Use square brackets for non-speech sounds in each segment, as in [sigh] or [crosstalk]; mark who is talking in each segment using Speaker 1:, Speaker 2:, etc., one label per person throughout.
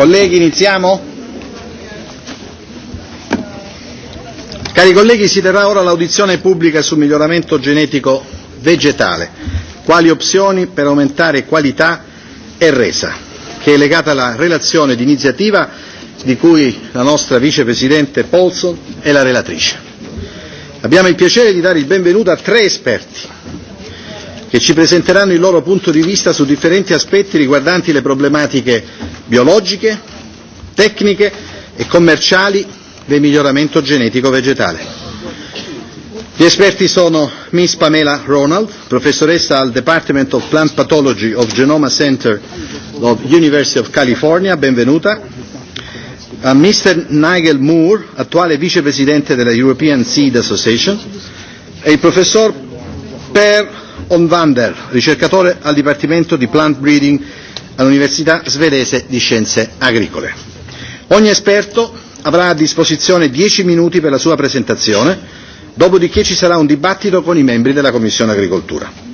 Speaker 1: Colleghi, iniziamo? Cari colleghi, si terrà ora l'audizione pubblica sul miglioramento genetico vegetale, quali opzioni per aumentare qualità e resa, che è legata alla relazione d'iniziativa di cui la nostra vicepresidente Paulson è la relatrice. Abbiamo il piacere di dare il benvenuto a tre esperti che ci presenteranno il loro punto di vista su differenti aspetti riguardanti le problematiche biologiche, tecniche e commerciali del miglioramento genetico vegetale. Gli esperti sono Miss Pamela Ronald, professoressa al Department of Plant Pathology of Genoma Center of University of California, benvenuta. A Mr. Nigel Moore, attuale vicepresidente della European Seed Association, e il professor Per Onvander, ricercatore al Dipartimento di Plant Breeding all'Università svedese di Scienze Agricole. Ogni esperto avrà a disposizione 10 minuti per la sua presentazione, dopodiché ci sarà un dibattito con i membri della Commissione Agricoltura.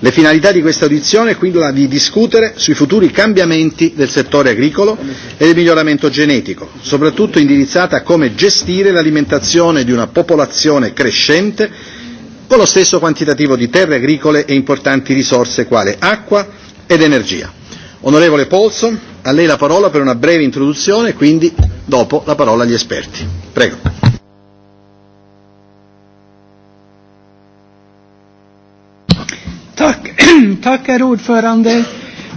Speaker 1: Le finalità di questa audizione è quella di discutere sui futuri cambiamenti del settore agricolo e del miglioramento genetico, soprattutto indirizzata a come gestire l'alimentazione di una popolazione crescente con lo stesso quantitativo di terre agricole e importanti risorse quale acqua ed energia. Onorevole Polson, a lei la parola per una breve introduzione e quindi dopo la parola agli esperti. Prego.
Speaker 2: Tack, [clears throat] tack herr ordförande.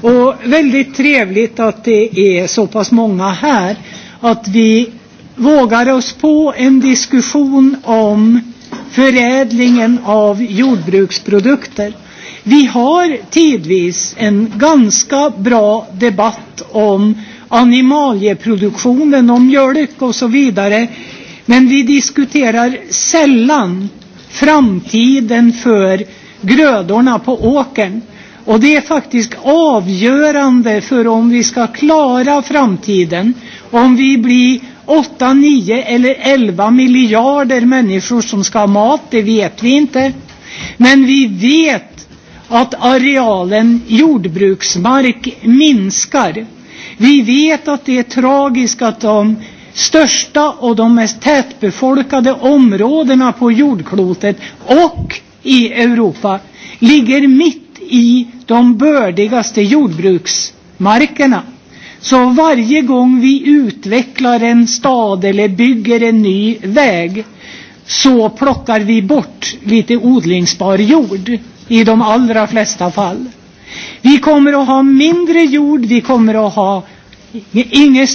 Speaker 2: Och väldigt trevligt att det är så pass många här. Att vi vågar oss på en diskussion om förädlingen av jordbruksprodukter. Vi har tidvis en ganska bra debatt om animalieproduktionen, om mjölk och så vidare. Men vi diskuterar sällan framtiden för grödorna på åkern. Och det är faktiskt avgörande för om vi ska klara framtiden. Om vi blir 8, 9 eller 11 miljarder människor som ska ha mat, det vet vi inte. Men vi vet att arealen jordbruksmark minskar. Vi vet att det är tragiskt att de största och de mest tätbefolkade områdena på jordklotet och i Europa ligger mitt i de bördigaste jordbruksmarkerna. Så varje gång vi utvecklar en stad eller bygger en ny väg så plockar vi bort lite odlingsbar jord i de allra flesta fall. Vi kommer att ha mindre jord, vi kommer att ha ingen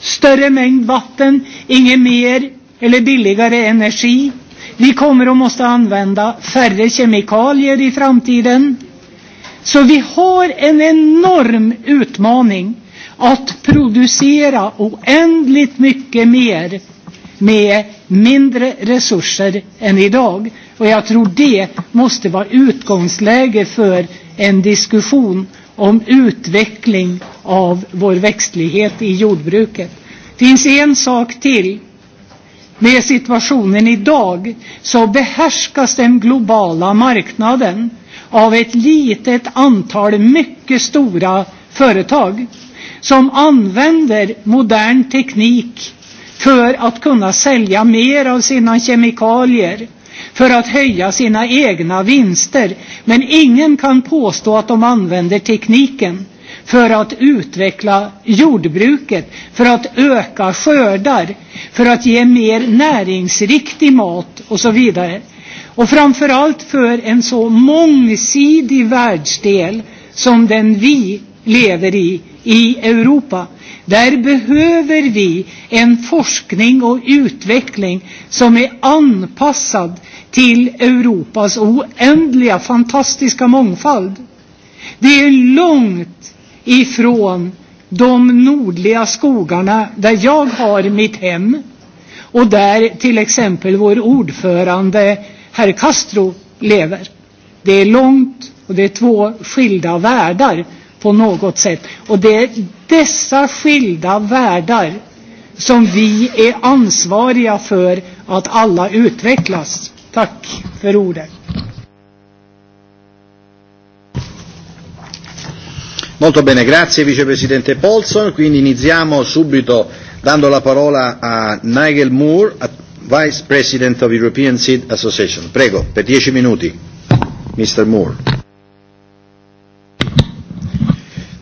Speaker 2: större mängd vatten, ingen mer eller billigare energi. Vi kommer att måste använda färre kemikalier i framtiden. Så vi har en enorm utmaning att producera oändligt mycket mer med mindre resurser än idag. Och jag tror det måste vara utgångsläge för en diskussion om utveckling av vår växtlighet i jordbruket. Det finns en sak till. Med situationen idag så behärskas den globala marknaden av ett litet antal mycket stora företag som använder modern teknik för att kunna sälja mer av sina kemikalier för att höja sina egna vinster. Men ingen kan påstå att de använder tekniken för att utveckla jordbruket, för att öka skördar, för att ge mer näringsriktig mat och så vidare. Och framförallt för en så mångsidig världsdel som den vi lever i i Europa. Där behöver vi en forskning och utveckling som är anpassad till Europas oändliga fantastiska mångfald. Det är långt ifrån de nordliga skogarna där jag har mitt hem och där till exempel vår ordförande herr Castro lever. Det är långt och det är två skilda världar på något sätt. Och det är dessa skilda världar som vi är ansvariga för att alla utvecklas. Tack för ordet.
Speaker 1: Molto bene, grazie vicepresidente Paulson. Quindi iniziamo subito dando la parola a Nigel Moore, a Vice President of European Seed Association. Prego, per dieci minuti. Mr. Moore.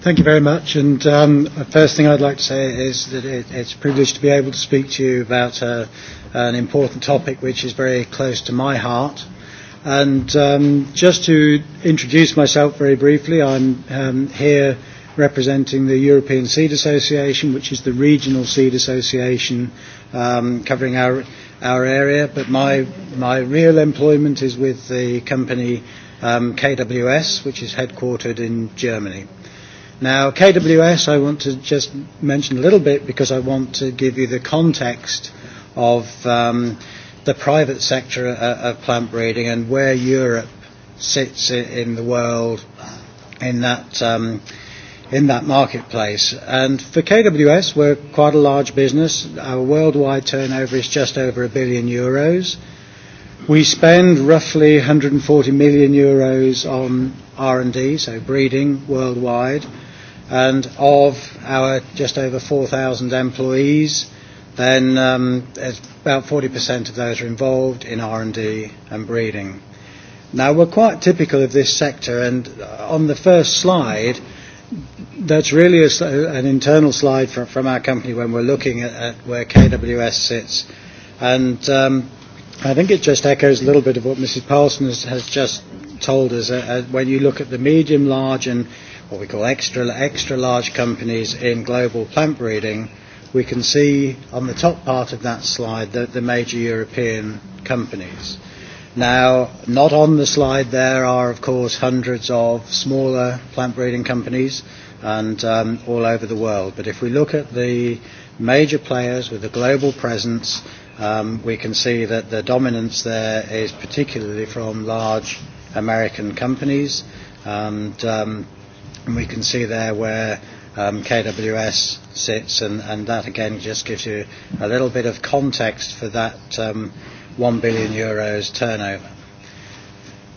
Speaker 3: Thank you very much. And um, the first thing I'd like to say is that it, it's a privilege to be able to speak to you about uh, an important topic which is very close to my heart. And um, just to introduce myself very briefly, I'm um, here representing the European Seed Association, which is the regional seed association um, covering our, our area. But my, my real employment is with the company um, KWS, which is headquartered in Germany. Now, KWS, I want to just mention a little bit because I want to give you the context of um, the private sector uh, of plant breeding and where Europe sits in the world in that um, in that marketplace. And for KWS, we're quite a large business. Our worldwide turnover is just over a billion euros. We spend roughly 140 million euros on R&D, so breeding worldwide. And of our just over 4,000 employees, then um, about 40% of those are involved in R&D and breeding. Now, we're quite typical of this sector, and on the first slide, that's really a, an internal slide from, from our company when we're looking at, at where KWS sits. And um, I think it just echoes a little bit of what Mrs. Paulson has, has just told us. Uh, uh, when you look at the medium, large, and what we call extra, extra large companies in global plant breeding, we can see on the top part of that slide the, the major European companies. Now, not on the slide there are, of course, hundreds of smaller plant breeding companies and um, all over the world. But if we look at the major players with a global presence, um, we can see that the dominance there is particularly from large American companies. And um, And we can see there where um, KWS sits, and, and that again just gives you a little bit of context for that um, 1 billion euros turnover.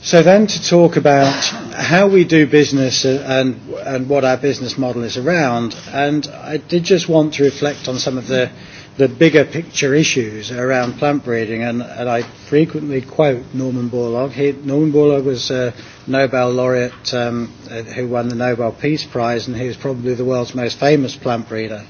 Speaker 3: So then to talk about how we do business uh, and, and what our business model is around, and I did just want to reflect on some of the the bigger picture issues around plant breeding, and, and I frequently quote Norman Borlaug. He, Norman Borlaug was a Nobel laureate um, who won the Nobel Peace Prize, and he was probably the world's most famous plant breeder.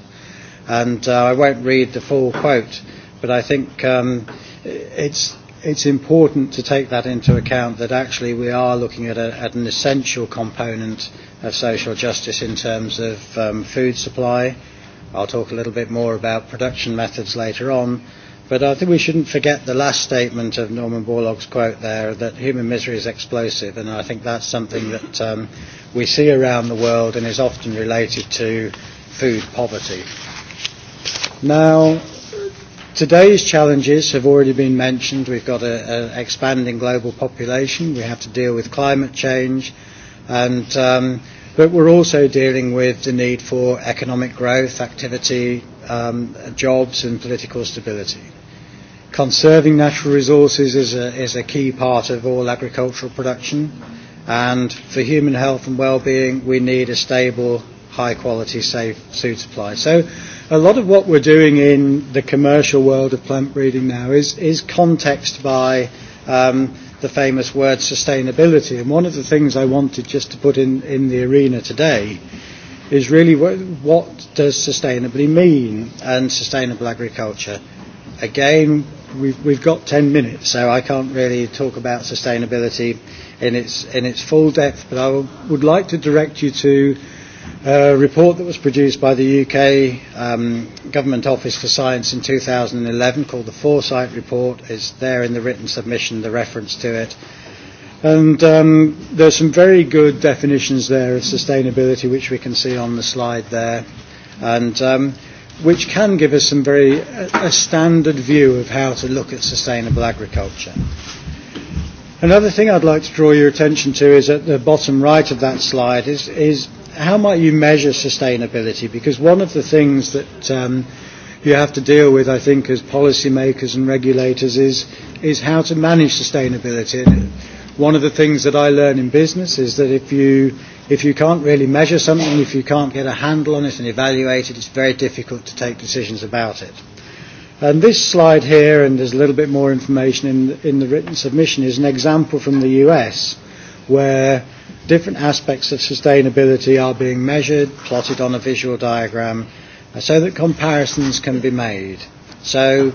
Speaker 3: And uh, I won't read the full quote, but I think um, it's it's important to take that into account that actually we are looking at, a, at an essential component of social justice in terms of um, food supply I'll talk a little bit more about production methods later on. But I think we shouldn't forget the last statement of Norman Borlaug's quote there that human misery is explosive, and I think that's something that um, we see around the world and is often related to food poverty. Now, today's challenges have already been mentioned. We've got an expanding global population, we have to deal with climate change, and um, But we're also dealing with the need for economic growth, activity, um, jobs and political stability. Conserving natural resources is a, is a key part of all agricultural production and for human health and well-being we need a stable, high-quality, safe food supply. So a lot of what we're doing in the commercial world of plant breeding now is, is context by um, the famous word sustainability. And one of the things I wanted just to put in, in the arena today is really what, what does sustainably mean and sustainable agriculture. Again, we've, we've got 10 minutes, so I can't really talk about sustainability in its, in its full depth, but I will, would like to direct you to uh, report that was produced by the UK um, Government Office for Science in 2011 called the Foresight Report. It's there in the written submission, the reference to it. And um, there's some very good definitions there of sustainability, which we can see on the slide there, and um, which can give us some very a, a standard view of how to look at sustainable agriculture. Another thing I'd like to draw your attention to is at the bottom right of that slide is, is how might you measure sustainability? Because one of the things that um, you have to deal with, I think, as policymakers and regulators is, is how to manage sustainability. And one of the things that I learn in business is that if you, if you can't really measure something, if you can't get a handle on it and evaluate it, it's very difficult to take decisions about it. And this slide here, and there's a little bit more information in, in the written submission, is an example from the US where Different aspects of sustainability are being measured, plotted on a visual diagram, uh, so that comparisons can be made. So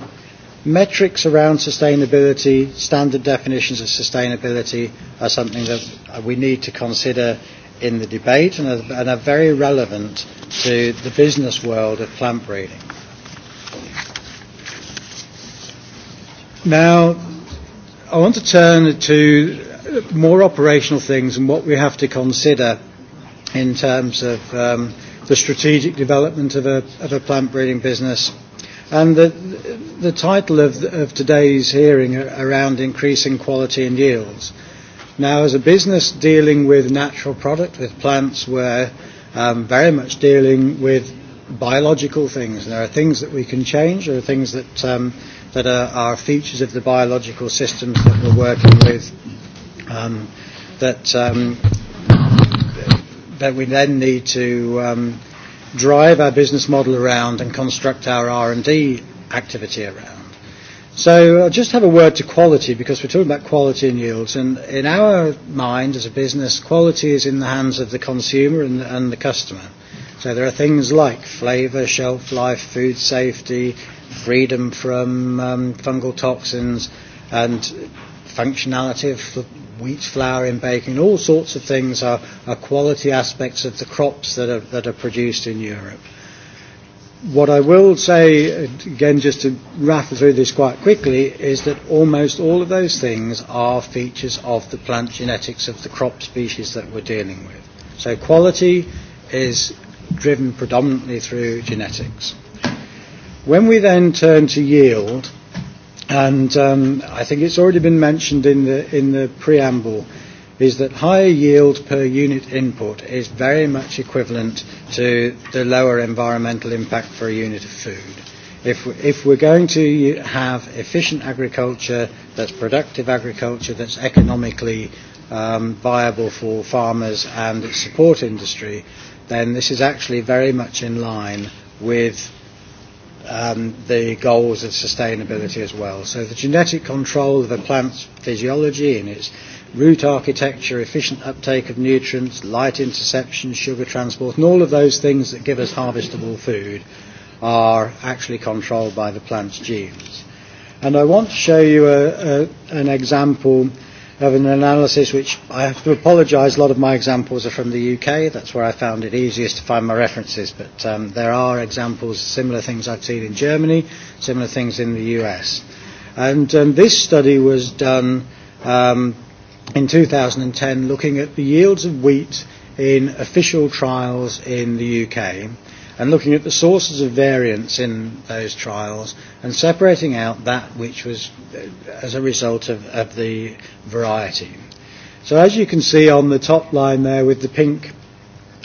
Speaker 3: metrics around sustainability, standard definitions of sustainability are something that uh, we need to consider in the debate and are, and are very relevant to the business world of plant breeding. Now, I want to turn to more operational things and what we have to consider in terms of um, the strategic development of a, of a plant breeding business. And the, the title of, of today's hearing around increasing quality and yields. Now, as a business dealing with natural product, with plants, we're um, very much dealing with biological things. There are things that we can change. There are things that um, that are, are features of the biological systems that we're working with um, that um, that we then need to um, drive our business model around and construct our R&D activity around. So I'll just have a word to quality because we're talking about quality and yields. And in our mind as a business, quality is in the hands of the consumer and, and the customer. So there are things like flavour, shelf life, food safety, freedom from um, fungal toxins, and functionality of wheat flour in baking, all sorts of things are, are quality aspects of the crops that are, that are produced in Europe. What I will say, again, just to rattle through this quite quickly, is that almost all of those things are features of the plant genetics of the crop species that we're dealing with. So quality is driven predominantly through genetics. When we then turn to yield, and um, I think it's already been mentioned in the, in the preamble, is that higher yield per unit input is very much equivalent to the lower environmental impact for a unit of food. If, if we're going to have efficient agriculture, that's productive agriculture, that's economically um, viable for farmers and its support industry, then this is actually very much in line with um, the goals of sustainability as well. So the genetic control of the plant's physiology and its root architecture, efficient uptake of nutrients, light interception, sugar transport, and all of those things that give us harvestable food are actually controlled by the plant's genes. And I want to show you a, a, an example of an analysis which I have to apologise. A lot of my examples are from the UK. That's where I found it easiest to find my references. But um, there are examples, similar things I've seen in Germany, similar things in the US. And um, this study was done um, in 2010 looking at the yields of wheat in official trials in the UK and looking at the sources of variance in those trials and separating out that which was uh, as a result of, of the variety. So as you can see on the top line there with the pink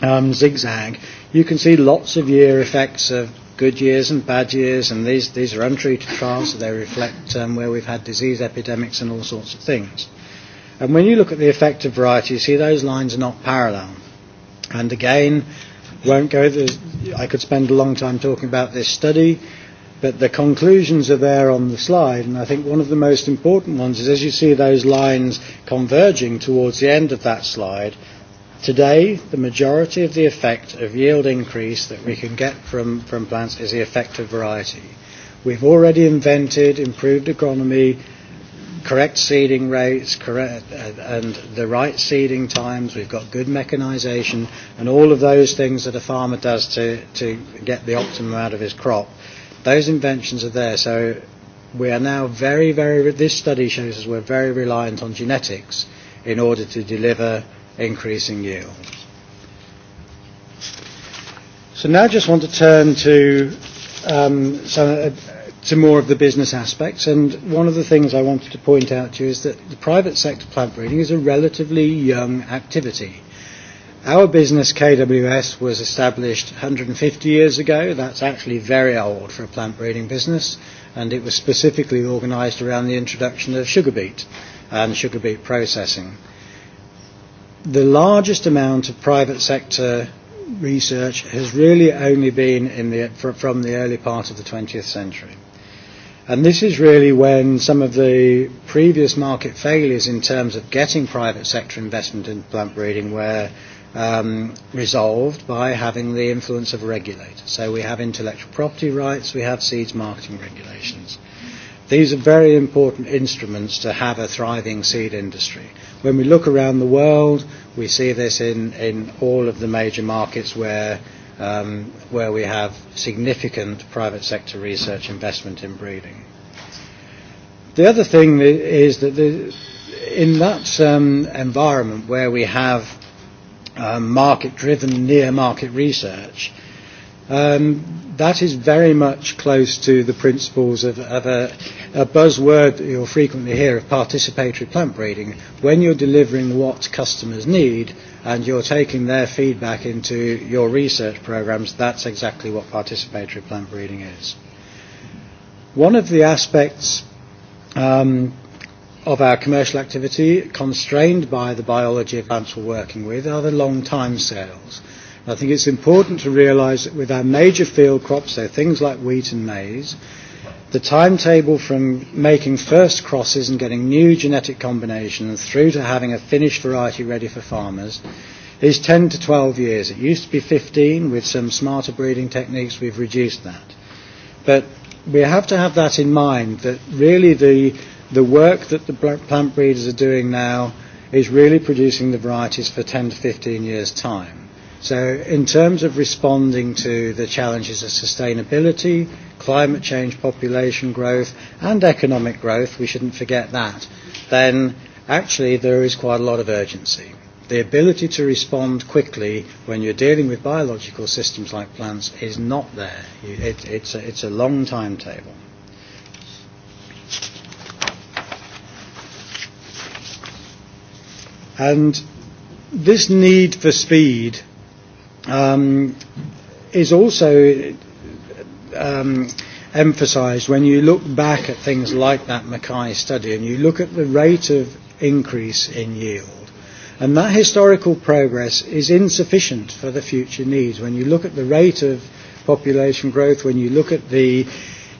Speaker 3: um, zigzag, you can see lots of year effects of good years and bad years, and these, these are untreated trials, so they reflect um, where we've had disease epidemics and all sorts of things. And when you look at the effect of variety, you see those lines are not parallel. And again, won't go. There's, I could spend a long time talking about this study, but the conclusions are there on the slide, and I think one of the most important ones is as you see those lines converging towards the end of that slide, Today, the majority of the effect of yield increase that we can get from, from plants is the effect of variety. We've already invented improved agronomy, correct seeding rates, correct, uh, and the right seeding times. We've got good mechanisation, and all of those things that a farmer does to, to get the optimum out of his crop. Those inventions are there. So we are now very, very. This study shows us we're very reliant on genetics in order to deliver increasing yield. So now I just want to turn to um, some. Uh, to more of the business aspects. And one of the things I wanted to point out to you is that the private sector plant breeding is a relatively young activity. Our business, KWS, was established 150 years ago. That's actually very old for a plant breeding business, and it was specifically organized around the introduction of sugar beet and sugar beet processing. The largest amount of private sector research has really only been in the, from the early part of the 20th century. And this is really when some of the previous market failures in terms of getting private sector investment in plant breeding were um, resolved by having the influence of a regulator. So we have intellectual property rights, we have seeds marketing regulations. These are very important instruments to have a thriving seed industry. When we look around the world, we see this in, in all of the major markets where um, where we have significant private sector research investment in breeding. The other thing is that the, in that um, environment where we have um, market-driven, near-market research, uh, Um, that is very much close to the principles of, of a, a buzzword that you'll frequently hear of participatory plant breeding. When you're delivering what customers need and you're taking their feedback into your research programs, that's exactly what participatory plant breeding is. One of the aspects um, of our commercial activity constrained by the biology of plants we're working with are the long time sales. Uh, I think it's important to realise that with our major field crops, so things like wheat and maize, the timetable from making first crosses and getting new genetic combinations through to having a finished variety ready for farmers is 10 to 12 years. It used to be 15. With some smarter breeding techniques, we've reduced that. But we have to have that in mind, that really the, the work that the plant breeders are doing now is really producing the varieties for 10 to 15 years' time. So in terms of responding to the challenges of sustainability, climate change, population growth and economic growth, we shouldn't forget that, then actually there is quite a lot of urgency. The ability to respond quickly when you're dealing with biological systems like plants is not there. It, it's, a, it's a long timetable. And this need for speed um, is also um, emphasised when you look back at things like that Mackay study and you look at the rate of increase in yield. And that historical progress is insufficient for the future needs. When you look at the rate of population growth, when you look at the uh,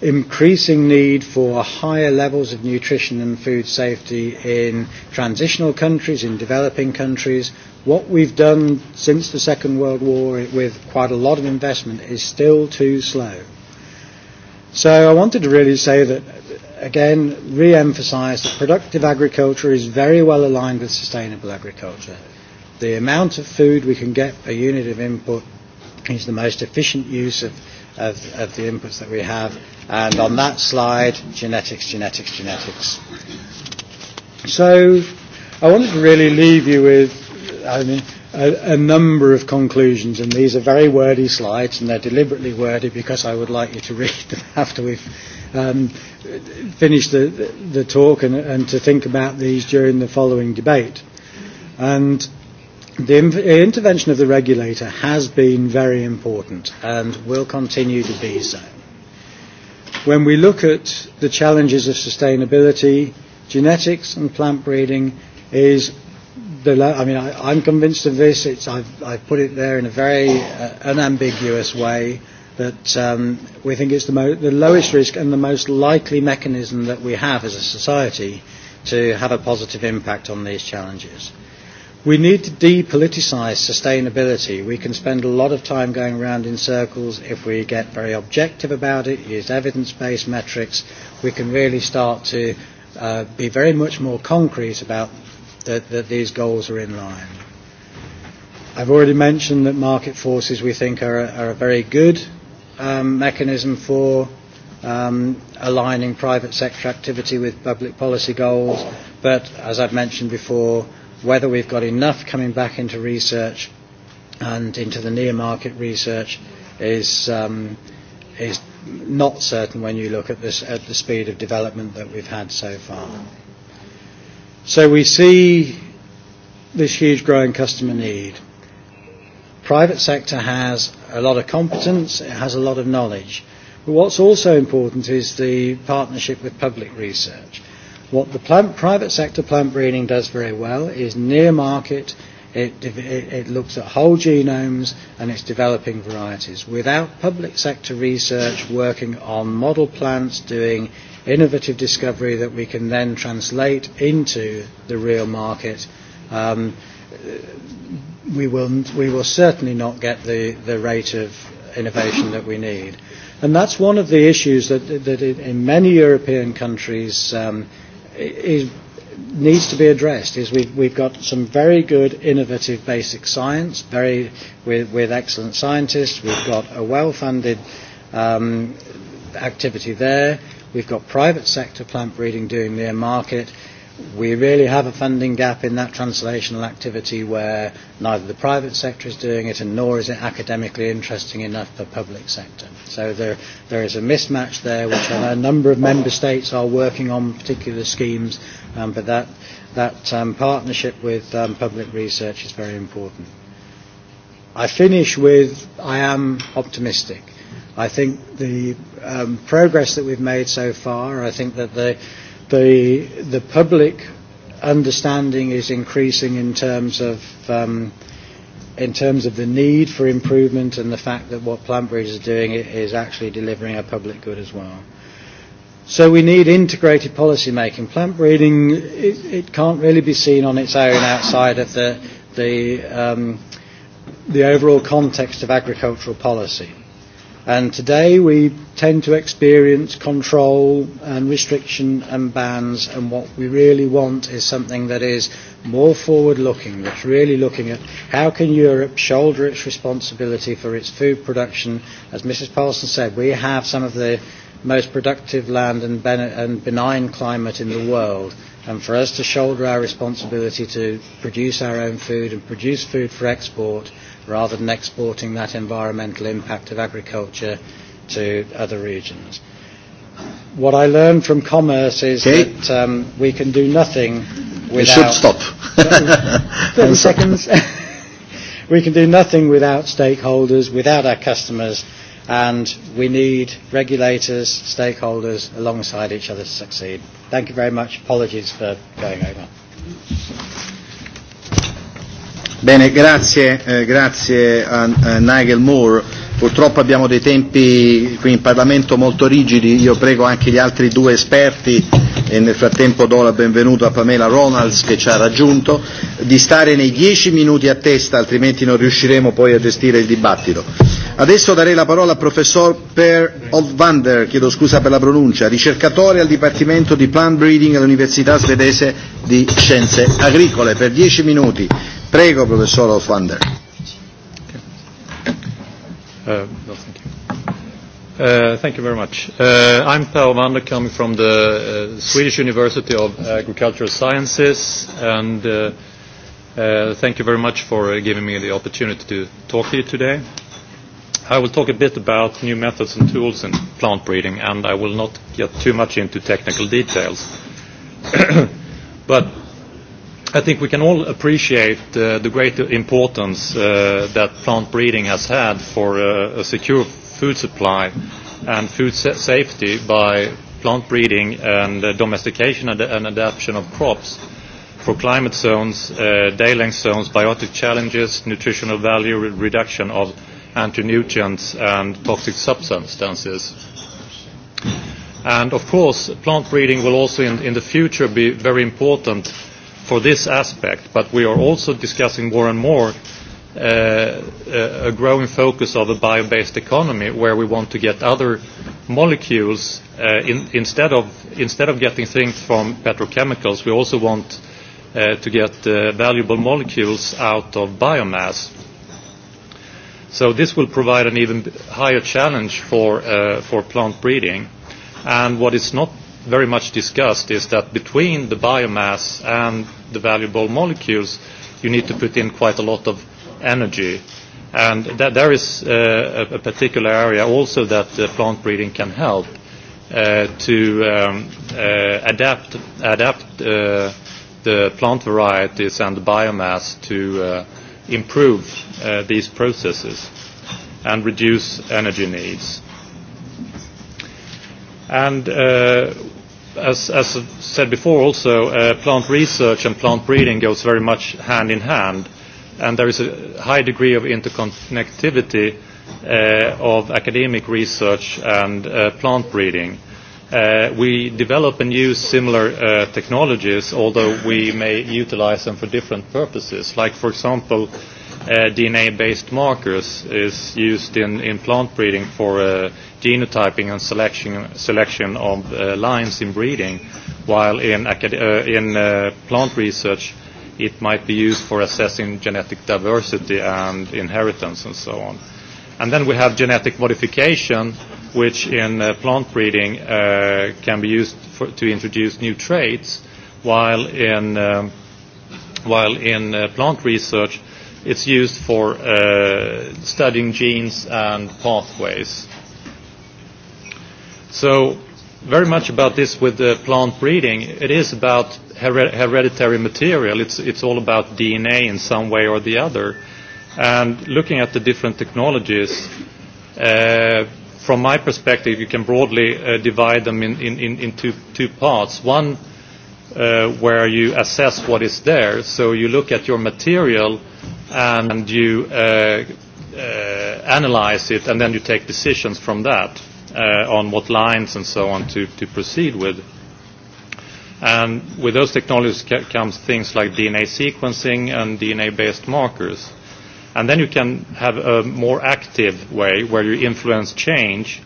Speaker 3: increasing need for higher levels of nutrition and food safety in transitional countries, in developing countries. What we've done since the Second World War with quite a lot of investment is still too slow. So I wanted to really say that, again, re-emphasize that productive agriculture is very well aligned with sustainable agriculture. The amount of food we can get per unit of input is the most efficient use of of, of the inputs that we have. And on that slide, genetics, genetics, genetics. So I wanted to really leave you with, I mean, a, a number of conclusions, and these are very wordy slides, and they're deliberately wordy because I would like you to [laughs] read them after we've um, finished the, the talk and, and to think about these during the following debate. And the uh, intervention of the regulator has been very important and will continue to be so. When we look at the challenges of sustainability, genetics and plant breeding is the. I mean, I, I'm convinced of this. It's, I've, I've put it there in a very uh, unambiguous way that um, we think it's the, mo- the lowest risk and the most likely mechanism that we have as a society to have a positive impact on these challenges. Uh, We need to depoliticise sustainability. We can spend a lot of time going around in circles. If we get very objective about it, use evidence-based metrics, we can really start to uh, be very much more concrete about that, that these goals are in line. I've already mentioned that market forces we think are, a, are a very good um, mechanism for um, aligning private sector activity with public policy goals, but as I've mentioned before, whether we've got enough coming back into research and into the near market research is um, is not certain when you look at this at the speed of development that we've had so far. So we see this huge growing customer need. Private sector has a lot of competence, it has a lot of knowledge. But what's also important is the partnership with public research. What the plant, private sector plant breeding does very well is near market. It, it, it looks at whole genomes and it's developing varieties. Without public sector research working on model plants, doing innovative discovery that we can then translate into the real market, um, we will, we will certainly not get the, the rate of innovation that we need. And that's one of the issues that, that in many European countries um, is, needs to be addressed is we've, we've got some very good innovative basic science very, with, with excellent scientists. We've got a well-funded um, activity there. We've got private sector plant breeding doing their market we really have a funding gap in that translational activity where neither the private sector is doing it and nor is it academically interesting enough for public sector. So there, there is a mismatch there which a number of member states are working on particular schemes, um, but that, that um, partnership with um, public research is very important. I finish with I am optimistic. I think the um, progress that we've made so far, I think that the the the public understanding is increasing in terms of um, in terms of the need for improvement and the fact that what plant breeders are doing is actually delivering a public good as well. So we need integrated policy making. Plant breeding it, it can't really be seen on its own outside of the the um, the overall context of agricultural policy. And today we tend to experience control and restriction and bans, and what we really want is something that is more forward-looking, that's really looking at how can Europe shoulder its responsibility for its food production. As Mrs. Paulson said, we have some of the most productive land and, ben- and benign climate in the world. And for us to shoulder our responsibility to produce our own food and produce food for export – rather than exporting that environmental impact of agriculture to other regions. What I learned from commerce is okay. that um, we can do nothing without. You should stop. 30 [laughs] seconds. [laughs] we can do nothing without stakeholders, without our customers, and we need regulators, stakeholders alongside each other to succeed. Thank you very much. Apologies for going over. Thank you.
Speaker 1: Bene, grazie, eh, grazie a, a Nigel Moore. Purtroppo abbiamo dei tempi qui in Parlamento molto rigidi, io prego anche gli altri due esperti e nel frattempo do la benvenuta a Pamela Ronalds che ci ha raggiunto, di stare nei dieci minuti a testa altrimenti non riusciremo poi a gestire il dibattito. Adesso darei la parola al professor Per Oldvander, chiedo scusa per la pronuncia, ricercatore al Dipartimento di Plant Breeding all'Università svedese di Scienze Agricole, per dieci minuti. Prego, professor Oldvander.
Speaker 4: Uh, no, thank you. Uh, thank you very much. Uh, I'm Per Ovander coming from the uh, Swedish University of Agricultural Sciences and uh, uh, thank you very much for uh, giving me the opportunity to talk to you today. I will talk a bit about new methods and tools in plant breeding, and I will not get too much into technical details. [coughs] but I think we can all appreciate uh, the great importance uh, that plant breeding has had for uh, a secure food supply and food sa safety by plant breeding and uh, domestication and, and adaptation of crops for climate zones, uh, day length zones, biotic challenges, nutritional value re reduction of antinutrients and toxic substances. And of course, plant breeding will also in, in the future be very important for this aspect, but we are also discussing more and more uh, a growing focus of a bio-based economy where we want to get other molecules uh, in, instead, of, instead of getting things from petrochemicals, we also want uh, to get uh, valuable molecules out of biomass. So this will provide an even higher challenge for, uh, for plant breeding. And what is not very much discussed is that between the biomass and the valuable molecules, you need to put in quite a lot of energy. And that there is uh, a particular area also that uh, plant breeding can help uh, to um, uh, adapt, adapt uh, the plant varieties and the biomass to uh, improve uh, these processes and reduce energy needs. And uh, as, as said before also, uh, plant research and plant breeding goes very much hand in hand, and there is a high degree of interconnectivity uh, of academic research and uh, plant breeding. Uh, we develop and use similar uh, technologies, although we may utilize them for different purposes. Like, for example, uh, DNA-based markers is used in, in plant breeding for uh, genotyping and selection, selection of uh, lines in breeding, while in, acad- uh, in uh, plant research it might be used for assessing genetic diversity and inheritance and so on. And then we have genetic modification, uh, which in uh, plant breeding uh, can be used for, to introduce new traits, while in, um, while in uh, plant research it's used for uh, studying genes and pathways. So very much about this with the plant breeding. It is about her- hereditary material. It's, it's all about DNA in some way or the other. And looking at the different technologies, uh, from my perspective, you can broadly uh, divide them in, in, in, in two, two parts. One, uh, where you assess what is there. So you look at your material and you uh, uh, analyze it, and then you take decisions from that uh, on what lines and so on to, to proceed with. And with those technologies comes things like DNA sequencing and DNA-based markers. And then you can have a more active way where you influence change.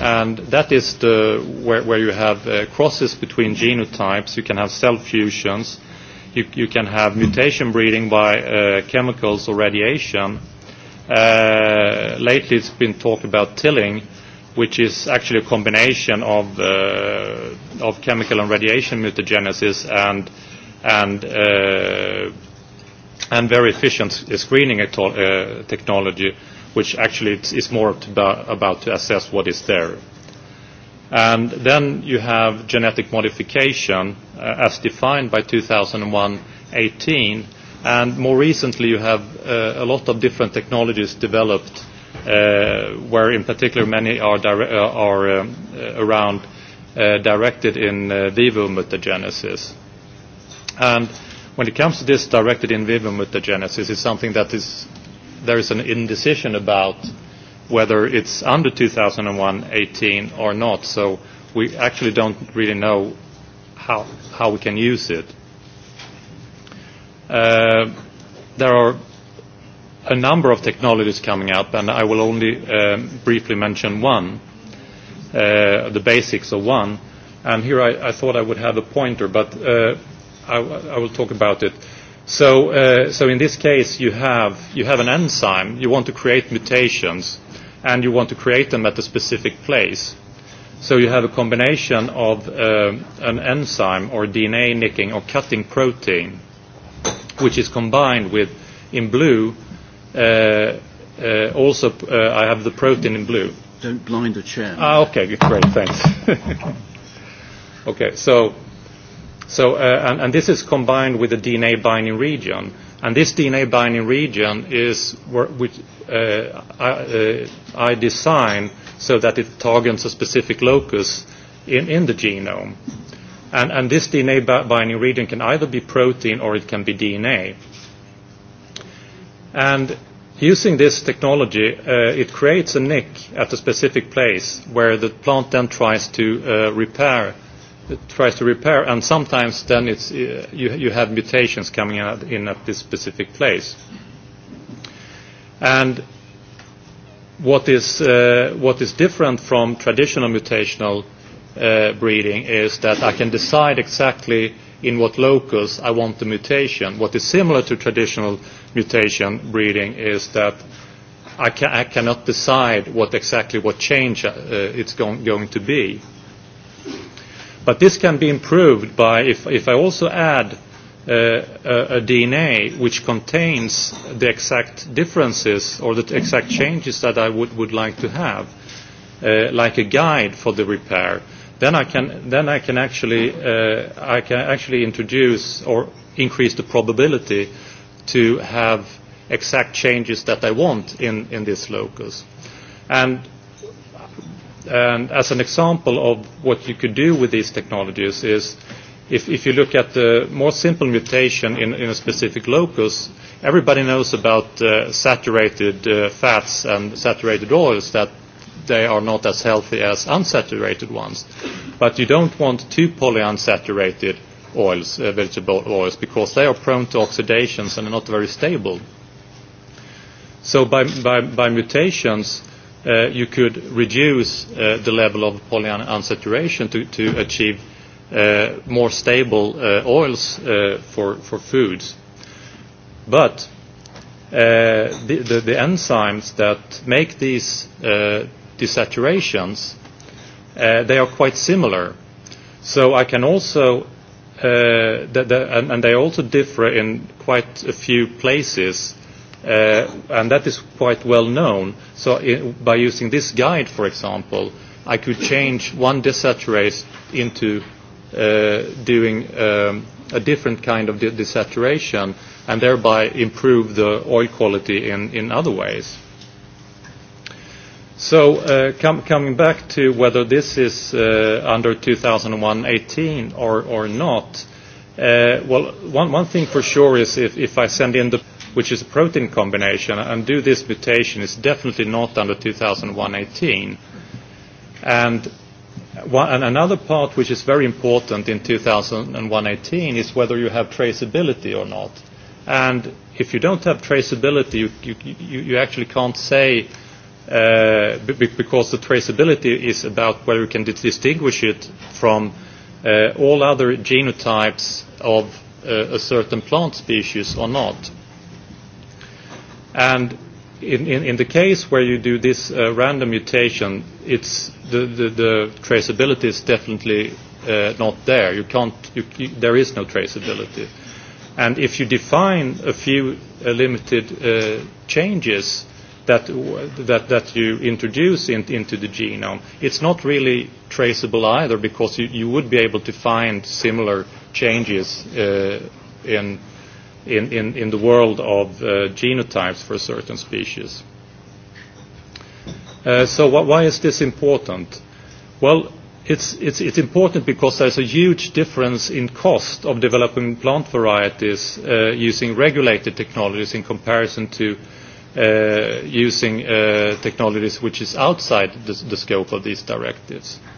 Speaker 4: And that is the, where, where you have uh, crosses between genotypes. You can have cell fusions. You, you can have mutation breeding by uh, chemicals or radiation. Uh, lately it's been talked about tilling, which is actually a combination of, uh, of chemical and radiation mutagenesis and, and uh, and very efficient screening uh, technology, which actually is more about to assess what is there. And then you have genetic modification uh, as defined by 2001-18, and more recently you have uh, a lot of different technologies developed, uh, where in particular many are, dire uh, are um, uh, around uh, directed in uh, vivo mutagenesis. And uh, when it comes to this directed in vivum mutagenesis, it's something that is, there is an indecision about whether it's under 2001-18 or not. So we actually don't really know how, how we can use it. Uh, there are a number of technologies coming up, and I will only um, briefly mention one, uh, the basics of one. And here I, I thought I would have a pointer, but uh, I, I will talk about it. So, uh, so in this case, you have, you have an enzyme, you want to create mutations, and you want to create them at a specific place. So you have a combination of uh, an enzyme or DNA nicking or cutting protein, which is combined with, in blue, uh, uh, also uh, I have the protein in blue.
Speaker 5: Don't blind the chair.
Speaker 4: Ah, okay, great, thanks. [laughs] okay, so So, uh, and, and this is combined with a DNA binding region. And this DNA binding region is where, which uh, I, uh, I design so that it targets a specific locus in, in the genome. And, and this DNA binding region can either be protein or it can be DNA. And using this technology, uh, it creates a nick at a specific place where the plant then tries to uh, repair tries to repair, and sometimes then it's, uh, you, you have mutations coming in at, in at this specific place. And what is, uh, what is different from traditional mutational uh, breeding is that I can decide exactly in what locus I want the mutation. What is similar to traditional mutation breeding is that I, ca I cannot decide what exactly what change uh, it's going, going to be. Uh, But this can be improved by, if, if I also add uh, a, a DNA which contains the exact differences or the exact changes that I would, would like to have, uh, like a guide for the repair, then I can, then I can, actually, uh, I can actually introduce or increase the probability to have exact changes that I want in, in this locus. And And as an example of what you could do with these technologies is if, if you look at the more simple mutation in, in a specific locus, everybody knows about uh, saturated uh, fats and saturated oils that they are not as healthy as unsaturated ones. But you don't want two polyunsaturated oils, uh, vegetable oils, because they are prone to oxidations and are not very stable. So by, by, by mutations, uh, you could reduce uh, the level of polyunsaturation to, to achieve uh, more stable uh, oils uh, for, for foods. But uh, the, the, the enzymes that make these uh, desaturations, uh, they are quite similar. So I can also, uh, the, the, and, and they also differ in quite a few places uh, and that is quite well known. So it, by using this guide, for example, I could change one desaturase into uh, doing um, a different kind of de desaturation and thereby improve the oil quality in, in other ways. So uh, com coming back to whether this is uh, under 2001-18 or, or not, uh, well, one, one thing for sure is if, if I send in the which is a protein combination, and do this mutation is definitely not under 2018. And one, and another part which is very important in 2018 is whether you have traceability or not. And if you don't have traceability, you, you, you, you actually can't say uh, because the traceability is about whether you can distinguish it from uh, all other genotypes of uh, a certain plant species or not. And in, in, in the case where you do this uh, random mutation, it's the, the, the traceability is definitely uh, not there. You can't, you, you, there is no traceability. And if you define a few uh, limited uh, changes that, that, that you introduce in, into the genome, it's not really traceable either because you, you would be able to find similar changes uh, in in, in, in the world of uh, genotypes for certain species. Uh, so wh why is this important? Well, it's, it's, it's important because there's a huge difference in cost of developing plant varieties uh, using regulated technologies in comparison to uh, using uh, technologies which is outside the, the scope of these directives. Uh,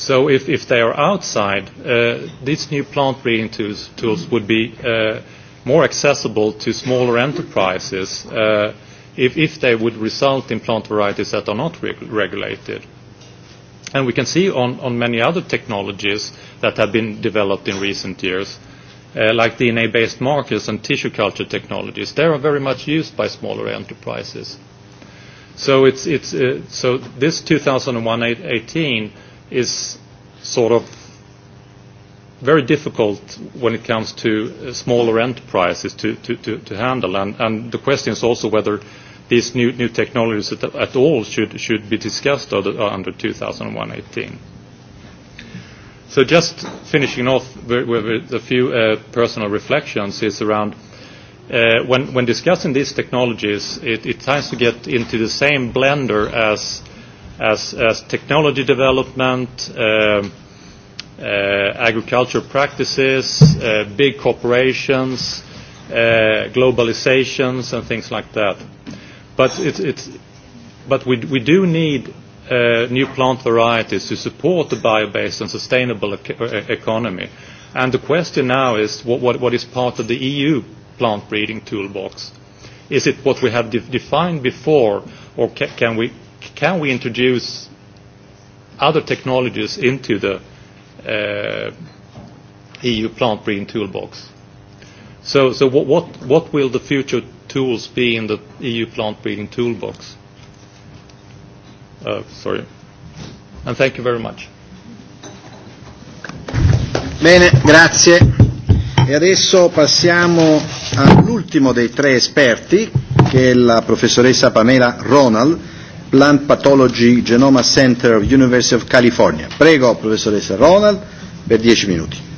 Speaker 4: So if, if they are outside, uh, these new plant breeding tools, tools would be uh, more accessible to smaller enterprises uh, if, if they would result in plant varieties that are not reg regulated. And we can see on, on many other technologies that have been developed in recent years, uh, like DNA-based markers and tissue culture technologies. They are very much used by smaller enterprises. So, it's, it's, uh, so this 2018 is sort of very difficult when it comes to uh, smaller enterprises to, to, to, to handle. And, and the question is also whether these new, new technologies at, at all should, should be discussed under, uh, under 2018. So just finishing off with, with a few uh, personal reflections is around uh, when, when discussing these technologies, it, it tends to get into the same blender as as, as technology development, um, uh, agricultural practices, uh, big corporations, uh, globalizations, and things like that. But, it, it's, but we, we do need uh, new plant varieties to support the bio-based and sustainable ec uh, economy. And the question now is what, what, what is part of the EU plant breeding toolbox? Is it what we have de defined before, or ca can we can we introduce other technologies into the uh, EU plant breeding toolbox? So, so what, what, what will the future tools be in the EU plant breeding toolbox?
Speaker 1: Uh, sorry. And thank you very much. Bene, grazie. E adesso passiamo all'ultimo dei tre esperti, che è la professoressa Pamela Ronald, Plant Pathology Genoma Center, University of California. Prego, professoressa Ronald, per 10 minuti.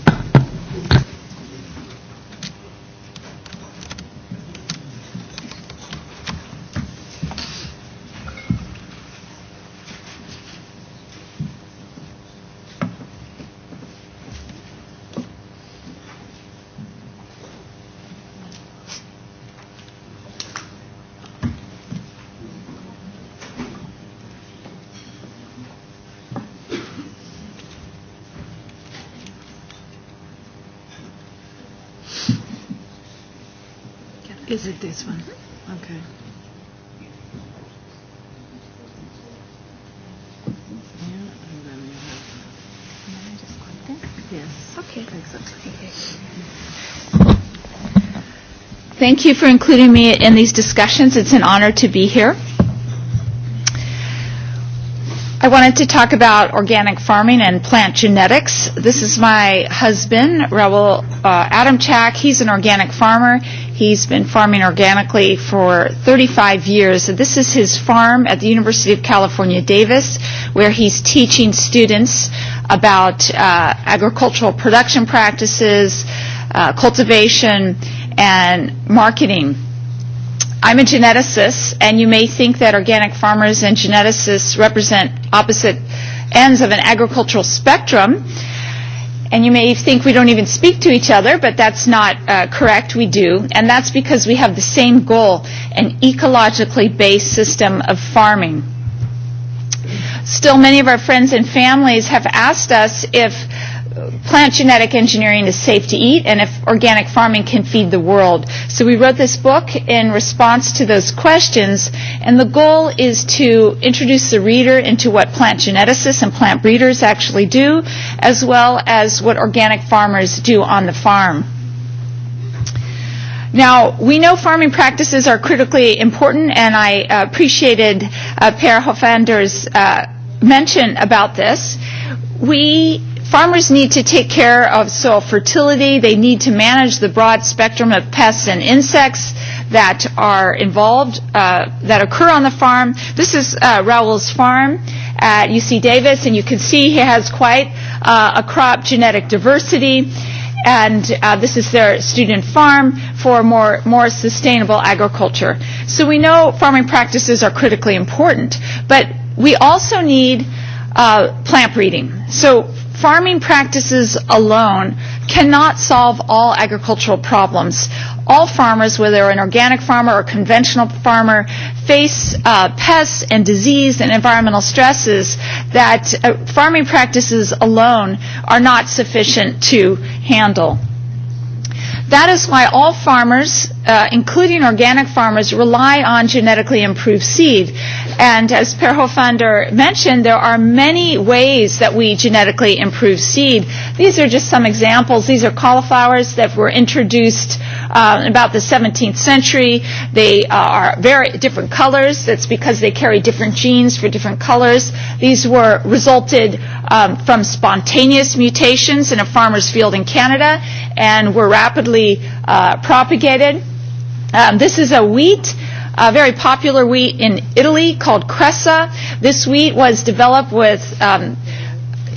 Speaker 2: this one? Okay.
Speaker 6: Yes. Okay. Exactly.
Speaker 7: Thank you for including me in these discussions. It's an honor to be here. I wanted to talk about organic farming and plant genetics. This is my husband, Raul uh, Adamchak. He's an organic farmer. He's been farming organically for 35 years. So this is his farm at the University of California, Davis, where he's teaching students about uh, agricultural production practices, uh, cultivation, and marketing. I'm a geneticist, and you may think that organic farmers and geneticists represent opposite ends of an agricultural spectrum. And you may think we don't even speak to each other, but that's not uh, correct. We do. And that's because we have the same goal, an ecologically based system of farming. Still, many of our friends and families have asked us if plant genetic engineering is safe to eat and if organic farming can feed the world. So we wrote this book in response to those questions and the goal is to introduce the reader into what plant geneticists and plant breeders actually do as well as what organic farmers do on the farm. Now, we know farming practices are critically important, and I uh, appreciated uh, Per Hoflander's uh, mention about this. We farmers need to take care of soil fertility. They need to manage the broad spectrum of pests and insects that are involved, uh, that occur on the farm. This is uh, Raoul's farm at UC Davis, and you can see he has quite uh, a crop genetic diversity. And uh, this is their student farm for more, more sustainable agriculture. So we know farming practices are critically important, but we also need uh, plant breeding. So farming practices alone cannot solve all agricultural problems. All farmers, whether an organic farmer or conventional farmer, face uh, pests and disease and environmental stresses that uh, farming practices alone are not sufficient to handle. That is why all farmers, uh, including organic farmers, rely on genetically improved seed. And as Per Hofander mentioned, there are many ways that we genetically improve seed. These are just some examples. These are cauliflowers that were introduced uh, about the 17th century. They uh, are very different colors. That's because they carry different genes for different colors. These were resulted um, from spontaneous mutations in a farmer's field in Canada and were rapidly widely uh, propagated. Um, this is a wheat, a uh, very popular wheat in Italy called Cressa. This wheat was developed with um,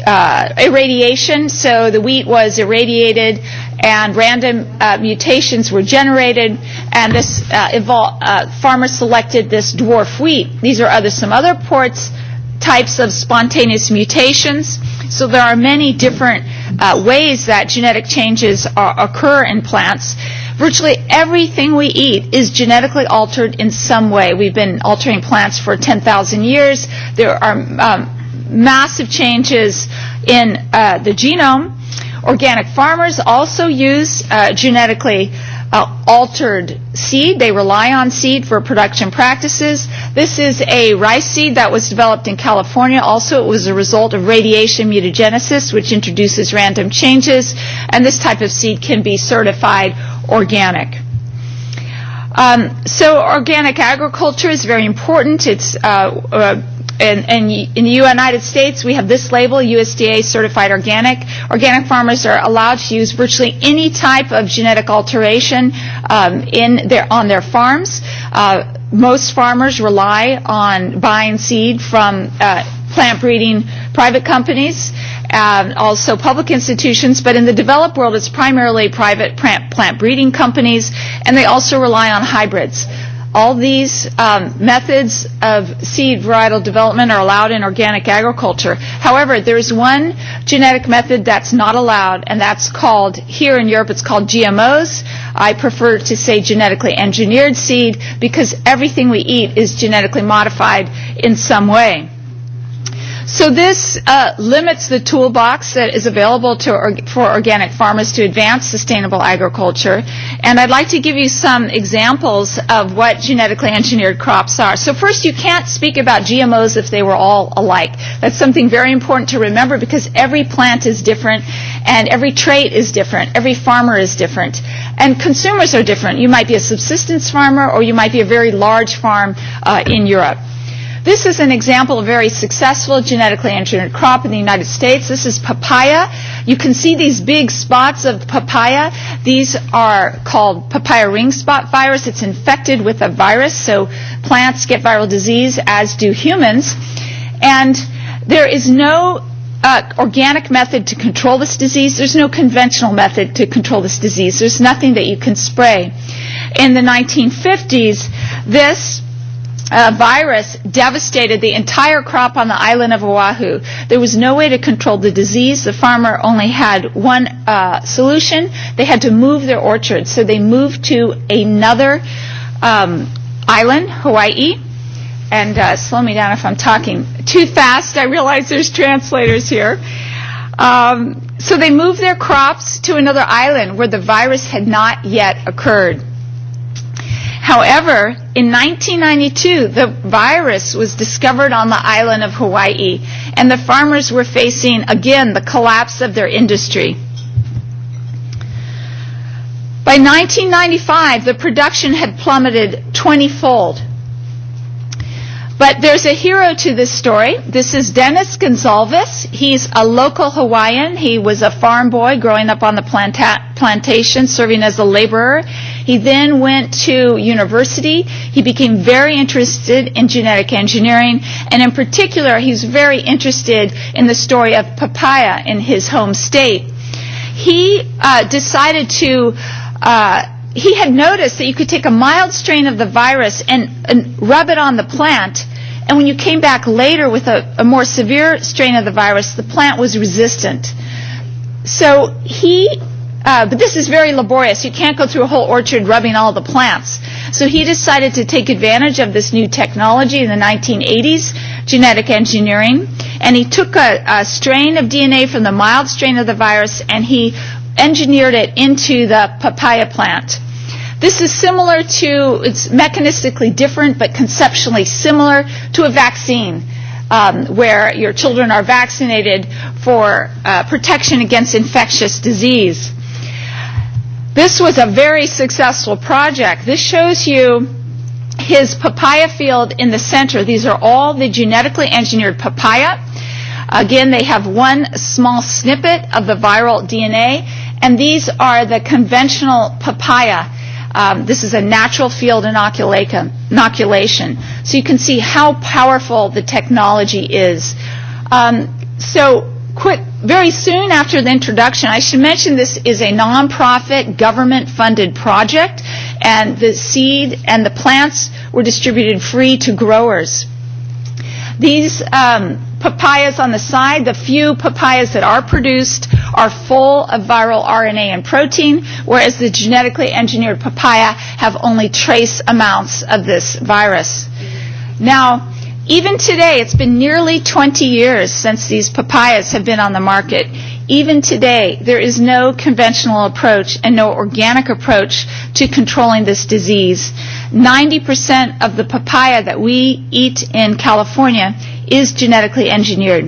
Speaker 7: uh, irradiation, so the wheat was irradiated and random uh, mutations were generated, and this uh, evol- uh, farmers selected this dwarf wheat. These are other some other ports types of spontaneous mutations. So there are many different uh, ways that genetic changes are, uh, occur in plants. Virtually everything we eat is genetically altered in some way. We've been altering plants for 10,000 years. There are um, massive changes in uh, the genome. Organic farmers also use uh, genetically uh, uh, altered seed. They rely on seed for production practices. This is a rice seed that was developed in California. Also, it was a result of radiation mutagenesis, which introduces random changes. And this type of seed can be certified organic. Um, so organic agriculture is very important. It's uh, uh, in, in, in the United States, we have this label, USDA certified organic. Organic farmers are allowed to use virtually any type of genetic alteration um, in their, on their farms. Uh, most farmers rely on buying seed from uh, plant breeding private companies, um, also public institutions, but in the developed world, it's primarily private plant, plant breeding companies, and they also rely on hybrids. Uh, All these um, methods of seed varietal development are allowed in organic agriculture. However, there is one genetic method that's not allowed, and that's called, here in Europe, it's called GMOs. I prefer to say genetically engineered seed because everything we eat is genetically modified in some way. So this uh, limits the toolbox that is available to or, for organic farmers to advance sustainable agriculture. And I'd like to give you some examples of what genetically engineered crops are. So first, you can't speak about GMOs if they were all alike. That's something very important to remember because every plant is different and every trait is different. Every farmer is different. And consumers are different. You might be a subsistence farmer or you might be a very large farm uh, in Europe. This is an example of a very successful genetically engineered crop in the United States. This is papaya. You can see these big spots of papaya. These are called papaya ring spot virus. It's infected with a virus, so plants get viral disease, as do humans. And there is no uh, organic method to control this disease. There's no conventional method to control this disease. There's nothing that you can spray. In the 1950s, this uh, virus devastated the entire crop on the island of Oahu. There was no way to control the disease. The farmer only had one uh, solution. They had to move their orchard. So they moved to another um, island, Hawaii. And uh, slow me down if I'm talking too fast. I realize there's translators here. Um, so they moved their crops to another island where the virus had not yet occurred. However, in 1992, the virus was discovered on the island of Hawaii, and the farmers were facing, again, the collapse of their industry. By 1995, the production had plummeted 20-fold But there's a hero to this story. This is Dennis Gonsalves. He's a local Hawaiian. He was a farm boy growing up on the planta- plantation, serving as a laborer. He then went to university. He became very interested in genetic engineering, and in particular, he's very interested in the story of papaya in his home state. He uh, decided to uh, he had noticed that you could take a mild strain of the virus and, and rub it on the plant, and when you came back later with a, a more severe strain of the virus, the plant was resistant. So he, uh, but this is very laborious. You can't go through a whole orchard rubbing all the plants. So he decided to take advantage of this new technology in the 1980s, genetic engineering, and he took a, a strain of DNA from the mild strain of the virus and he engineered it into the papaya plant. This is similar to, it's mechanistically different, but conceptually similar to a vaccine um, where your children are vaccinated for uh, protection against infectious disease. This was a very successful project. This shows you his papaya field in the center. These are all the genetically engineered papaya. Again, they have one small snippet of the viral DNA and these are the conventional papaya. Um, this is a natural field inoculation. So you can see how powerful the technology is. Um, so quick, very soon after the introduction, I should mention this is a nonprofit government-funded project, and the seed and the plants were distributed free to growers These um, papayas on the side, the few papayas that are produced, are full of viral RNA and protein, whereas the genetically engineered papaya have only trace amounts of this virus. Now, even today, it's been nearly 20 years since these papayas have been on the market Even today, there is no conventional approach and no organic approach to controlling this disease. 90% of the papaya that we eat in California is genetically engineered.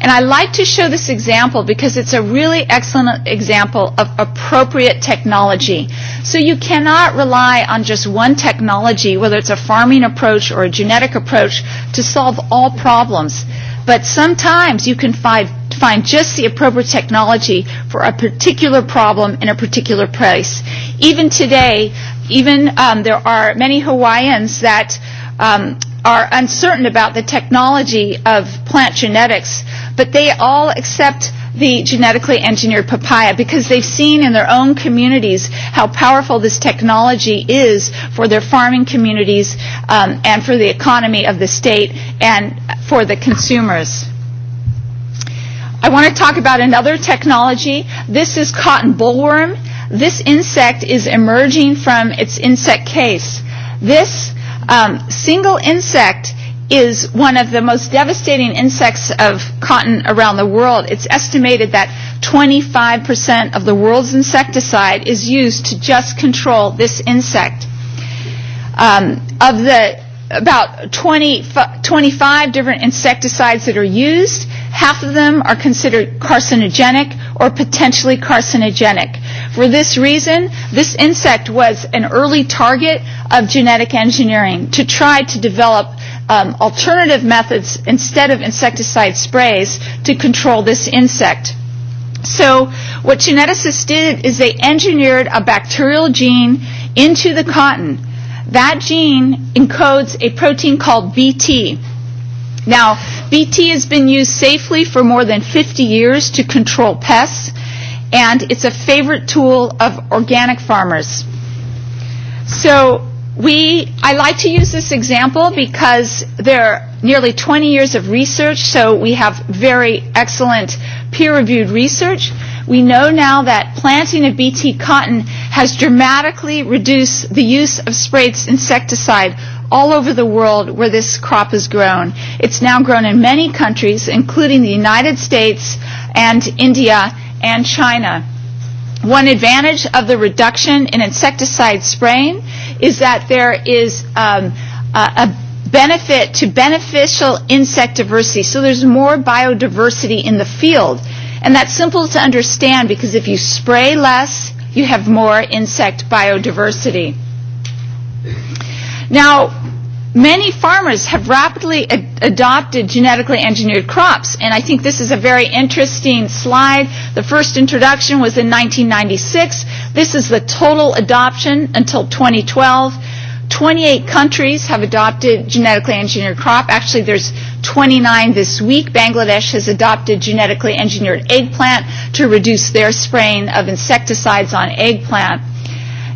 Speaker 7: And I like to show this example because it's a really excellent example of appropriate technology. So you cannot rely on just one technology, whether it's a farming approach or a genetic approach, to solve all problems. But sometimes you can find find just the appropriate technology for a particular problem in a particular place. Even today, even um, there are many Hawaiians that um, are uncertain about the technology of plant genetics, but they all accept the genetically engineered papaya because they've seen in their own communities how powerful this technology is for their farming communities um, and for the economy of the state and for the consumers. I want to talk about another technology. This is cotton bollworm. This insect is emerging from its insect case. This um, single insect is one of the most devastating insects of cotton around the world. It's estimated that 25% of the world's insecticide is used to just control this insect. Um, of the about 20, 25 different insecticides that are used. Half of them are considered carcinogenic or potentially carcinogenic. For this reason, this insect was an early target of genetic engineering to try to develop um, alternative methods instead of insecticide sprays to control this insect. So what geneticists did is they engineered a bacterial gene into the cotton That gene encodes a protein called BT. Now, BT has been used safely for more than 50 years to control pests, and it's a favorite tool of organic farmers. So we, I like to use this example because there are nearly 20 years of research, so we have very excellent peer-reviewed research. We know now that planting of BT cotton has dramatically reduced the use of sprayed insecticide all over the world where this crop is grown. It's now grown in many countries, including the United States and India and China. One advantage of the reduction in insecticide spraying is that there is um, a, a benefit to beneficial insect diversity. So there's more biodiversity in the field And that's simple to understand because if you spray less, you have more insect biodiversity. Now, many farmers have rapidly ad- adopted genetically engineered crops, and I think this is a very interesting slide. The first introduction was in 1996. This is the total adoption until 2012 28 countries have adopted genetically engineered crop. Actually, there's 29 this week. Bangladesh has adopted genetically engineered eggplant to reduce their spraying of insecticides on eggplant.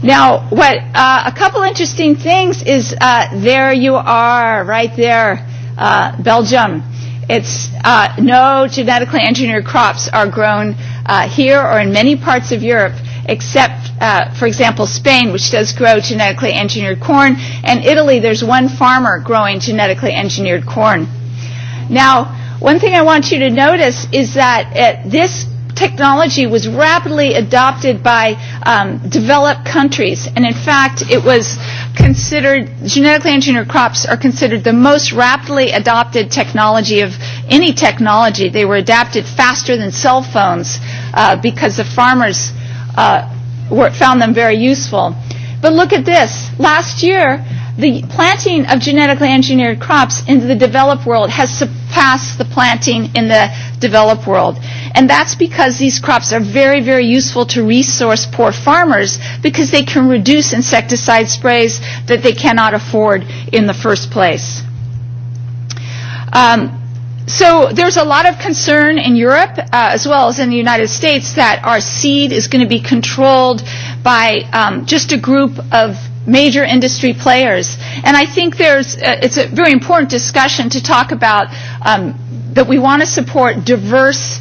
Speaker 7: Now, what uh, a couple interesting things is uh, there you are, right there, uh, Belgium. It's uh, no genetically engineered crops are grown uh, here or in many parts of Europe except, uh, for example, Spain, which does grow genetically engineered corn, and Italy, there's one farmer growing genetically engineered corn. Now, one thing I want you to notice is that uh, this technology was rapidly adopted by um, developed countries. And in fact, it was considered, genetically engineered crops are considered the most rapidly adopted technology of any technology. They were adapted faster than cell phones uh, because the farmers uh, were, found them very useful. But look at this. Last year, the planting of genetically engineered crops into the developed world has surpassed the planting in the developed world. And that's because these crops are very, very useful to resource poor farmers because they can reduce insecticide sprays that they cannot afford in the first place. Um, So there's a lot of concern in Europe uh, as well as in the United States that our seed is going to be controlled by um, just a group of major industry players. And I think there's uh, it's a very important discussion to talk about um, that we want to support diverse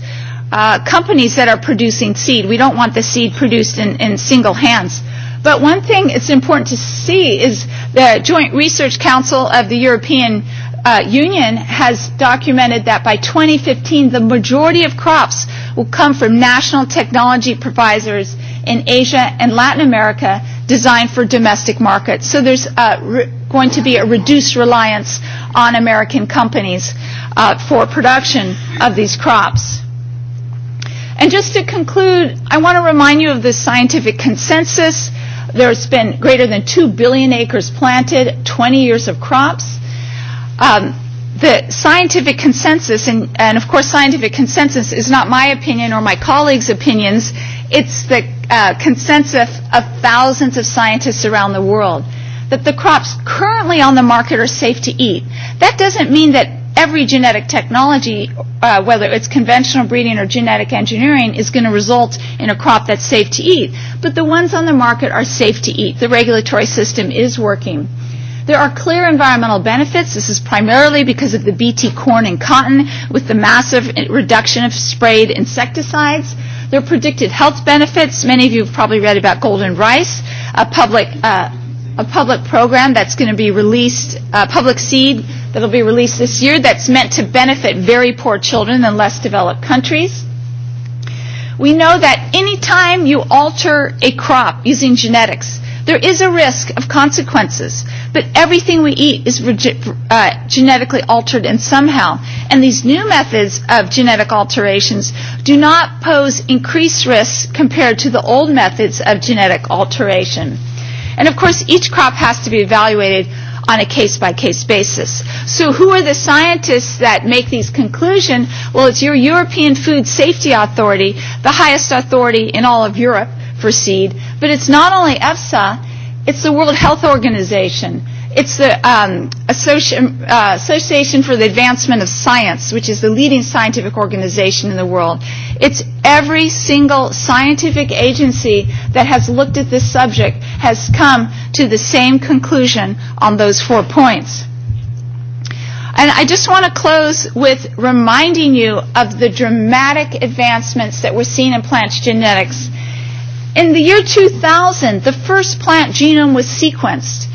Speaker 7: uh, companies that are producing seed. We don't want the seed produced in, in single hands. But one thing it's important to see is the Joint Research Council of the European uh, Union has documented that by 2015, the majority of crops will come from national technology providers in Asia and Latin America designed for domestic markets. So there's uh, re- going to be a reduced reliance on American companies uh, for production of these crops. And just to conclude, I want to remind you of the scientific consensus. There's been greater than 2 billion acres planted, 20 years of crops. Um, the scientific consensus, and, and of course, scientific consensus is not my opinion or my colleagues' opinions, it's the uh, consensus of thousands of scientists around the world that the crops currently on the market are safe to eat. That doesn't mean that every genetic technology, uh, whether it's conventional breeding or genetic engineering, is going to result in a crop that's safe to eat. But the ones on the market are safe to eat. The regulatory system is working. Uh, There are clear environmental benefits. This is primarily because of the BT corn and cotton with the massive reduction of sprayed insecticides. There are predicted health benefits. Many of you have probably read about golden rice, a public, uh, a public program that's going to be released, uh, public seed that'll be released this year that's meant to benefit very poor children in less developed countries. We know that any time you alter a crop using genetics, There is a risk of consequences, but everything we eat is uh, genetically altered and somehow. And these new methods of genetic alterations do not pose increased risks compared to the old methods of genetic alteration. And of course, each crop has to be evaluated on a case by case basis. So who are the scientists that make these conclusions? Well, it's your European Food Safety Authority, the highest authority in all of Europe proceed. But it's not only EFSA, it's the World Health Organization. It's the um, Associ- uh, Association for the Advancement of Science, which is the leading scientific organization in the world. It's every single scientific agency that has looked at this subject has come to the same conclusion on those four points. And I just want to close with reminding you of the dramatic advancements that we're seeing in plant genetics In the year 2000, the first plant genome was sequenced.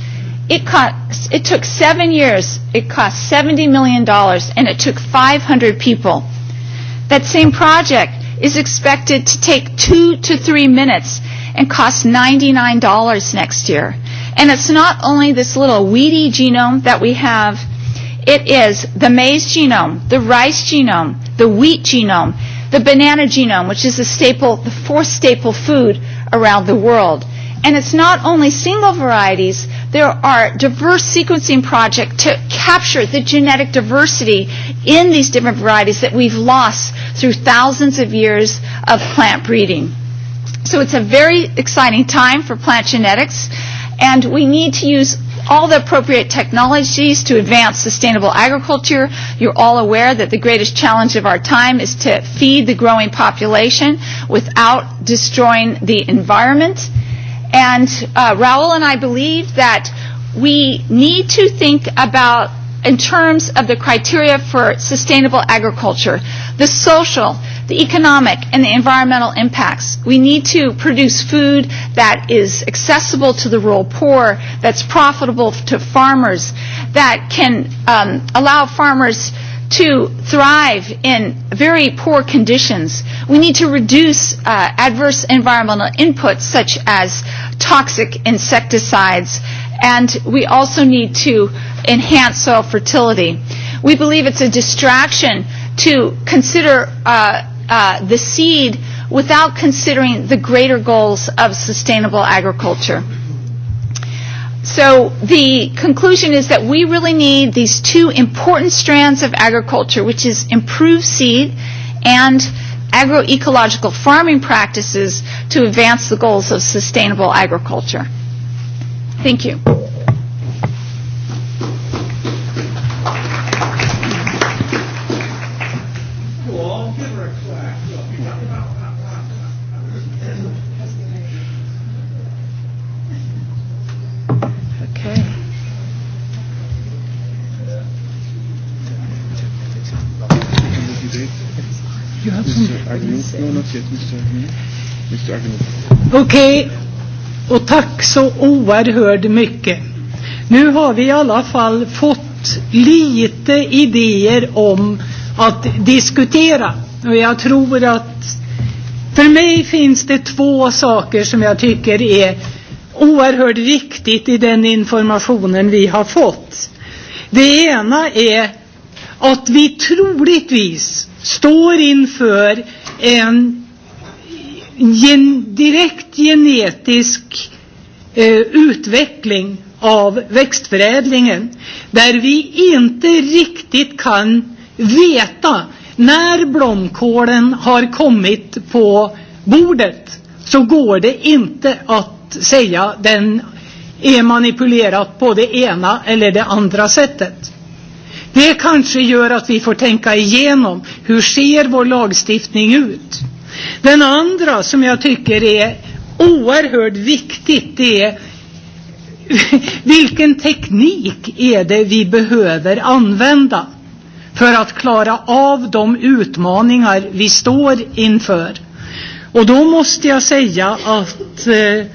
Speaker 7: It, cost, it took seven years. It cost $70 million, and it took 500 people. That same project is expected to take two to three minutes and cost $99 next year. And it's not only this little weedy genome that we have, it is the maize genome, the rice genome, the wheat genome, the banana genome, which is the staple, the fourth staple food around the world. And it's not only single varieties, there are diverse sequencing projects to capture the genetic diversity in these different varieties that we've lost through thousands of years of plant breeding. So it's a very exciting time for plant genetics, and we need to use all the appropriate technologies to advance sustainable agriculture. You're all aware that the greatest challenge of our time is to feed the growing population without destroying the environment. And uh, Raul and I believe that we need to think about in terms of the criteria for sustainable agriculture, the social, the economic and the environmental impacts. We need to produce food that is accessible to the rural poor, that's profitable to farmers, that can um, allow farmers to thrive in very poor conditions. We need to reduce uh, adverse environmental inputs such as toxic insecticides, and we also need to enhance soil fertility. We believe it's a distraction to consider uh, uh, the seed without considering the greater goals of sustainable agriculture. So the conclusion is that we really need these two important strands of agriculture, which is improved seed and agroecological farming practices to advance the goals of sustainable agriculture. Thank you.
Speaker 8: Agnew. No, not
Speaker 9: yet, Mr. Agnew. Mr. Agnew.
Speaker 2: Okej, okay. och tack så oerhört mycket. Nu har vi i alla fall fått lite idéer om att diskutera. Och jag tror att för mig finns det två saker som jag tycker är oerhört viktigt i den informationen vi har fått. Det ena är att vi troligtvis står inför en ehm, gen, direkt genetisk eh, utveckling av växtförädlingen där vi inte riktigt kan veta när blomkålen har kommit på bordet så går det inte att säga den är manipulerat på det ena eller det andra sättet. Det kanske gör att vi får tänka igenom hur ser vår lagstiftning ut? Den andra som jag tycker är oerhört viktigt det är [laughs] vilken teknik är det vi behöver använda för att klara av de utmaningar vi står inför? Och då måste jag säga att eh,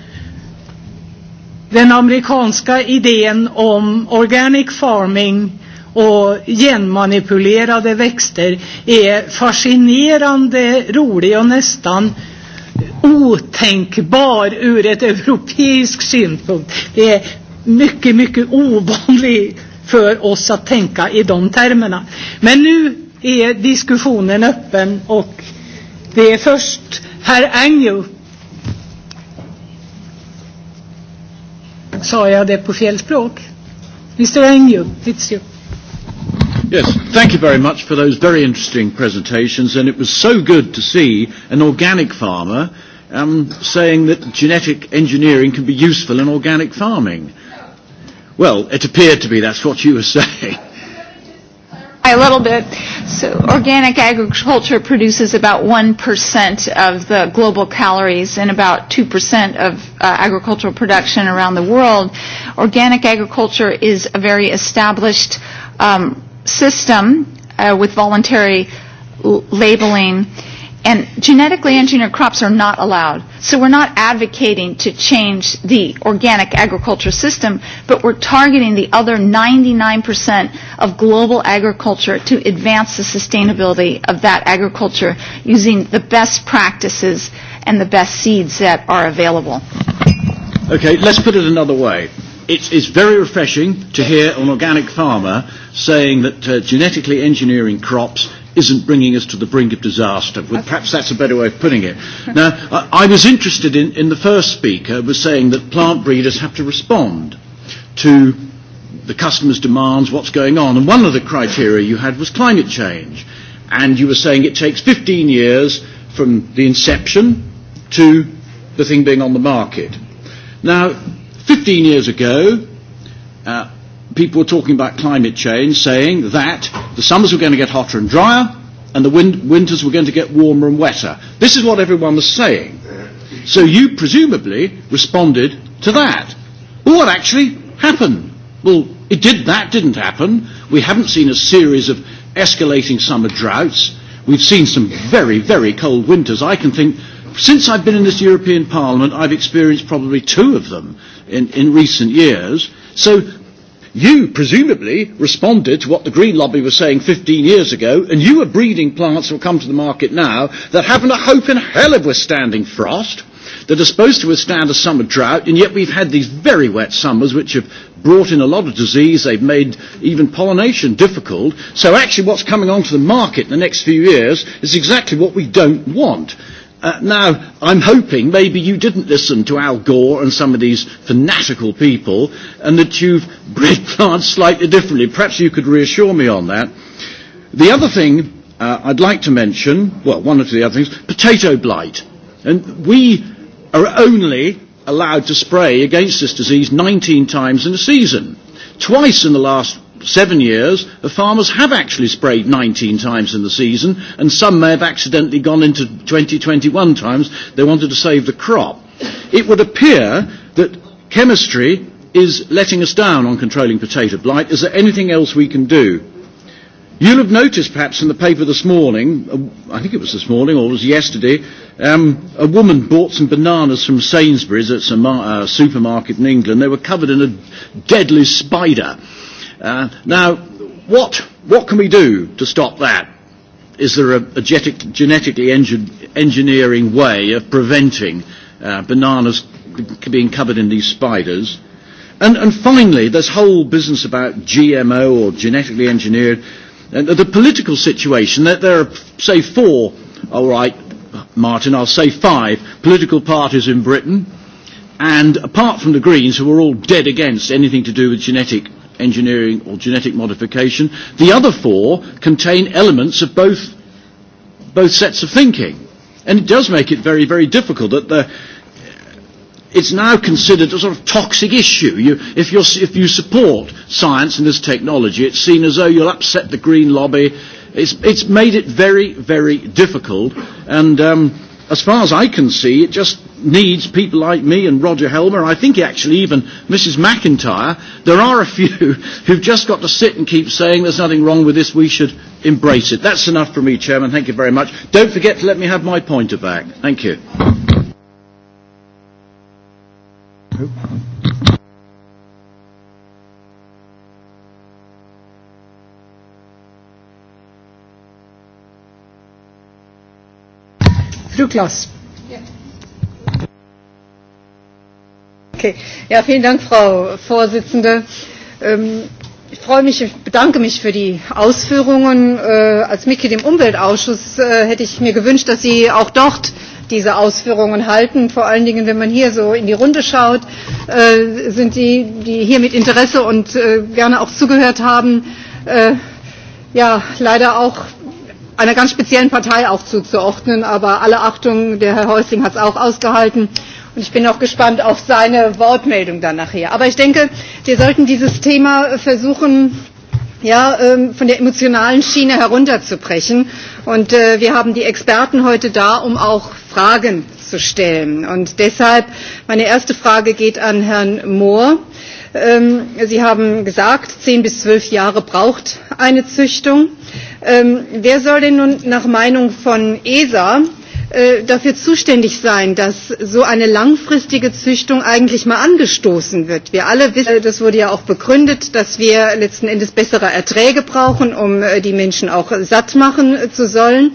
Speaker 2: den amerikanska idén om organic farming och genmanipulerade växter är fascinerande rolig och nästan otänkbar ur ett europeisk synpunkt. Det är mycket, mycket ovanligt för oss att tänka i de termerna. Men nu är diskussionen öppen och det är först herr Angel. Sa jag det på fel språk? Mr Angel, it's you.
Speaker 5: Yes, thank you very much for those very interesting presentations, and it was so good to see an organic farmer um, saying that genetic engineering can be useful in organic farming. Well, it appeared to be that's what you were [laughs] saying.
Speaker 7: a little bit. So organic agriculture produces about 1% of the global calories and about 2% of uh, agricultural production around the world. Organic agriculture is a very established um, system uh, with voluntary l- labeling. And genetically engineered crops are not allowed. So we're not advocating to change the organic agriculture system, but we're targeting the other 99% of global agriculture to advance the sustainability of that agriculture using the best practices and the best seeds that are available.
Speaker 5: Okay, let's put it another way it's, it's very refreshing to hear an organic farmer saying that uh, genetically engineering crops isn't bringing us to the brink of disaster. Well, perhaps that's a better way of putting it. Now, I, I was interested in, in the first speaker was saying that plant breeders have to respond to the customer's demands, what's going on. And one of the criteria you had was climate change. And you were saying it takes 15 years from the inception to the thing being on the market. Now, 15 years ago, uh, people were talking about climate change, saying that the summers were going to get hotter and drier, and the win- winters were going to get warmer and wetter. This is what everyone was saying. So you presumably responded to that. Well, what actually happened? Well, it did. That didn't happen. We haven't seen a series of escalating summer droughts. We've seen some very, very cold winters. I can think since I've been in this European Parliament, I've experienced probably two of them in, in recent years. So you presumably responded to what the Green Lobby was saying 15 years ago, and you are breeding plants that will come to the market now that haven't a hope in hell of withstanding frost, that are supposed to withstand a summer drought, and yet we've had these very wet summers which have brought in a lot of disease, they've made even pollination difficult. So actually what's coming onto the market in the next few years is exactly what we don't want. Uh, now, I'm hoping maybe you didn't listen to Al Gore and some of these fanatical people and that you've bred [laughs] plants slightly differently. Perhaps you could reassure me on that. The other thing uh, I'd like to mention, well, one or two of the other things, potato blight. And we are only allowed to spray against this disease 19 times in a season. Twice in the last seven years, the farmers have actually sprayed 19 times in the season, and some may have accidentally gone into 20, 21 times. They wanted to save the crop. It would appear that chemistry is letting us down on controlling potato blight. Is there anything else we can do? You'll have noticed perhaps in the paper this morning, uh, I think it was this morning or it was yesterday, um, a woman bought some bananas from Sainsbury's at some uh, supermarket in England. They were covered in a deadly spider. Uh, now, what, what can we do to stop that? Is there a, a genetic, genetically engin, engineering way of preventing uh, bananas being covered in these spiders? And, and finally, this whole business about GMO or genetically engineered, and uh, the political situation, that there are, say, four, all right, Martin, I'll say five political parties in Britain, and apart from the Greens, who are all dead against anything to do with genetic engineering or genetic modification. The other four contain elements of both, both sets of thinking. And it does make it very, very difficult that the, it's now considered a sort of toxic issue. You, if, you're, if you support science and this technology, it's seen as though you'll upset the green lobby. It's, it's made it very, very difficult. And um, as far as I can see, it just needs people like me and Roger Helmer, and I think actually even Mrs McIntyre. There are a few [laughs] who've just got to sit and keep saying there's nothing wrong with this, we should embrace it. That's enough from me, Chairman. Thank you very much. Don't forget to let me have my pointer back. Thank you.
Speaker 10: Fru Klaas. Okay. Ja, vielen Dank, Frau Vorsitzende. Ähm, ich freue mich, ich bedanke mich für die Ausführungen. Äh, als Mitglied im Umweltausschuss äh, hätte ich mir gewünscht, dass Sie auch dort diese Ausführungen halten. Vor allen Dingen, wenn man hier so in die Runde schaut, äh, sind Sie, die hier mit Interesse und äh, gerne auch zugehört haben, äh, ja, leider auch einer ganz speziellen Partei auch zuzuordnen. Aber alle Achtung, der Herr Häusling hat es auch ausgehalten. Und ich bin auch gespannt auf seine Wortmeldung dann nachher. Aber ich denke, wir sollten dieses Thema versuchen, ja, ähm, von der emotionalen Schiene herunterzubrechen. Und äh, wir haben die Experten heute da, um auch Fragen zu stellen. Und deshalb, meine erste Frage geht an Herrn Mohr. Äh, Ähm, Sie haben gesagt, zehn bis zwölf Jahre braucht eine Züchtung. Ähm, wer soll denn nun nach Meinung von ESA äh, dafür zuständig sein, dass so eine langfristige Züchtung eigentlich mal angestoßen wird. Wir alle wissen, äh, das wurde ja auch begründet, dass wir letzten Endes bessere Erträge brauchen, um äh, die Menschen auch satt machen äh, zu sollen.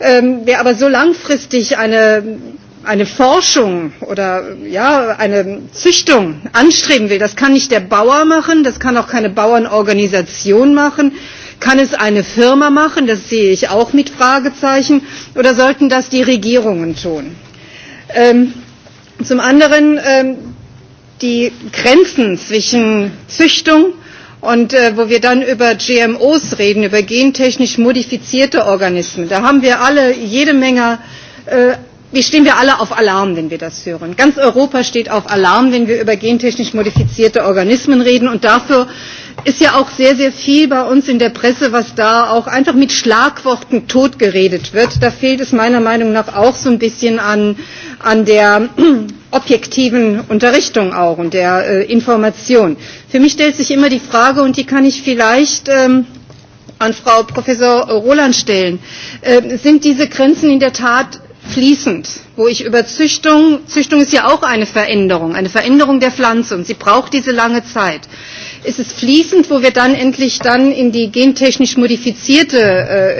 Speaker 10: Ähm, wer aber so langfristig eine eine Forschung oder ja, eine Züchtung anstreben will, das kann nicht der Bauer machen, das kann auch keine Bauernorganisation machen, kann es eine Firma machen, das sehe ich auch mit Fragezeichen, oder sollten das die Regierungen tun? Ähm, zum anderen ähm, die Grenzen zwischen Züchtung und äh, wo wir dann über GMOs reden, über gentechnisch modifizierte Organismen. Da haben wir alle jede Menge äh, wie stehen wir alle auf Alarm, wenn wir das hören? Ganz Europa steht auf Alarm, wenn wir über gentechnisch modifizierte Organismen reden. Und dafür ist ja auch sehr, sehr viel bei uns in der Presse, was da auch einfach mit Schlagworten totgeredet wird. Da fehlt es meiner Meinung nach auch so ein bisschen an, an der [clears throat] objektiven Unterrichtung auch und der äh, Information. Für mich stellt sich immer die Frage, und die kann ich vielleicht ähm, an Frau Professor Roland stellen, äh, sind diese Grenzen in der Tat fließend, wo ich über Züchtung, Züchtung ist ja auch eine Veränderung, eine Veränderung der Pflanze und sie braucht diese lange Zeit. Ist es fließend, wo wir dann endlich dann in die gentechnisch modifizierte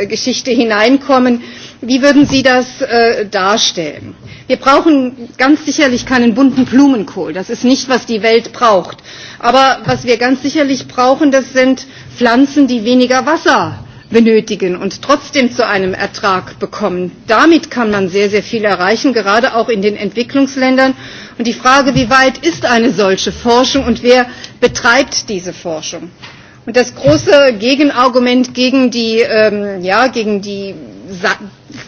Speaker 10: äh, Geschichte hineinkommen? Wie würden Sie das äh, darstellen? Wir brauchen ganz sicherlich keinen bunten Blumenkohl. Das ist nicht, was die Welt braucht. Aber was wir ganz sicherlich brauchen, das sind Pflanzen, die weniger Wasser benötigen und trotzdem zu einem Ertrag bekommen. Damit kann man sehr, sehr viel erreichen, gerade auch in den Entwicklungsländern. Und die Frage, wie weit ist eine solche Forschung und wer betreibt diese Forschung? Und das große Gegenargument gegen die, ähm, ja, gegen die Sa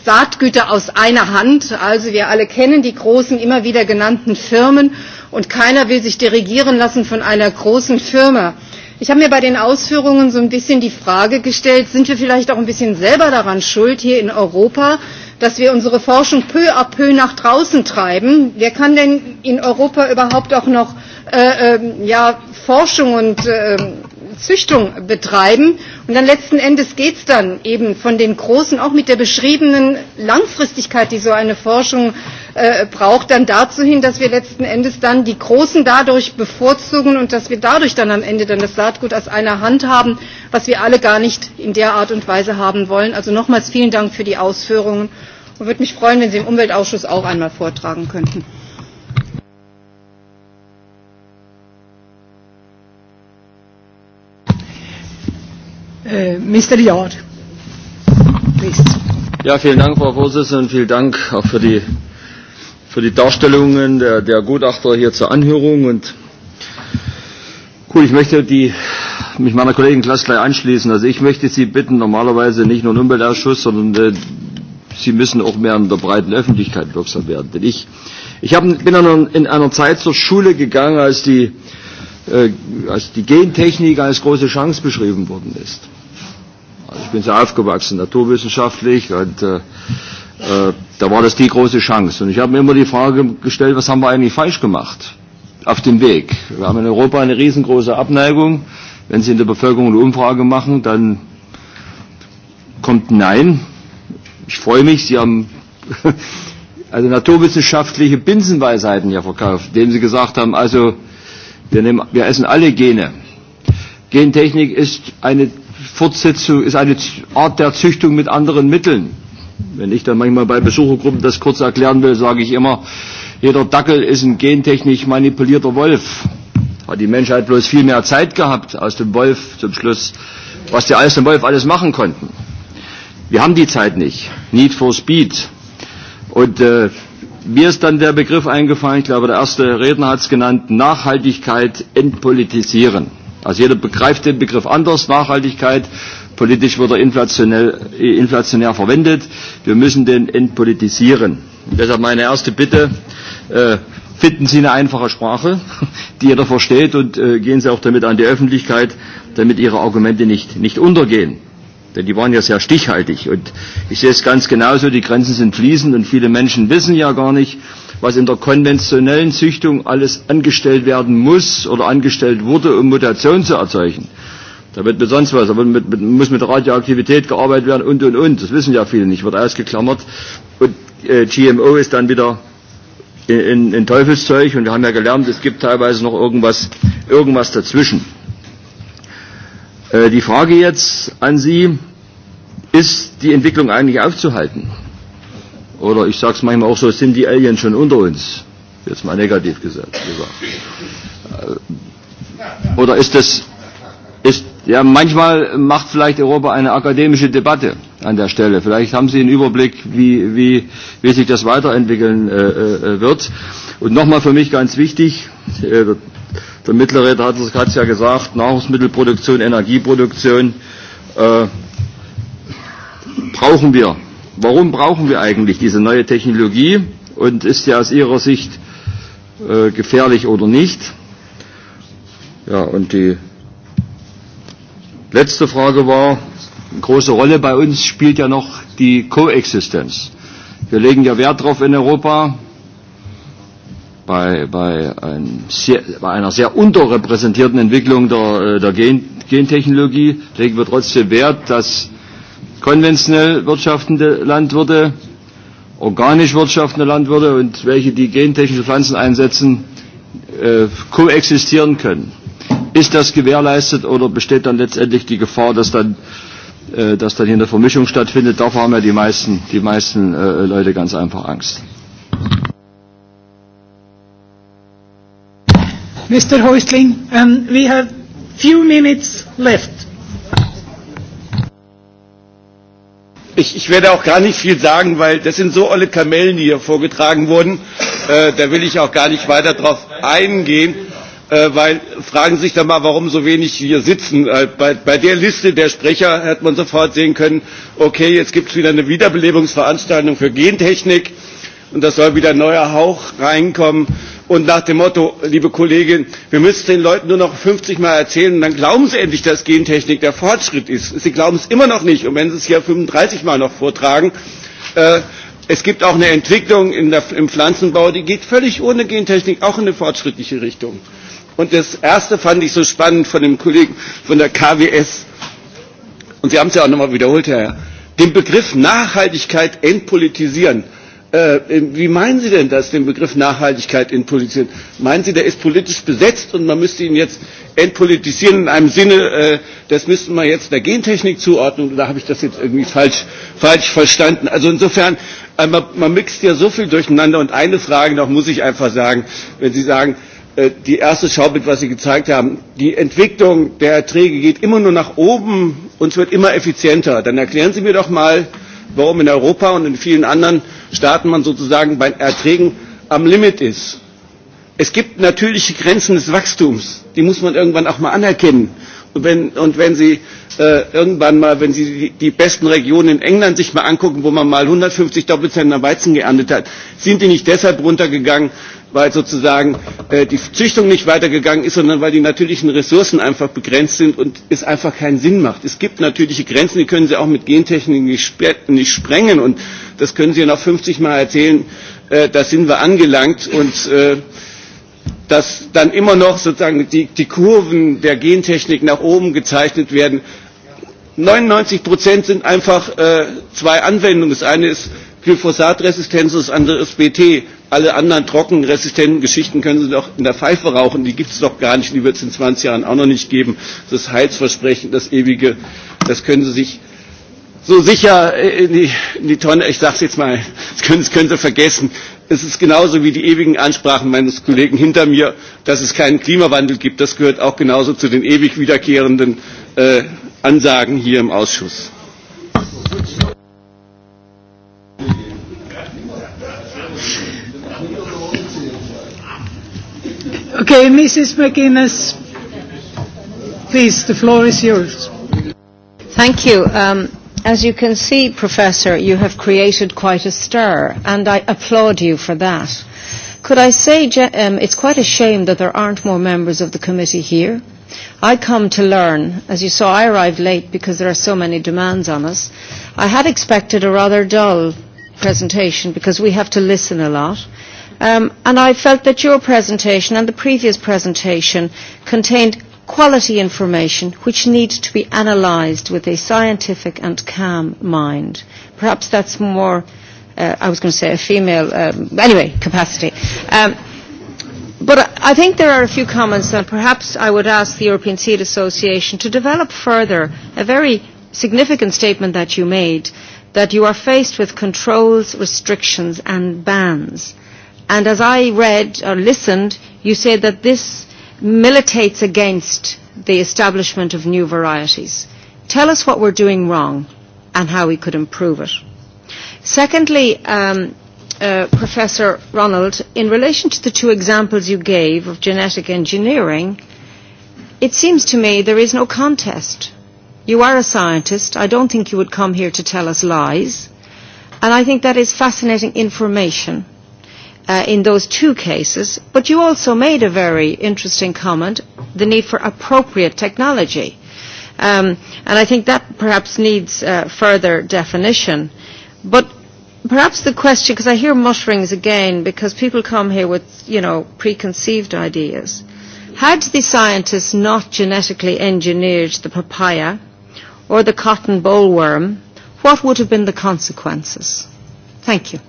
Speaker 10: Saatgüter aus einer Hand, also wir alle kennen die großen, immer wieder genannten Firmen und keiner will sich dirigieren lassen von einer großen Firma. Äh, Ich habe mir bei den Ausführungen so ein bisschen die Frage gestellt, sind wir vielleicht auch ein bisschen selber daran schuld hier in Europa, dass wir unsere Forschung peu à peu nach draußen treiben? Wer kann denn in Europa überhaupt auch noch äh, äh, ja, Forschung und äh, Züchtung betreiben. Und dann letzten Endes geht es dann eben von den großen, auch mit der beschriebenen Langfristigkeit, die so eine Forschung äh, braucht, dann dazu hin, dass wir letzten Endes dann die großen dadurch bevorzugen und dass wir dadurch dann am Ende dann das Saatgut aus einer Hand haben, was wir alle gar nicht in der Art und Weise haben wollen. Also nochmals vielen Dank für die Ausführungen und würde mich freuen, wenn Sie im Umweltausschuss auch einmal vortragen könnten.
Speaker 2: Äh, eh, Mr. Yard,
Speaker 9: please. Ja, vielen Dank, Frau Vorsitzende, und vielen Dank auch für die, für die Darstellungen der, der Gutachter hier zur Anhörung. Und Gut, ich möchte die, mich meiner Kollegin Klaas gleich anschließen. Also ich möchte Sie bitten, normalerweise nicht nur im Umweltausschuss, sondern äh, Sie müssen auch mehr in der breiten Öffentlichkeit wirksam werden. Denn ich, ich hab, bin in einer, in einer Zeit zur Schule gegangen, als die, äh, als die Gentechnik als große Chance beschrieben worden ist. Also ich bin sehr aufgewachsen, naturwissenschaftlich und äh, äh, da war das die große Chance. Und ich habe mir immer die Frage gestellt, was haben wir eigentlich falsch gemacht auf dem Weg? Wir haben in Europa eine riesengroße Abneigung. Wenn Sie in der Bevölkerung eine Umfrage machen, dann kommt Nein. Ich freue mich, Sie haben [laughs] also naturwissenschaftliche Binsenweisheiten ja verkauft, indem Sie gesagt haben, also wir, nehmen, wir essen alle Gene. Gentechnik ist eine Fortsetzung ist eine Art der Züchtung mit anderen Mitteln. Wenn ich dann manchmal bei Besuchergruppen das kurz erklären will, sage ich immer, jeder Dackel ist ein gentechnisch manipulierter Wolf. Hat die Menschheit bloß viel mehr Zeit gehabt aus dem Wolf zum Schluss, was die aus dem Wolf alles machen konnten. Wir haben die Zeit nicht. Need for Speed. Und äh, mir ist dann der Begriff eingefallen, ich glaube, der erste Redner hat es genannt, Nachhaltigkeit entpolitisieren. Also jeder begreift den Begriff anders, Nachhaltigkeit. Politisch wird er inflationär, äh, inflationär verwendet. Wir müssen den entpolitisieren. Und deshalb meine erste Bitte, äh, finden Sie eine einfache Sprache, [laughs] die jeder versteht und äh, gehen Sie auch damit an die Öffentlichkeit, damit Ihre Argumente nicht, nicht untergehen. Denn die waren ja sehr stichhaltig. Und ich sehe es ganz genauso, die Grenzen sind fließend und viele Menschen wissen ja gar nicht, äh, was in der konventionellen Züchtung alles angestellt werden muss oder angestellt wurde, um Mutation zu erzeugen. Da wird mit sonst was, da wird mit, mit, muss mit Radioaktivität gearbeitet werden und und und. Das wissen ja viele nicht, wird ausgeklammert. Und äh, GMO ist dann wieder in, in, in Teufelszeug und wir haben ja gelernt, es gibt teilweise noch irgendwas, irgendwas dazwischen. Äh, die Frage jetzt an Sie, ist die Entwicklung eigentlich aufzuhalten? Oder ich sage es manchmal auch so, sind die Aliens schon unter uns? Jetzt mal negativ gesagt. gesagt. Äh, oder ist das, ist, ja, manchmal macht vielleicht Europa eine akademische Debatte an der Stelle. Vielleicht haben Sie einen Überblick, wie, wie, wie sich das weiterentwickeln äh, äh, wird. Und nochmal für mich ganz wichtig, äh, der Mittelredner hat es ja gesagt, Nahrungsmittelproduktion, Energieproduktion äh, brauchen wir Warum brauchen wir eigentlich diese neue Technologie und ist sie aus Ihrer Sicht äh, gefährlich oder nicht? Ja, und die letzte Frage war, eine große Rolle bei uns spielt ja noch die Koexistenz. Wir legen ja Wert darauf in Europa, bei, bei, ein sehr, bei einer sehr unterrepräsentierten Entwicklung der, äh, der Gen, Gentechnologie legen wir trotzdem Wert, dass äh, konventionell wirtschaftende Landwirte, organisch wirtschaftende Landwirte und welche, die gentechnische Pflanzen einsetzen, äh, koexistieren können. Ist das gewährleistet oder besteht dann letztendlich die Gefahr, dass dann, äh, dass dann hier eine Vermischung stattfindet? Davor haben ja die meisten, die meisten äh, Leute ganz einfach Angst.
Speaker 2: Mr. Häusling, um, we have few minutes left.
Speaker 6: Ich, ich werde auch gar nicht viel sagen, weil das sind so olle Kamellen, die hier vorgetragen wurden. Äh, da will ich auch gar nicht weiter drauf eingehen, äh, weil fragen Sie sich doch mal, warum so wenig hier sitzen. Äh, bei, bei der Liste der Sprecher hat man sofort sehen können, okay, jetzt gibt es wieder eine Wiederbelebungsveranstaltung für Gentechnik und das soll wieder ein neuer Hauch reinkommen und nach dem Motto, liebe Kollegin, wir müssen den Leuten nur noch 50 Mal erzählen, dann glauben sie endlich, dass Gentechnik der Fortschritt ist. Sie glauben es immer noch nicht. Und wenn sie es ja 35 Mal noch vortragen, äh, es gibt auch eine Entwicklung in der, im Pflanzenbau, die geht völlig ohne Gentechnik auch in eine fortschrittliche Richtung. Und das erste fand ich so spannend von dem Kollegen von der KWS. Und Sie haben es ja auch nochmal wiederholt, Herr. Den Begriff Nachhaltigkeit entpolitisieren Äh, äh, wie meinen Sie denn das, den Begriff Nachhaltigkeit entpolitisieren? Meinen Sie, der ist politisch besetzt und man müsste ihn jetzt entpolitisieren in einem Sinne, äh, das müssten wir jetzt der Gentechnik zuordnen oder habe ich das jetzt irgendwie falsch, falsch verstanden? Also insofern, äh, man, man mixt ja so viel durcheinander und eine Frage noch muss ich einfach sagen, wenn Sie sagen, äh, die erste Schaubild, was Sie gezeigt haben, die Entwicklung der Erträge geht immer nur nach oben und es wird immer effizienter. Dann erklären Sie mir doch mal, äh, warum in Europa und in vielen anderen Staaten man sozusagen bei Erträgen am Limit ist. Es gibt natürliche Grenzen des Wachstums, die muss man irgendwann auch mal anerkennen. Und wenn, und wenn Sie äh, irgendwann mal, wenn Sie die, die besten Regionen in England sich mal angucken, wo man mal 150 Doppelzentner Weizen geerntet hat, sind die nicht deshalb runtergegangen, weil sozusagen äh, die Züchtung nicht weitergegangen ist, sondern weil die natürlichen Ressourcen einfach begrenzt sind und es einfach keinen Sinn macht. Es gibt natürliche Grenzen, die können Sie auch mit Gentechnik nicht, nicht sprengen und das können Sie noch 50 Mal erzählen, äh, da sind wir angelangt und äh, dass dann immer noch sozusagen die, die Kurven der Gentechnik nach oben gezeichnet werden. 99 Prozent sind einfach äh, zwei Anwendungen. Das eine ist Glyphosatresistenz ist anderes BT. Alle anderen trockenresistenten Geschichten können Sie doch in der Pfeife rauchen. Die gibt es doch gar nicht. Die wird es in 20 Jahren auch noch nicht geben. Das Heilsversprechen, das ewige, das können Sie sich so sicher in die, in die Tonne, ich sage es jetzt mal, das können, das können Sie vergessen. Es ist genauso wie die ewigen Ansprachen meines Kollegen hinter mir, dass es keinen Klimawandel gibt. Das gehört auch genauso zu den ewig wiederkehrenden äh, Ansagen hier im Ausschuss.
Speaker 11: Okay, Mrs. McInnes, please, the floor is yours. Thank you. Um, as you can see, Professor, you have created quite a stir, and I applaud you for that. Could I say um, it's quite a shame that there aren't more members of the committee here? I come to learn. As you saw, I arrived late because there are so many demands on us. I had expected a rather dull presentation because we have to listen a lot. Uh, Um, and I felt that your presentation and the previous presentation contained quality information which needs to be analysed with a scientific and calm mind. Perhaps that's more, uh, I was going to say a female, um, anyway, capacity. Um, but I think there are a few comments and perhaps I would ask the European Seed Association to develop further a very significant statement that you made that you are faced with controls, restrictions and bans And as I read or listened, you say that this militates against the establishment of new varieties. Tell us what we're doing wrong and how we could improve it. Secondly, um, uh, Professor Ronald, in relation to the two examples you gave of genetic engineering, it seems to me there is no contest. You are a scientist. I don't think you would come here to tell us lies. And I think that is fascinating information uh, in those two cases, but you also made a very interesting comment, the need for appropriate technology. Um, and I think that perhaps needs uh, further definition. But perhaps the question, because I hear mutterings again, because people come here with, you know, preconceived ideas. Had the scientists not genetically engineered the papaya or the cotton bollworm, what would have been the consequences? Thank you.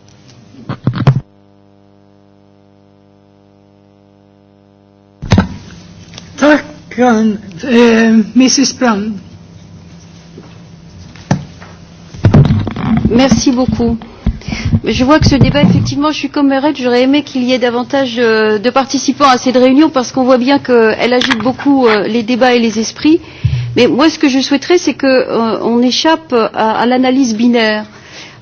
Speaker 11: Good.
Speaker 2: Uh, Mrs.
Speaker 12: Brown. Merci beaucoup. Je vois que ce débat, effectivement, je suis comme Meret, j'aurais aimé qu'il y ait davantage euh, de participants à cette réunion parce qu'on voit bien qu'elle agite beaucoup euh, les débats et les esprits. Mais moi, ce que je souhaiterais, c'est qu'on euh, échappe à, à l'analyse binaire.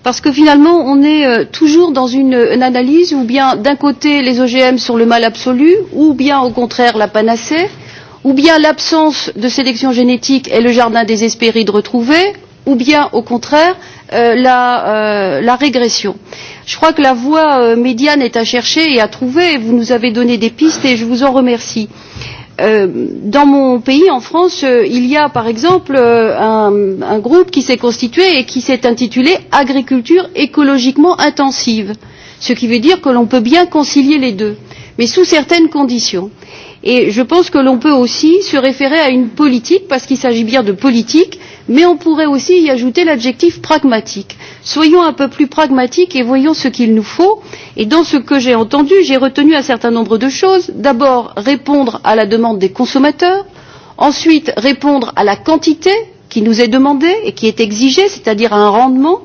Speaker 12: Parce que finalement, on est euh, toujours dans une, une analyse où bien d'un côté les OGM sont le mal absolu, ou bien au contraire la panacée, ou bien l'absence de sélection génétique est le jardin des hespérides retrouvé ou bien au contraire euh, la, euh, la régression. je crois que la voie euh, médiane est à chercher et à trouver et vous nous avez donné des pistes et je vous en remercie. Euh, dans mon pays en france euh, il y a par exemple euh, un, un groupe qui s'est constitué et qui s'est intitulé agriculture écologiquement intensive ce qui veut dire que l'on peut bien concilier les deux mais sous certaines conditions et je pense que l'on peut aussi se référer à une politique parce qu'il s'agit bien de politique mais on pourrait aussi y ajouter l'adjectif pragmatique. soyons un peu plus pragmatiques et voyons ce qu'il nous faut et dans ce que j'ai entendu j'ai retenu un certain nombre de choses d'abord répondre à la demande des consommateurs ensuite répondre à la quantité qui nous est demandée et qui est exigée c'est à dire à un rendement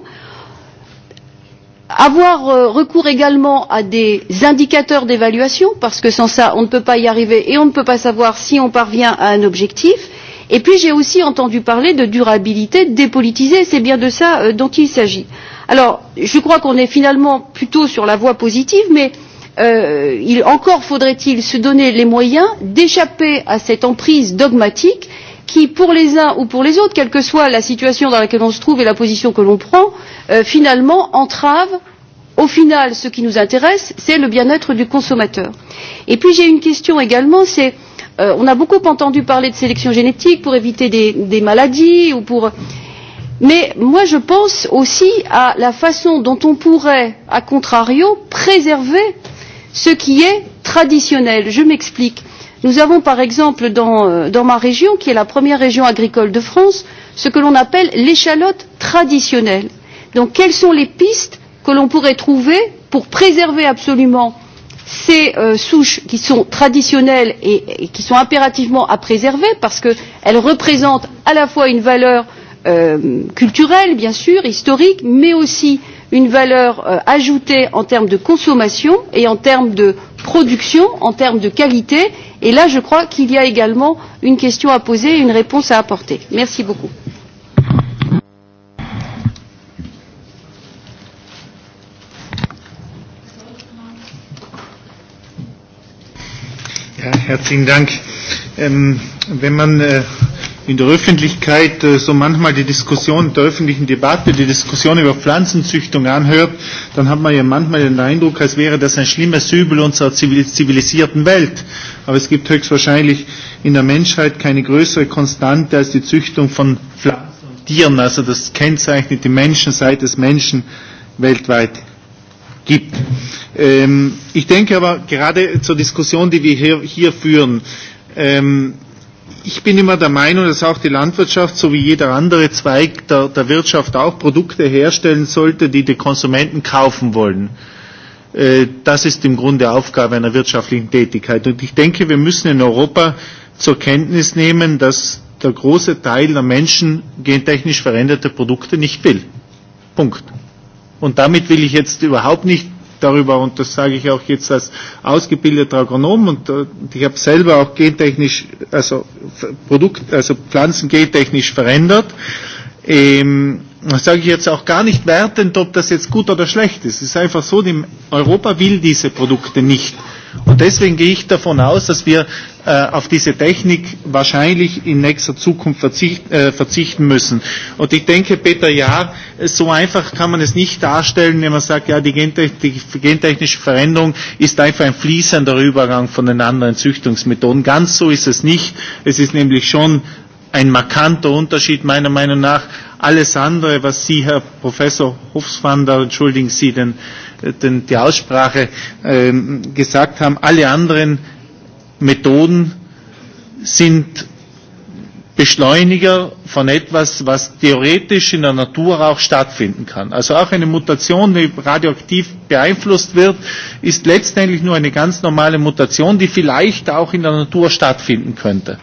Speaker 12: avoir euh, recours également à des indicateurs d'évaluation parce que sans cela on ne peut pas y arriver et on ne peut pas savoir si on parvient à un objectif et puis j'ai aussi entendu parler de durabilité dépolitisée c'est bien de cela euh, dont il s'agit. alors je crois qu'on est finalement plutôt sur la voie positive mais euh, il, encore faudrait il se donner les moyens d'échapper à cette emprise dogmatique qui pour les uns ou pour les autres quelle que soit la situation dans laquelle on se trouve et la position que l'on prend euh, finalement entravent au final ce qui nous intéresse c'est le bien être du consommateur. et puis j'ai une question également c'est euh, on a beaucoup entendu parler de sélection génétique pour éviter des, des maladies ou pour mais moi je pense aussi à la façon dont on pourrait à contrario préserver ce qui est traditionnel. je m'explique nous avons par exemple dans, euh, dans ma région qui est la première région agricole de france ce que l'on appelle l'échalote traditionnelle. donc quelles sont les pistes que l'on pourrait trouver pour préserver absolument ces euh, souches qui sont traditionnelles et, et qui sont impérativement à préserver parce qu'elles représentent à la fois une valeur euh, culturelle bien sûr historique mais aussi une valeur euh, ajoutée en termes de consommation et en termes de production en termes de qualité et là je crois qu'il y a également une question à poser et une réponse à apporter. merci beaucoup.
Speaker 8: Ja, herzlichen Dank. Ähm, wenn man äh, in der Öffentlichkeit äh, so manchmal die Diskussion der öffentlichen Debatte, die Diskussion über Pflanzenzüchtung anhört, dann hat man ja manchmal den Eindruck, als wäre das ein schlimmes Übel unserer zivilisierten Welt. Aber es gibt höchstwahrscheinlich in der Menschheit keine größere Konstante als die Züchtung von Pflanzen und Tieren. Also das kennzeichnet die Menschen, seit es Menschen weltweit gibt. Ähm, ich denke aber gerade zur Diskussion, die wir hier, hier führen, ähm, Ich bin immer der Meinung, dass auch die Landwirtschaft, so wie jeder andere Zweig der, der Wirtschaft, auch Produkte herstellen sollte, die die Konsumenten kaufen wollen. Äh, das ist im Grunde Aufgabe einer wirtschaftlichen Tätigkeit. Und ich denke, wir müssen in Europa zur Kenntnis nehmen, dass der große Teil der Menschen gentechnisch veränderte Produkte nicht will. Punkt. Und damit will ich jetzt überhaupt nicht darüber und das sage ich auch jetzt als ausgebildeter Agronom und äh, ich habe selber auch gentechnisch, also Produkt, also Pflanzen gentechnisch verändert. Ähm, das sage ich jetzt auch gar nicht wertend, ob das jetzt gut oder schlecht ist. Es ist einfach so, die Europa will diese Produkte nicht. Und deswegen gehe ich davon aus, dass wir äh, auf diese Technik wahrscheinlich in nächster Zukunft verzicht, äh, verzichten müssen. Und ich denke, Peter, ja, so einfach kann man es nicht darstellen, wenn man sagt, ja, die, Gente die gentechnische Veränderung ist einfach ein fließender Übergang von den anderen Züchtungsmethoden. Ganz so ist es nicht. Es ist nämlich schon ein markanter Unterschied meiner Meinung nach. Alles andere, was Sie, Herr Professor Hofswander, entschuldigen Sie den Äh, den, die Aussprache ähm, gesagt haben. Alle anderen Methoden sind Beschleuniger von etwas, was theoretisch in der Natur auch stattfinden kann. Also auch eine Mutation, die radioaktiv beeinflusst wird, ist letztendlich nur eine ganz normale Mutation, die vielleicht auch in der Natur stattfinden könnte.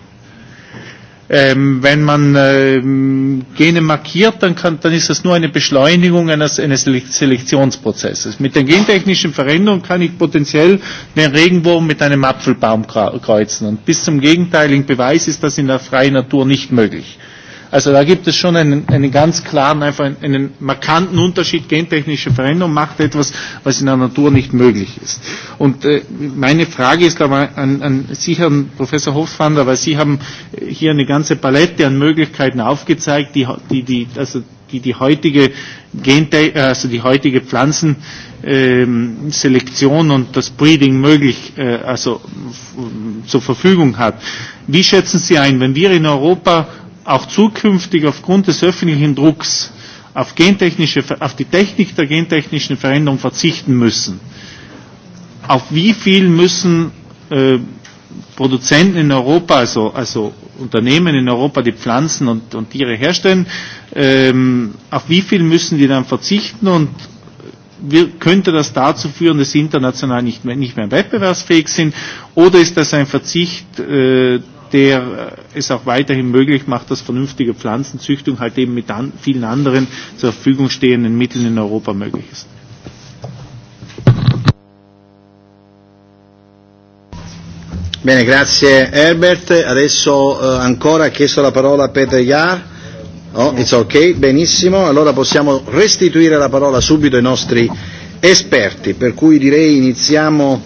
Speaker 8: Ähm, wenn man ähm, Gene markiert, dann, kann, dann ist das nur eine Beschleunigung eines, eines Selektionsprozesses. Mit der gentechnischen Veränderung kann ich potenziell den Regenwurm mit einem Apfelbaum kreuzen. Und bis zum gegenteiligen Beweis ist das in der freien Natur nicht möglich. Äh, Also da gibt es schon einen, einen ganz klaren, einfach einen, einen markanten Unterschied. Gentechnische Veränderung macht etwas, was in der Natur nicht möglich ist. Und äh, meine Frage ist aber an, an Sie, Herrn Professor Hofwander, weil Sie haben hier eine ganze Palette an Möglichkeiten aufgezeigt, die, die, die, also die, die heutige Gente äh, also die heutige Pflanzenselektion ähm, und das Breeding möglich, äh, also zur Verfügung hat. Wie schätzen Sie ein, wenn wir in Europa auch zukünftig aufgrund des öffentlichen Drucks auf, gentechnische, auf die Technik der gentechnischen Veränderung verzichten müssen. Auf wie viel müssen äh, Produzenten in Europa, also, also Unternehmen in Europa, die Pflanzen und, und Tiere herstellen, ähm, auf wie viel müssen die dann verzichten und wir, könnte das dazu führen, dass sie international nicht mehr, nicht mehr wettbewerbsfähig sind? Oder ist das ein Verzicht, äh, der äh, es auch weiterhin möglich macht, dass vernünftige Pflanzenzüchtung halt eben mit an, vielen anderen zur Verfügung stehenden Mitteln
Speaker 1: in Europa möglich ist. Bene, grazie Herbert. Adesso eh, ancora ha chiesto la parola a Peter Jahr. Oh, it's ok, benissimo. Allora possiamo restituire la parola subito ai nostri esperti, per cui direi iniziamo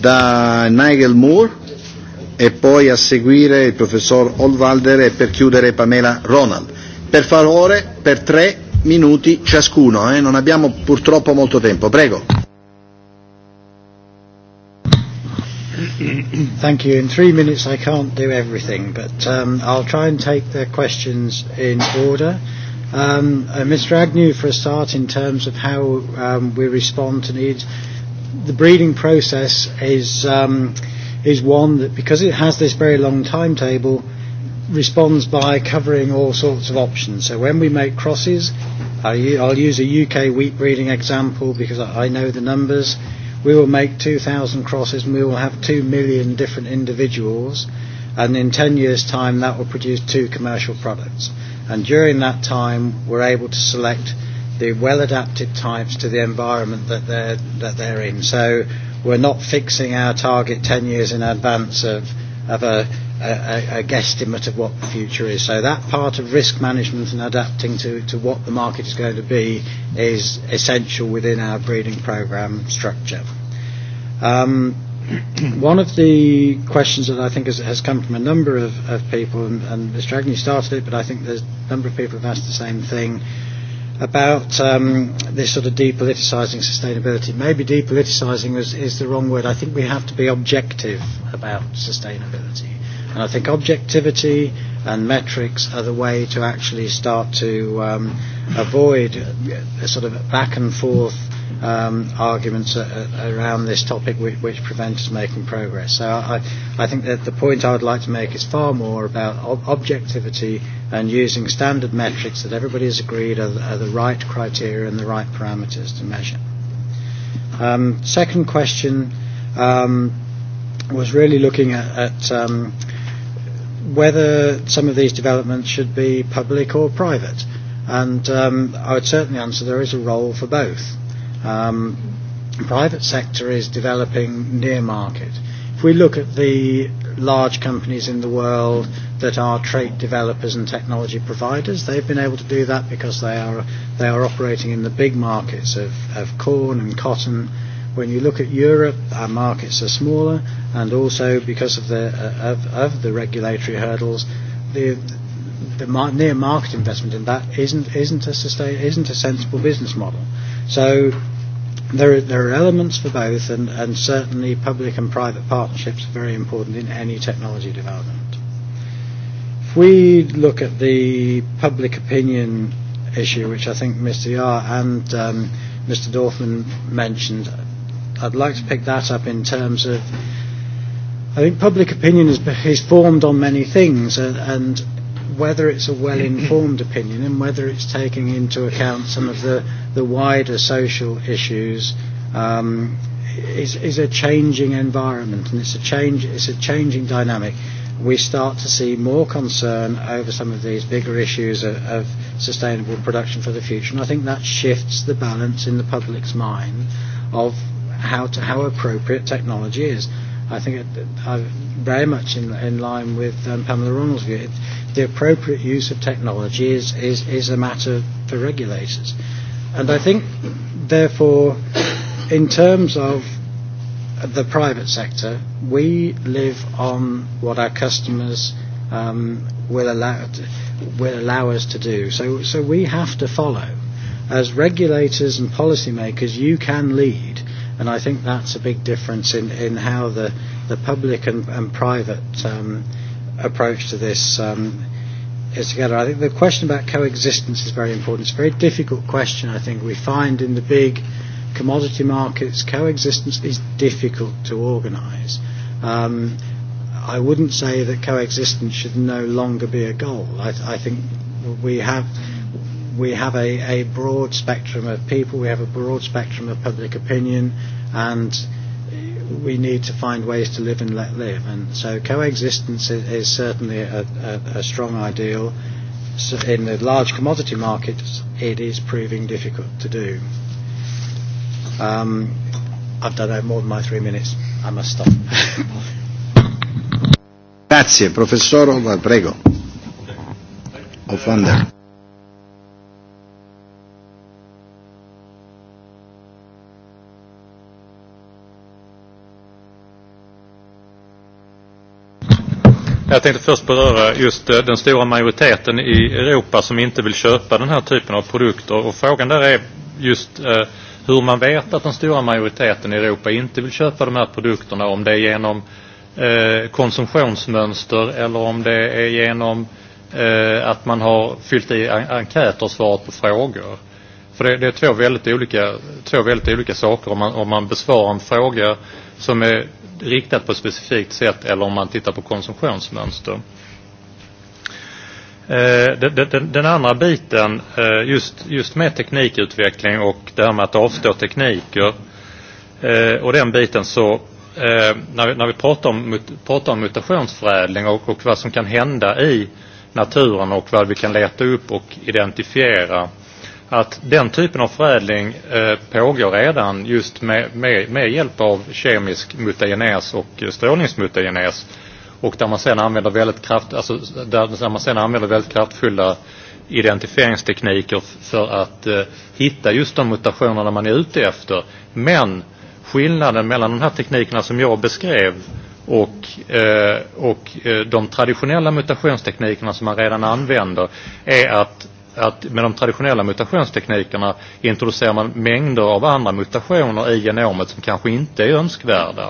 Speaker 1: da Nigel Moore e poi a seguire il professor Oldwalder e per chiudere Pamela Ronald. Per favore, per tre minuti ciascuno, eh? non abbiamo purtroppo molto tempo. Prego.
Speaker 3: Thank you. In three minutes I can't do everything, but um, I'll try and take the questions in order. Um, uh, Mr. Agnew, for a start, in terms of how um, we respond to needs, the breeding process is. Um, uh, is one that, because it has this very long timetable, responds by covering all sorts of options. So when we make crosses, I, I'll use a UK wheat breeding example because I, I know the numbers. We will make 2,000 crosses and we will have 2 million different individuals. And in 10 years' time, that will produce two commercial products. And during that time, we're able to select the well-adapted types to the environment that they're, that they're in. So We're not fixing our target 10 years in advance of, of a, a, a guesstimate of what the future is. So that part of risk management and adapting to, to what the market is going to be is essential within our breeding program structure. Um, [clears throat] one of the questions that I think has, has come from a number of, of people, and, and Mr. Agnew started it, but I think there's a number of people have asked the same thing about um, this sort of depoliticising sustainability. Maybe depoliticising is, is the wrong word. I think we have to be objective about sustainability. And I think objectivity and metrics are the way to actually start to um, avoid a sort of back and forth um, arguments a, a, around this topic which, which prevent us making progress. So I, I think that the point I would like to make is far more about ob- objectivity and using standard metrics that everybody has agreed are, are the right criteria and the right parameters to measure. Um, second question um, was really looking at, at um, whether some of these developments should be public or private. And um, I would certainly answer there is a role for both Um, private sector is developing near market. If we look at the large companies in the world that are trait developers and technology providers, they've been able to do that because they are, they are operating in the big markets of, of corn and cotton. When you look at Europe, our markets are smaller, and also because of the, of, of the regulatory hurdles, the, the mar- near market investment in that isn't, isn't, a sustain- isn't a sensible business model. So there are, there are elements for both, and, and certainly public and private partnerships are very important in any technology development. If we look at the public opinion issue, which I think Mr. Yar and um, Mr. Dorfman mentioned, I'd like to pick that up in terms of I think public opinion is, is formed on many things, and, and whether it's a well-informed opinion and whether it's taking into account some of the, the wider social issues um, is, is a changing environment and it's a change it's a changing dynamic. We start to see more concern over some of these bigger issues of, of sustainable production for the future, and I think that shifts the balance in the public's mind of how to, how appropriate technology is. I think it, I've very much in, in line with um, Pamela Ronald's view. It, the appropriate use of technology is, is, is a matter for regulators. And I think, therefore, in terms of the private sector, we live on what our customers um, will, allow, will allow us to do. So, so we have to follow. As regulators and policymakers, you can lead, and I think that's a big difference in, in how the the public and, and private um, approach to this um, is together. I think the question about coexistence is very important. It's a very difficult question, I think. We find in the big commodity markets, coexistence is difficult to organise. Um, I wouldn't say that coexistence should no longer be a goal. I, I think we have we have a, a broad spectrum of people, we have a broad spectrum of public opinion, and we need to find ways to live and let live. And so coexistence is, is certainly a, a, a strong ideal. So in the large commodity markets, it is proving difficult to do. Um, I've done out more than my three minutes. I must stop.
Speaker 1: [laughs] Grazie, professor Ova, prego.
Speaker 3: Offender.
Speaker 4: Jag tänkte först beröra just eh, den stora majoriteten i Europa som inte vill köpa den här typen av produkter. Och frågan där är just eh, hur man vet att den stora majoriteten i Europa inte vill köpa de här produkterna. Om det är genom eh, konsumtionsmönster eller om det är genom eh, att man har fyllt i en enkäter och svarat på frågor. För det, det är två väldigt olika, två väldigt olika saker. Om man, om man besvarar en fråga som är riktat på ett specifikt sätt eller om man tittar på konsumtionsmönster. Eh, den andra biten, eh, just, just med teknikutveckling och det här med att avstå tekniker eh, och den biten så när vi, när vi pratar, om, pratar om mutationsförädling och, och vad som kan hända i naturen och vad vi kan leta upp och identifiera att den typen av förädling eh, pågår redan just med, med, med hjälp av kemisk mutagenes och strålningsmutagenes och där man sedan använder väldigt, kraft, alltså, där man sedan använder väldigt kraftfulla identifieringstekniker för att eh, hitta just de mutationerna man är ute efter. Men skillnaden mellan de här teknikerna som jag beskrev och, eh, och eh, de traditionella mutationsteknikerna som man redan använder är att att med de traditionella mutationsteknikerna introducerar man mängder av andra mutationer i genomet som kanske inte är önskvärda.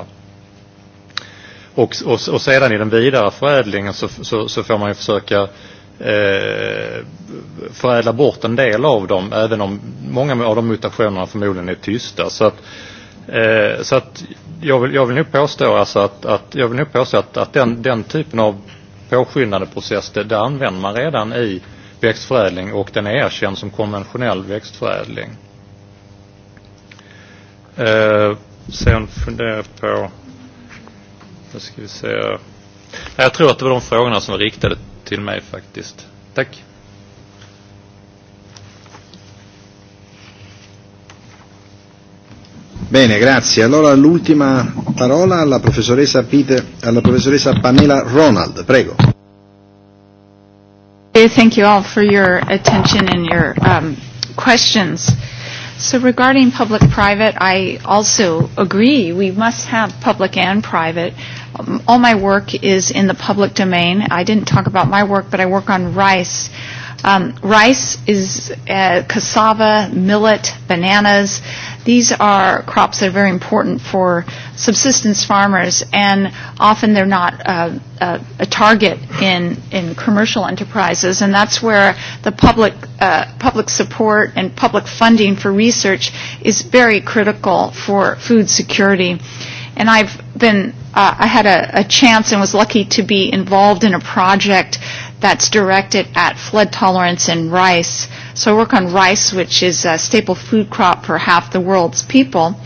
Speaker 4: Och, och, och sedan i den vidare förädlingen så, så, så får man ju försöka eh, förädla bort en del av dem, även om många av de mutationerna förmodligen är tysta. Så att, eh, så att jag, vill, jag vill nog påstå, alltså att, att, jag vill nog påstå att, att den, den typen av påskyndande process, det, det använder man redan i växtförädling och den är erkänd som konventionell växtförädling. Eh, sen funderar jag på, vad ska vi säga, jag tror att det var de frågorna som var riktade till mig faktiskt. Tack.
Speaker 1: Bene, grazie. Allora l'ultima parola alla professoressa, Peter, alla professoressa Pamela Ronald, prego.
Speaker 7: Okay, thank you all for your attention and your um, questions. So regarding public-private, I also agree we must have public and private. Um, all my work is in the public domain. I didn't talk about my work, but I work on rice. Uh, Um, rice is uh, cassava, millet, bananas. These are crops that are very important for subsistence farmers, and often they're not uh, uh, a target in, in commercial enterprises. And that's where the public uh, public support and public funding for research is very critical for food security. And I've been uh, I had a, a chance and was lucky to be involved in a project that's directed at flood tolerance in rice. So I work on rice, which is a staple food crop for half the world's people.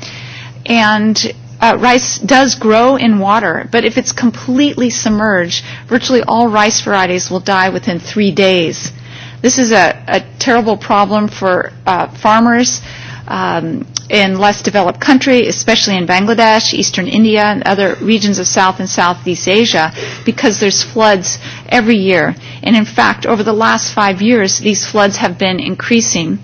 Speaker 7: And uh, rice does grow in water, but if it's completely submerged, virtually all rice varieties will die within three days. This is a, a terrible problem for uh, farmers um, in less developed countries, especially in Bangladesh, eastern India, and other regions of South and Southeast Asia, because there's floods every year. And in fact, over the last five years, these floods have been increasing.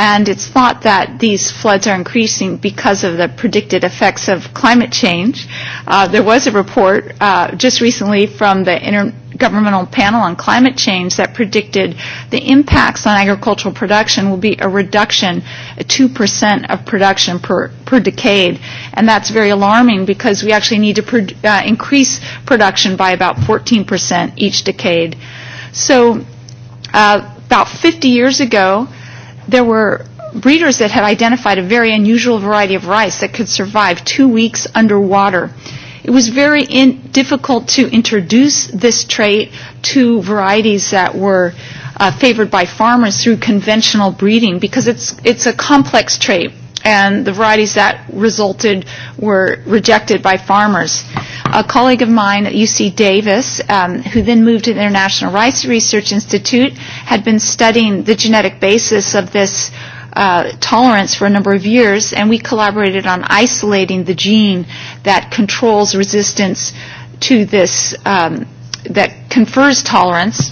Speaker 7: And it's thought that these floods are increasing because of the predicted effects of climate change. Uh, there was a report uh, just recently from the Inter- Intergovernmental Panel on Climate Change that predicted the impacts on agricultural production will be a reduction, 2% of production per, per decade. And that's very alarming because we actually need to pro- uh, increase production by about 14% each decade. So uh, about 50 years ago, there were breeders that had identified a very unusual variety of rice that could survive two weeks underwater. Uh, It was very in, difficult to introduce this trait to varieties that were uh, favored by farmers through conventional breeding because it's, it's a complex trait and the varieties that resulted were rejected by farmers. A colleague of mine at UC Davis, um, who then moved to the International Rice Research Institute, had been studying the genetic basis of this uh, tolerance for a number of years, and we collaborated on isolating the gene that controls resistance to this, um, that confers tolerance.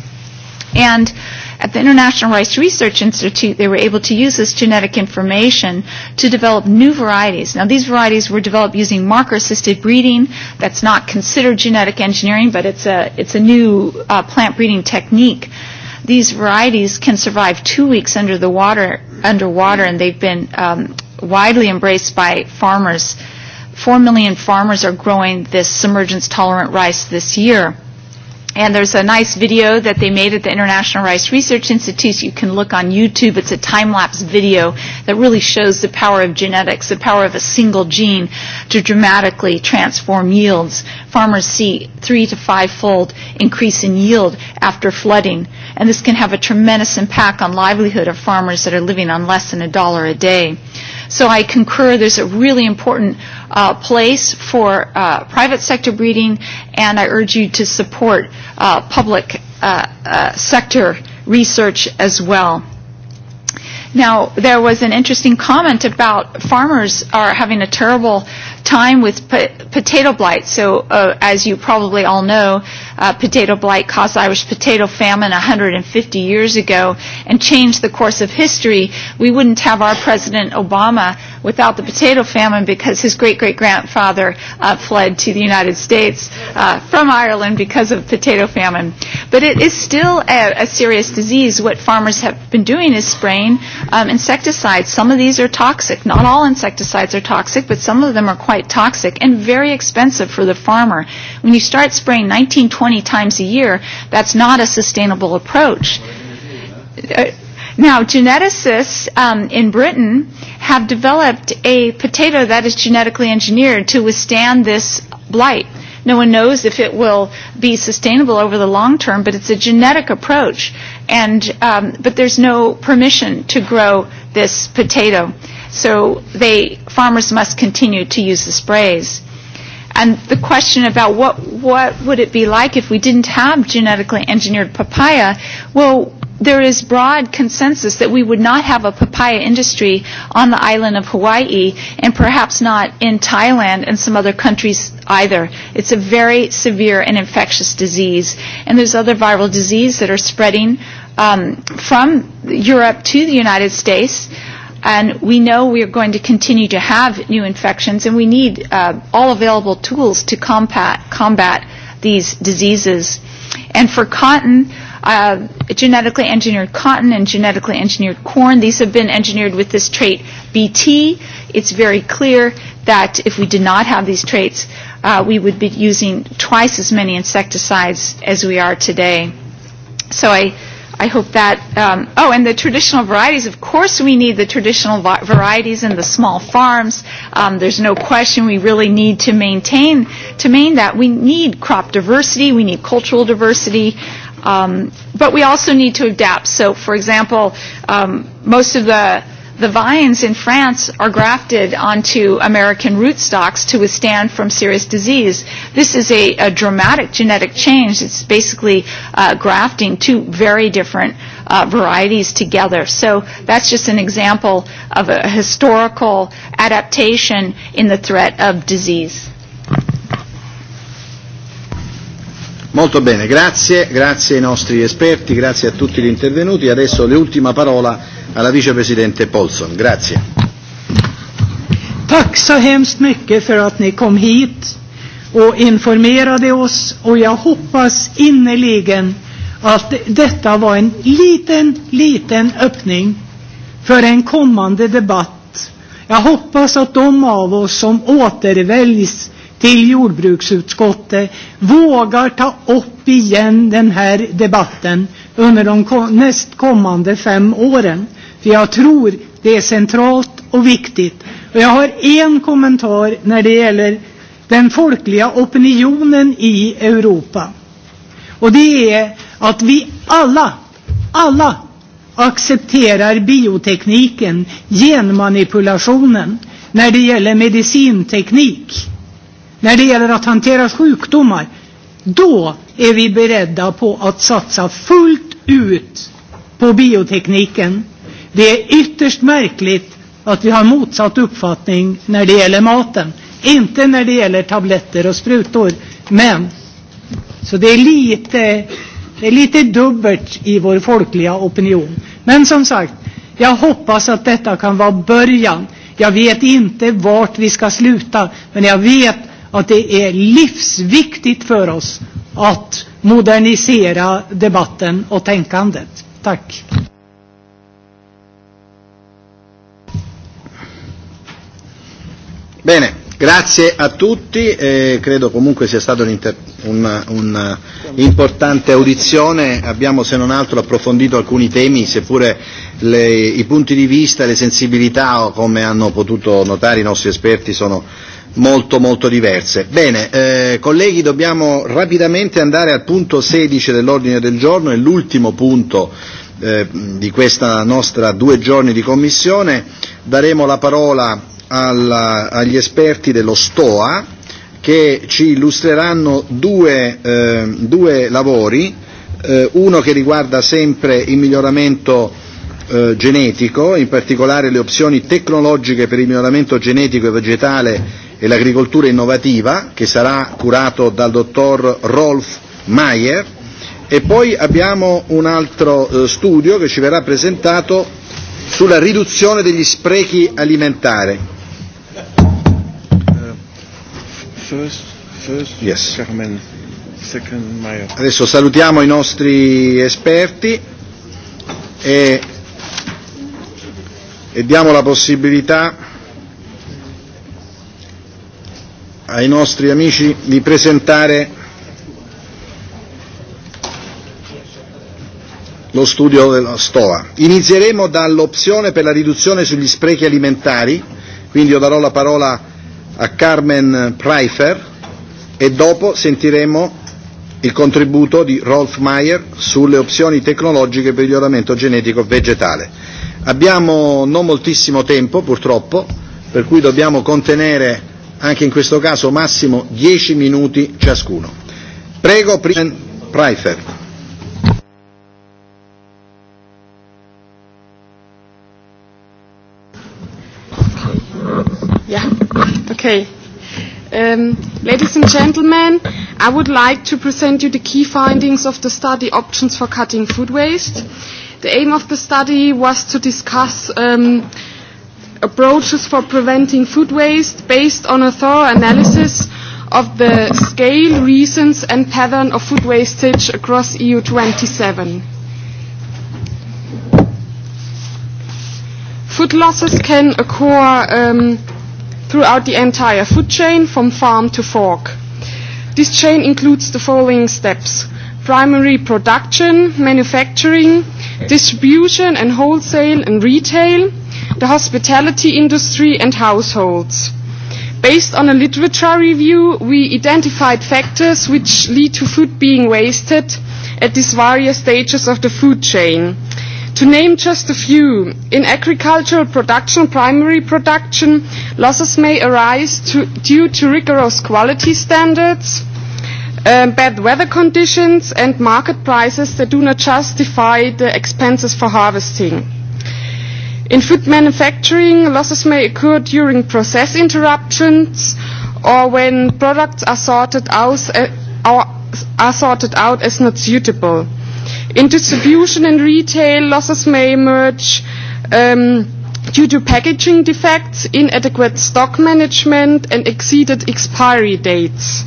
Speaker 7: And at the International Rice Research Institute, they were able to use this genetic information to develop new varieties. Now, these varieties were developed using marker-assisted breeding. That's not considered genetic engineering, but it's a, it's a new uh, plant breeding technique. These varieties can survive two weeks under the water underwater, and they've been um, widely embraced by farmers. Four million farmers are growing this submergence-tolerant rice this year. And there's a nice video that they made at the International Rice Research Institute. You can look on YouTube. It's a time-lapse video that really shows the power of genetics, the power of a single gene to dramatically transform yields. Farmers see three to five-fold increase in yield after flooding. And this can have a tremendous impact on livelihood of farmers that are living on less than a dollar a day. Uh, So I concur there's a really important uh, place for uh, private sector breeding, and I urge you to support uh, public uh, uh, sector research as well. Now, there was an interesting comment about farmers are having a terrible time with po- potato blight. So, uh, as you probably all know, uh, potato blight caused Irish potato famine 150 years ago and changed the course of history. We wouldn't have our President Obama without the potato famine because his great great grandfather uh, fled to the United States uh, from Ireland because of potato famine. But it is still a, a serious disease. What farmers have been doing is spraying um, insecticides. Some of these are toxic. Not all insecticides are toxic, but some of them are quite quite toxic and very expensive for the farmer. When you start spraying 19, 20 times a year, that's not a sustainable approach. Uh, Now, geneticists um, in Britain have developed a potato that is genetically engineered to withstand this blight. No one knows if it will be sustainable over the long term, but it's a genetic approach. And um, but there's no permission to grow this potato, so they farmers must continue to use the sprays. And the question about what, what would it be like if we didn't have genetically engineered papaya, well, there is broad consensus that we would not have a papaya industry on the island of Hawaii and perhaps not in Thailand and some other countries either. It's a very severe and infectious disease. And there's other viral disease that are spreading um, from Europe to the United States. Uh, And we know we are going to continue to have new infections, and we need uh, all available tools to combat, combat these diseases. And for cotton, uh, genetically engineered cotton and genetically engineered corn, these have been engineered with this trait BT. It's very clear that if we did not have these traits, uh, we would be using twice as many insecticides as we are today. So I I hope that, um, oh, and the traditional varieties, of course we need the traditional va- varieties and the small farms. Um, there's no question we really need to maintain, to maintain that. We need crop diversity, we need cultural diversity, um, but we also need to adapt. So, for example, um, most of the the vines in France are grafted onto American rootstocks to withstand from serious disease. This is a, a dramatic genetic change. It's basically uh, grafting two very different uh, varieties together. So that's just an example of a historical adaptation in the threat of disease.
Speaker 1: Molto bene, grazie, grazie ai nostri esperti, grazie a tutti gli intervenuti. Adesso l'ultima parola alla vicepresidente Polson. Grazie.
Speaker 2: Tack så hemskt mycket för att ni kom hit och informerade oss och jag hoppas innerligen att detta var en liten, liten öppning för en kommande debatt. Jag hoppas att de av oss som återväljs till jordbruksutskottet vågar ta upp igen den här debatten under de nästkommande fem åren. För jag tror det är centralt och viktigt. Och jag har en kommentar när det gäller den folkliga opinionen i Europa. Och det är att vi alla, alla accepterar biotekniken, genmanipulationen, när det gäller medicinteknik när det gäller att hantera sjukdomar, då är vi beredda på att satsa fullt ut på biotekniken. Det är ytterst märkligt att vi har motsatt uppfattning när det gäller maten. Inte när det gäller tabletter och sprutor, men så det är lite, det är lite dubbelt i vår folkliga opinion. Men som sagt, jag hoppas att detta kan vara början. Jag vet inte vart vi ska sluta, men jag vet att det är livsviktigt för oss att modernisera debatten och tänkandet. Tack.
Speaker 1: Bene. Grazie a tutti, eh, credo comunque sia stata un'importante un, audizione, abbiamo se non altro approfondito alcuni temi, seppure le, i punti di vista, le sensibilità, come hanno potuto notare i nostri esperti, sono molto molto diverse. Bene, eh, colleghi dobbiamo rapidamente andare al punto 16 dell'ordine del giorno, è l'ultimo punto eh, di questa nostra due giorni di commissione. Daremo la parola alla, agli esperti dello STOA che ci illustreranno due, eh, due lavori, eh, uno che riguarda sempre il miglioramento eh, genetico, in particolare le opzioni tecnologiche per il miglioramento genetico e vegetale e l'agricoltura innovativa, che sarà curato dal dottor Rolf Mayer, e poi abbiamo un altro eh, studio che ci verrà presentato sulla riduzione degli sprechi alimentari. Uh,
Speaker 6: first, first
Speaker 1: yes. Carmen, second Mayer. Adesso salutiamo i nostri esperti e e diamo la possibilità ai nostri amici di presentare lo studio della Stoa. Inizieremo dall'opzione per la riduzione sugli sprechi alimentari, quindi io darò la parola a Carmen Preifer e dopo sentiremo il contributo di Rolf Meyer sulle opzioni tecnologiche per il miglioramento genetico vegetale. Abbiamo non moltissimo tempo, purtroppo, per cui dobbiamo contenere anche in questo caso massimo 10 minuti ciascuno. Prego, Preifer.
Speaker 13: Yeah. Okay. Um, ladies and gentlemen, I would like to present you the key findings of the study options for cutting food waste. The aim of the study was to discuss um, approaches for preventing food waste based on a thorough analysis of the scale, reasons and pattern of food wastage across EU 27. Food losses can occur um, throughout the entire food chain from farm to fork. This chain includes the following steps primary production, manufacturing, distribution and wholesale and retail, the hospitality industry and households. Based on a literature review, we identified factors which lead to food being wasted at these various stages of the food chain. To name just a few, in agricultural production, primary production, losses may arise to, due to rigorous quality standards, um, bad weather conditions and market prices that do not justify the expenses for harvesting. In food manufacturing, losses may occur during process interruptions or when products are sorted out, uh, are sorted out as not suitable. In distribution and retail, losses may emerge um, due to packaging defects, inadequate stock management, and exceeded expiry dates. Uh,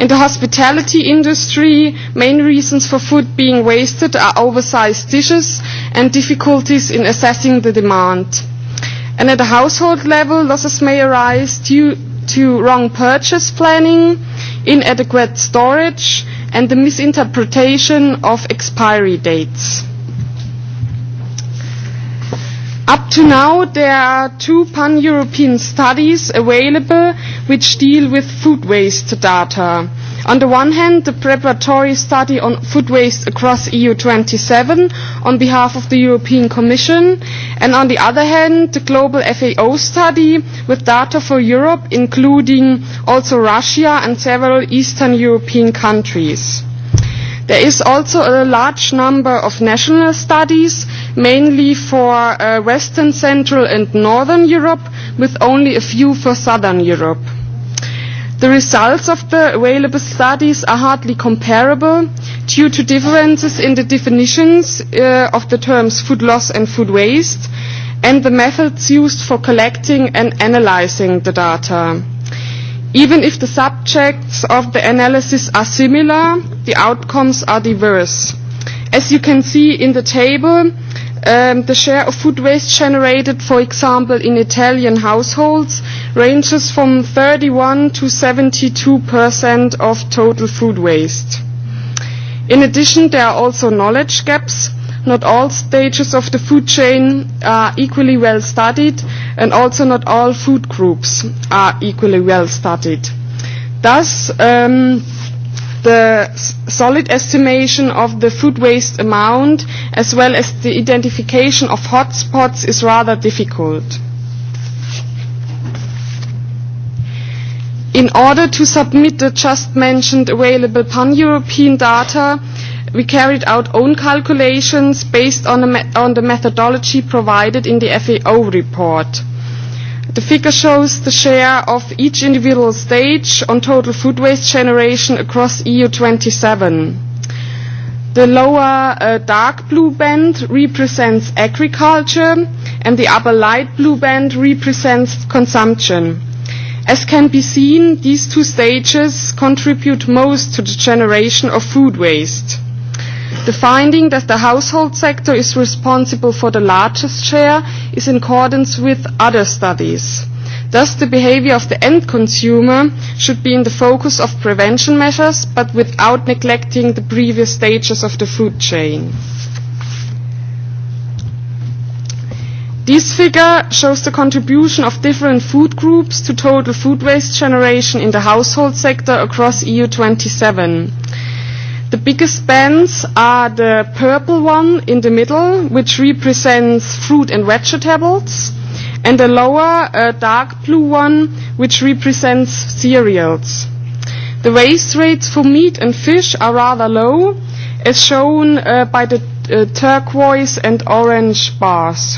Speaker 13: In the hospitality industry, main reasons for food being wasted are oversized dishes and difficulties in assessing the demand. And at the household level, losses may arise due to wrong purchase planning, inadequate storage, and the misinterpretation of expiry dates. Up to now, there are two pan-European studies available which deal with food waste data. On the one hand, the preparatory study on food waste across EU 27 on behalf of the European Commission, and on the other hand, the global FAO study with data for Europe, including also Russia and several Eastern European countries. There is also a large number of national studies, mainly for uh, Western, Central and Northern Europe, with only a few for Southern Europe. The results of the available studies are hardly comparable due to differences in the definitions uh, of the terms food loss and food waste and the methods used for collecting and analyzing the data. Even if the subjects of the analysis are similar, the outcomes are diverse. As you can see in the table, um, the share of food waste generated, for example, in Italian households ranges from 31 to 72 percent of total food waste. In addition, there are also knowledge gaps Not all stages of the food chain are equally well studied, and also not all food groups are equally well studied. Thus, um, the solid estimation of the food waste amount as well as the identification of hotspots is rather difficult. In order to submit the just mentioned available pan-European data, we carried out own calculations based on the, me- on the methodology provided in the FAO report. The figure shows the share of each individual stage on total food waste generation across EU 27. The lower uh, dark blue band represents agriculture and the upper light blue band represents consumption. As can be seen, these two stages contribute most to the generation of food waste. The finding that the household sector is responsible for the largest share is in accordance with other studies. Thus, the behavior of the end consumer should be in the focus of prevention measures, but without neglecting the previous stages of the food chain. This figure shows the contribution of different food groups to total food waste generation in the household sector across EU 27. The biggest bands are the purple one in the middle, which represents fruit and vegetables, and the lower uh, dark blue one, which represents cereals. The waste rates for meat and fish are rather low, as shown uh, by the uh, turquoise and orange bars.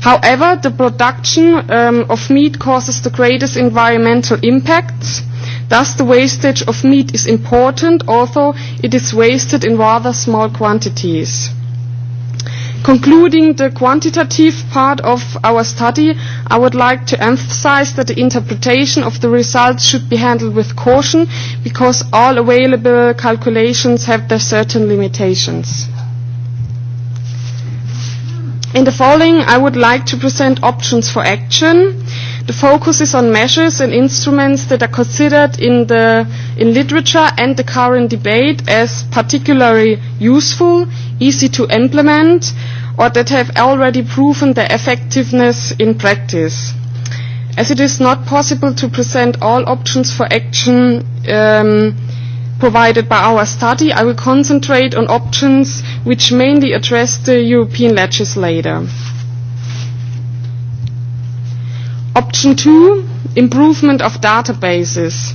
Speaker 13: However, the production um, of meat causes the greatest environmental impacts. Thus, the wastage of meat is important, although it is wasted in rather small quantities. Concluding the quantitative part of our study, I would like to emphasize that the interpretation of the results should be handled with caution because all available calculations have their certain limitations. In the following, I would like to present options for action. The focus is on measures and instruments that are considered in, the, in literature and the current debate as particularly useful, easy to implement, or that have already proven their effectiveness in practice. As it is not possible to present all options for action um, provided by our study, I will concentrate on options which mainly address the European legislator. Option two, improvement of databases.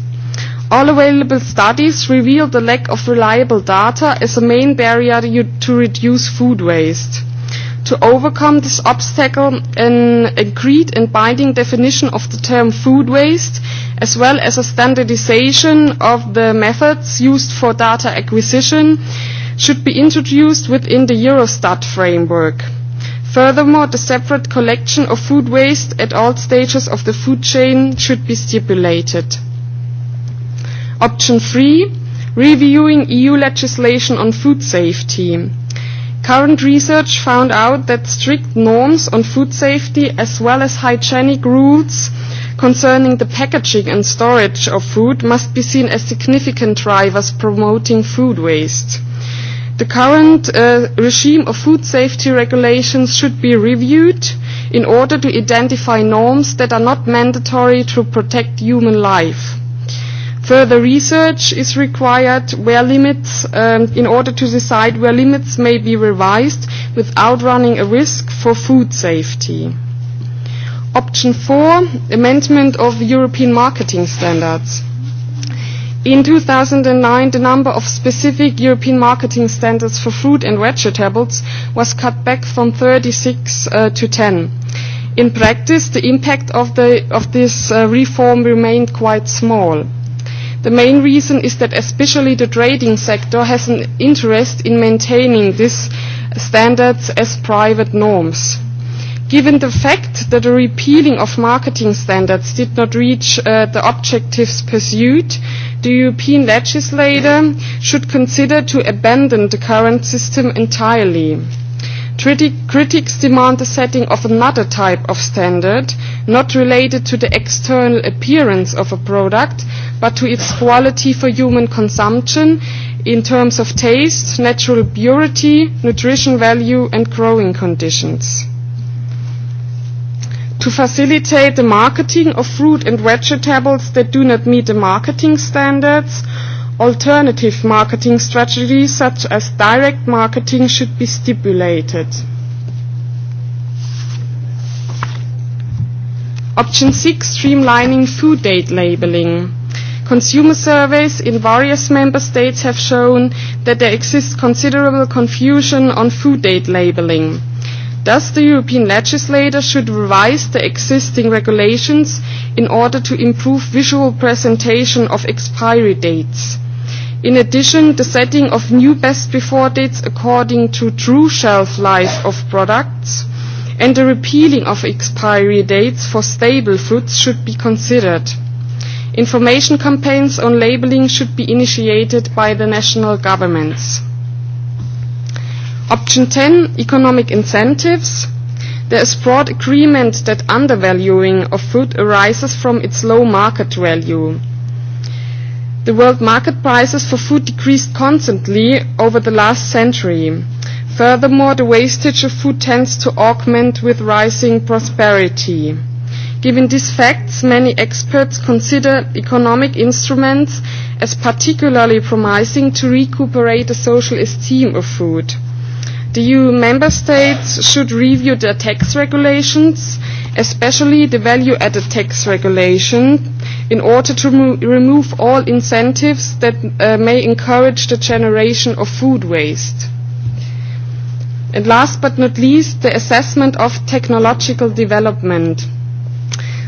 Speaker 13: All available studies reveal the lack of reliable data as a main barrier to reduce food waste. To overcome this obstacle, an agreed and binding definition of the term food waste, as well as a standardization of the methods used for data acquisition, should be introduced within the Eurostat framework. Furthermore, the separate collection of food waste at all stages of the food chain should be stipulated. Option 3, reviewing EU legislation on food safety. Current research found out that strict norms on food safety as well as hygienic rules concerning the packaging and storage of food must be seen as significant drivers promoting food waste. The current uh, regime of food safety regulations should be reviewed in order to identify norms that are not mandatory to protect human life. Further research is required where limits, um, in order to decide where limits may be revised without running a risk for food safety. Option 4, amendment of European marketing standards. In 2009, the number of specific European marketing standards for fruit and vegetables was cut back from 36 uh, to 10. In practice, the impact of, the, of this uh, reform remained quite small. The main reason is that especially the trading sector has an interest in maintaining these standards as private norms. Given the fact that the repealing of marketing standards did not reach uh, the objectives pursued, the European legislator should consider to abandon the current system entirely. Triti- critics demand the setting of another type of standard, not related to the external appearance of a product, but to its quality for human consumption in terms of taste, natural purity, nutrition value, and growing conditions. To facilitate the marketing of fruit and vegetables that do not meet the marketing standards, Alternative marketing strategies such as direct marketing should be stipulated. Option 6, streamlining food date labeling. Consumer surveys in various member states have shown that there exists considerable confusion on food date labeling. Thus, the European legislator should revise the existing regulations in order to improve visual presentation of expiry dates. In addition, the setting of new best before dates according to true shelf life of products and the repealing of expiry dates for stable foods should be considered. Information campaigns on labeling should be initiated by the national governments. Option 10, economic incentives. There is broad agreement that undervaluing of food arises from its low market value. The world market prices for food decreased constantly over the last century. Furthermore, the wastage of food tends to augment with rising prosperity. Given these facts, many experts consider economic instruments as particularly promising to recuperate the social esteem of food. The EU member states should review their tax regulations, especially the value-added tax regulation, in order to remo remove all incentives that uh, may encourage the generation of food waste. And last but not least, the assessment of technological development.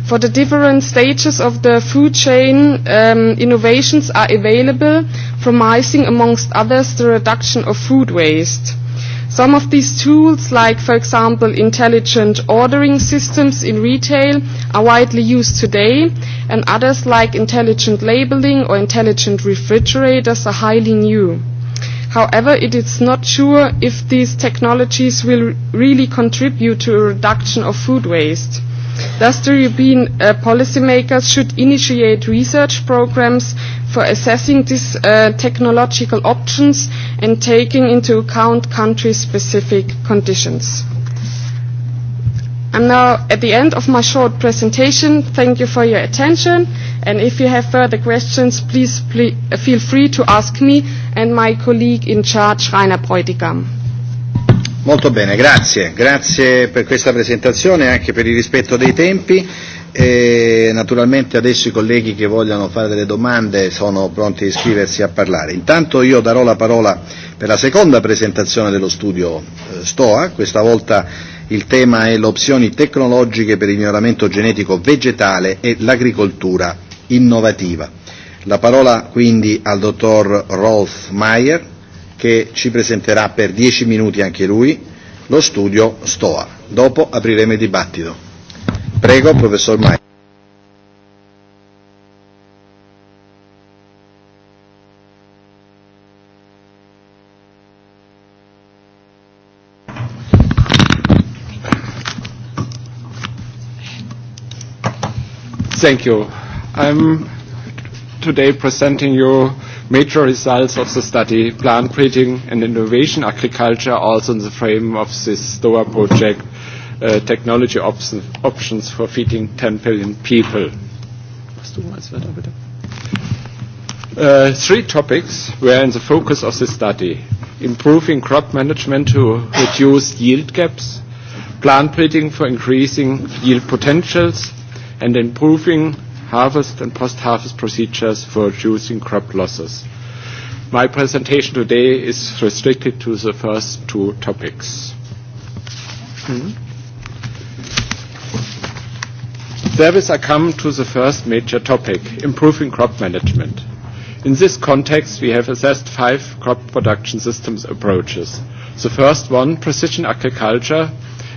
Speaker 13: For the different stages of the food chain, um, innovations are available, promising, amongst others, the reduction of food waste Some of these tools, like for example intelligent ordering systems in retail, are widely used today, and others like intelligent labeling or intelligent refrigerators are highly new. However, it is not sure if these technologies will really contribute to a reduction of food waste. Thus, the European uh, policymakers should initiate research programs for assessing these uh, technological options and taking into account country-specific conditions. I'm now at the end of my short presentation. Thank you for your attention. And if you have further questions, please, please uh, feel free to ask me and my colleague in charge, Rainer Bräutigam.
Speaker 1: Molto bene, grazie. Grazie per questa presentazione e anche per il rispetto dei tempi. E naturalmente adesso i colleghi che vogliono fare delle domande sono pronti a iscriversi a parlare. Intanto io darò la parola per la seconda presentazione dello studio eh, STOA, questa volta il tema è le opzioni tecnologiche per il miglioramento genetico vegetale e l'agricoltura innovativa. La parola quindi al dottor Rolf Mayer, che ci presenterà per 10 minuti anche lui lo studio STOA. Dopo apriremo il dibattito. Prego, professor
Speaker 9: Mai.
Speaker 14: Thank you. I'm today presenting you Major results of the study, plant breeding and innovation agriculture, also in the frame of this STOA project, uh, technology op options for feeding 10 billion people. Uh, three topics were in the focus of the study. Improving crop management to reduce yield gaps, plant breeding for increasing yield potentials, and improving harvest and post-harvest procedures for reducing crop losses. My presentation today is restricted to the first two topics. Mm-hmm. Therewith I come to the first major topic, improving crop management. In this context, we have assessed five crop production systems approaches. The first one, precision agriculture,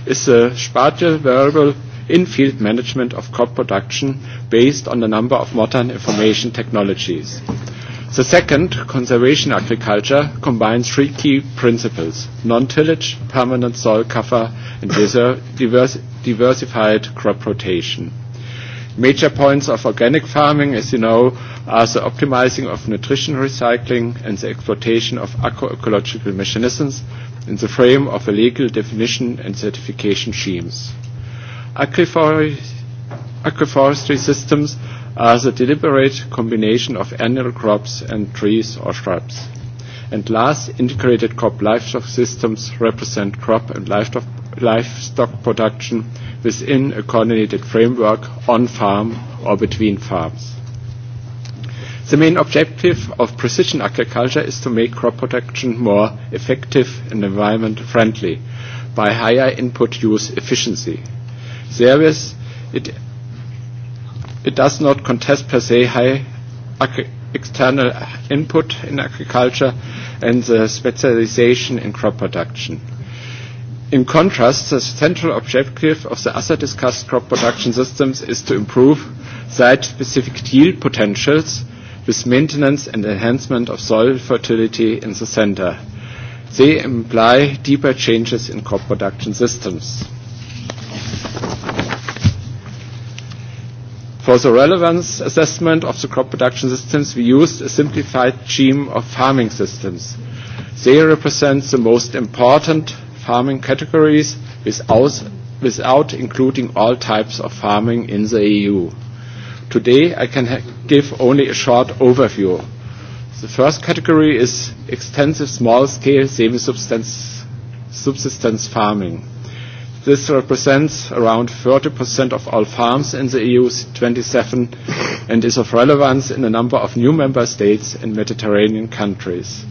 Speaker 14: is a spatial variable in field management of crop production based on the number of modern information technologies. The second, conservation agriculture, combines three key principles, non-tillage, permanent soil cover, and diverse, diversified crop rotation. Major points of organic farming, as you know, are the optimizing of nutrition recycling and the exploitation of agroecological mechanisms in the frame of a legal definition and certification schemes. Agriforestry, agroforestry systems are the deliberate combination of annual crops and trees or shrubs. And last, integrated crop livestock systems represent crop and livestock, livestock production within a coordinated framework on farm or between farms. The main objective of precision agriculture is to make crop production more effective and environment friendly by higher input use efficiency service, it, it does not contest per se high external input in agriculture and the specialization in crop production. In contrast, the central objective of the other discussed crop production systems is to improve site-specific yield potentials with maintenance and enhancement of soil fertility in the center. They imply deeper changes in crop production systems. For the relevance assessment of the crop production systems, we used a simplified scheme of farming systems. They represent the most important farming categories without, without including all types of farming in the EU. Today, I can ha- give only a short overview. The first category is extensive small-scale semi-subsistence farming. This represents around 30% of all farms in the EU's 27 and is of relevance in a number of new member states and Mediterranean countries.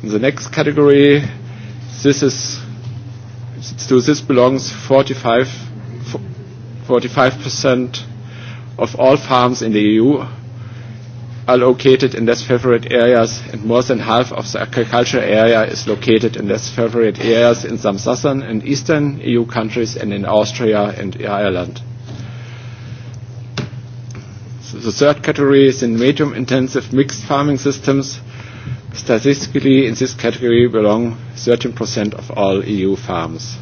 Speaker 14: In the next category, this is, to this belongs 45, 45% of all farms in the EU are located in less favored areas, and more than half of the agriculture area is located in less favored areas in some southern and eastern EU countries and in Austria and Ireland. So the third category is in medium-intensive mixed farming systems. Statistically, in this category belong 13% of all EU farms.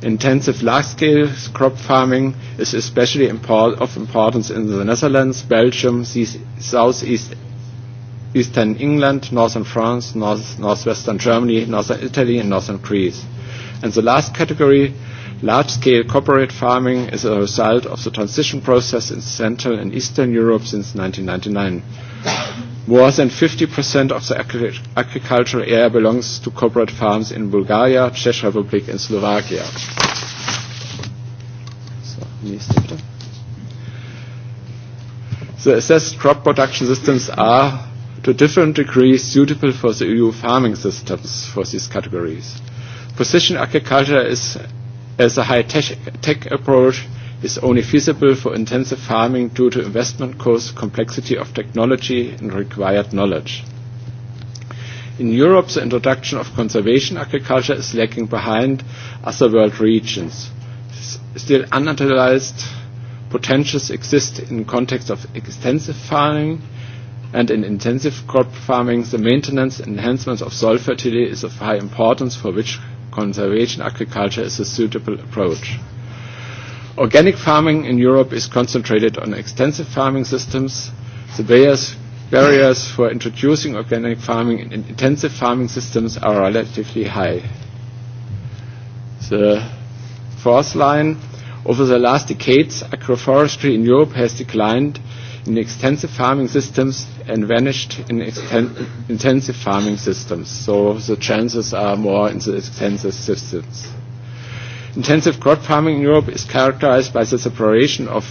Speaker 14: Intensive large-scale crop farming is especially import of importance in the Netherlands, Belgium, Southeast Eastern England, Northern France, North, Northwestern Germany, Northern Italy, and Northern Greece. And the last category Large-scale corporate farming is a result of the transition process in Central and Eastern Europe since 1999. More than 50% of the agricultural area belongs to corporate farms in Bulgaria, Czech Republic, and Slovakia. So, nächste bitte. The assessed crop production systems are, to different degrees, suitable for the EU farming systems for these categories. Precision agriculture is as a high-tech approach is only feasible for intensive farming due to investment costs, complexity of technology, and required knowledge. In Europe, the introduction of conservation agriculture is lagging behind other world regions. Still unutilised potentials exist in context of extensive farming, and in intensive crop farming, the maintenance and enhancement of soil fertility is of high importance, for which conservation agriculture is a suitable approach. Organic farming in Europe is concentrated on extensive farming systems. The various barriers for introducing organic farming in intensive farming systems are relatively high. The fourth line, over the last decades, agroforestry in Europe has declined in extensive farming systems and vanished in exten- intensive farming systems. So the chances are more in the extensive systems. Intensive crop farming in Europe is characterized by the separation of,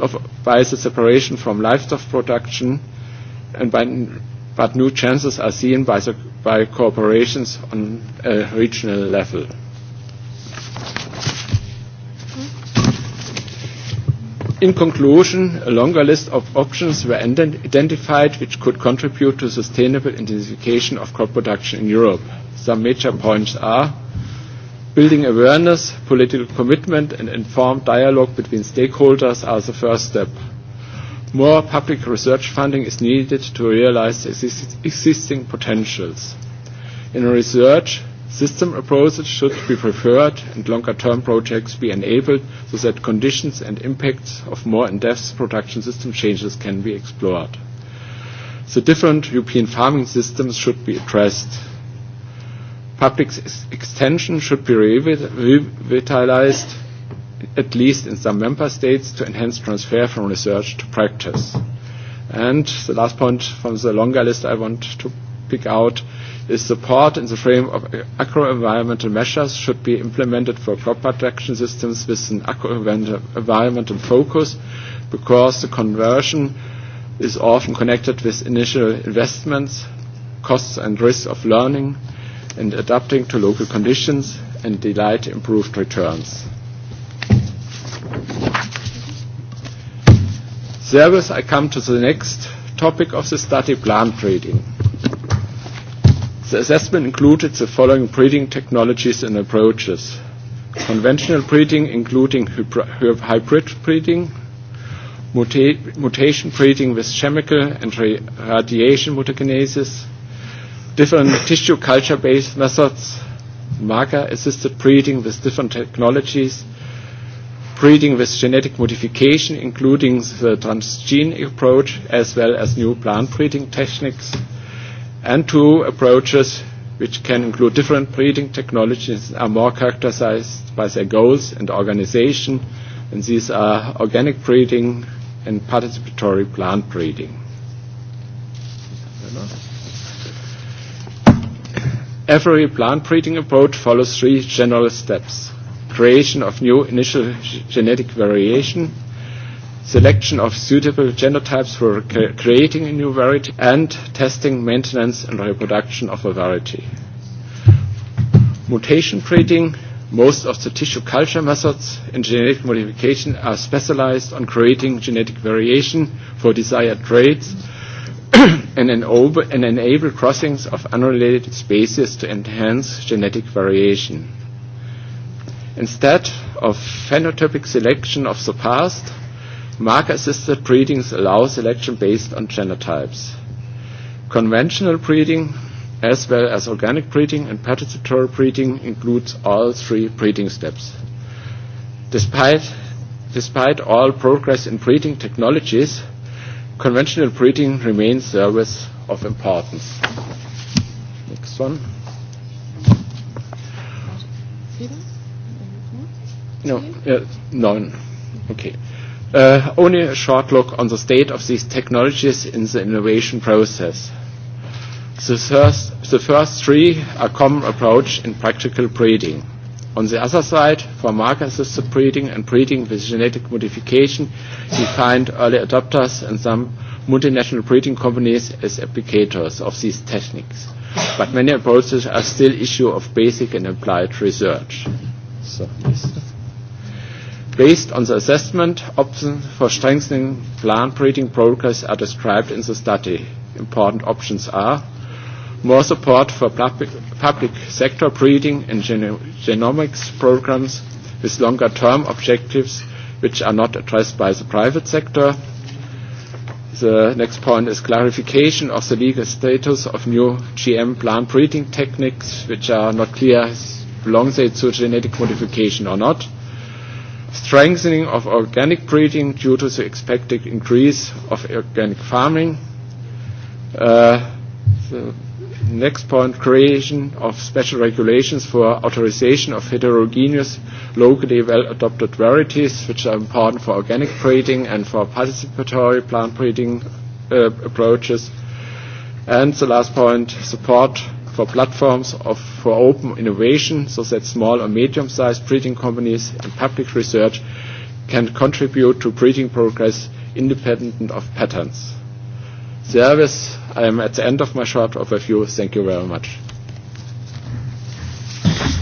Speaker 14: of by the separation from livestock production, and by, but new chances are seen by the by cooperations on a regional level. In conclusion, a longer list of options were identified which could contribute to sustainable intensification of crop production in Europe. Some major points are building awareness, political commitment, and informed dialogue between stakeholders are the first step. More public research funding is needed to realize exist existing potentials. In research, System approaches should be preferred and longer-term projects be enabled so that conditions and impacts of more in-depth production system changes can be explored. The different European farming systems should be addressed. Public ex extension should be revitalized, at least in some member states, to enhance transfer from research to practice. And the last point from the longer list I want to pick out is support in the frame of agro-environmental measures should be implemented for crop protection systems with an agro-environmental focus because the conversion is often connected with initial investments, costs and risks of learning and adapting to local conditions and delight improved returns. Therewith, I come to the next topic of the study, plant breeding. The assessment included the following breeding technologies and approaches. Conventional breeding, including hybrid breeding, muta mutation breeding with chemical and radiation mutagenesis, different tissue culture-based methods, marker-assisted breeding with different technologies, breeding with genetic modification, including the transgene approach, as well as new plant breeding techniques, and two approaches which can include different breeding technologies are more characterized by their goals and organization, and these are organic breeding and participatory plant breeding. Every plant breeding approach follows three general steps: creation of new initial genetic variation, selection of suitable genotypes for creating a new variety, and testing, maintenance, and reproduction of a variety. Mutation breeding, most of the tissue culture methods in genetic modification are specialized on creating genetic variation for desired traits [clears throat] and, enable, and enable crossings of unrelated species to enhance genetic variation. Instead of phenotypic selection of the past, Marker-assisted breeding allows selection based on genotypes. Conventional breeding, as well as organic breeding and participatory breeding, includes all three breeding steps. Despite, despite all progress in breeding technologies, conventional breeding remains service of importance. Next one. No, uh, none. Okay. Uh, only a short look on the state of these technologies in the innovation process. The first, the first three are common approach in practical breeding. On the other side, for marker-assisted breeding and breeding with genetic modification, we find early adopters and some multinational breeding companies as applicators of these techniques. But many approaches are still issue of basic and applied research. So, yes based on the assessment options for strengthening plant breeding progress are described in the study. Important options are more support for public, public sector breeding and geno genomics programs with longer term objectives which are not addressed by the private sector. The next point is clarification of the legal status of new GM plant breeding techniques which are not clear belong they to genetic modification or not strengthening of organic breeding due to the expected increase of organic farming. Uh, the next point, creation of special regulations for authorization of heterogeneous, locally well-adopted varieties, which are important for organic breeding and for participatory plant breeding uh, approaches. And the last point, support for platforms of, for open innovation so that small and medium-sized breeding companies and public research can contribute to breeding progress independent of patents. Service, I am at the end of my short overview. Thank you very much.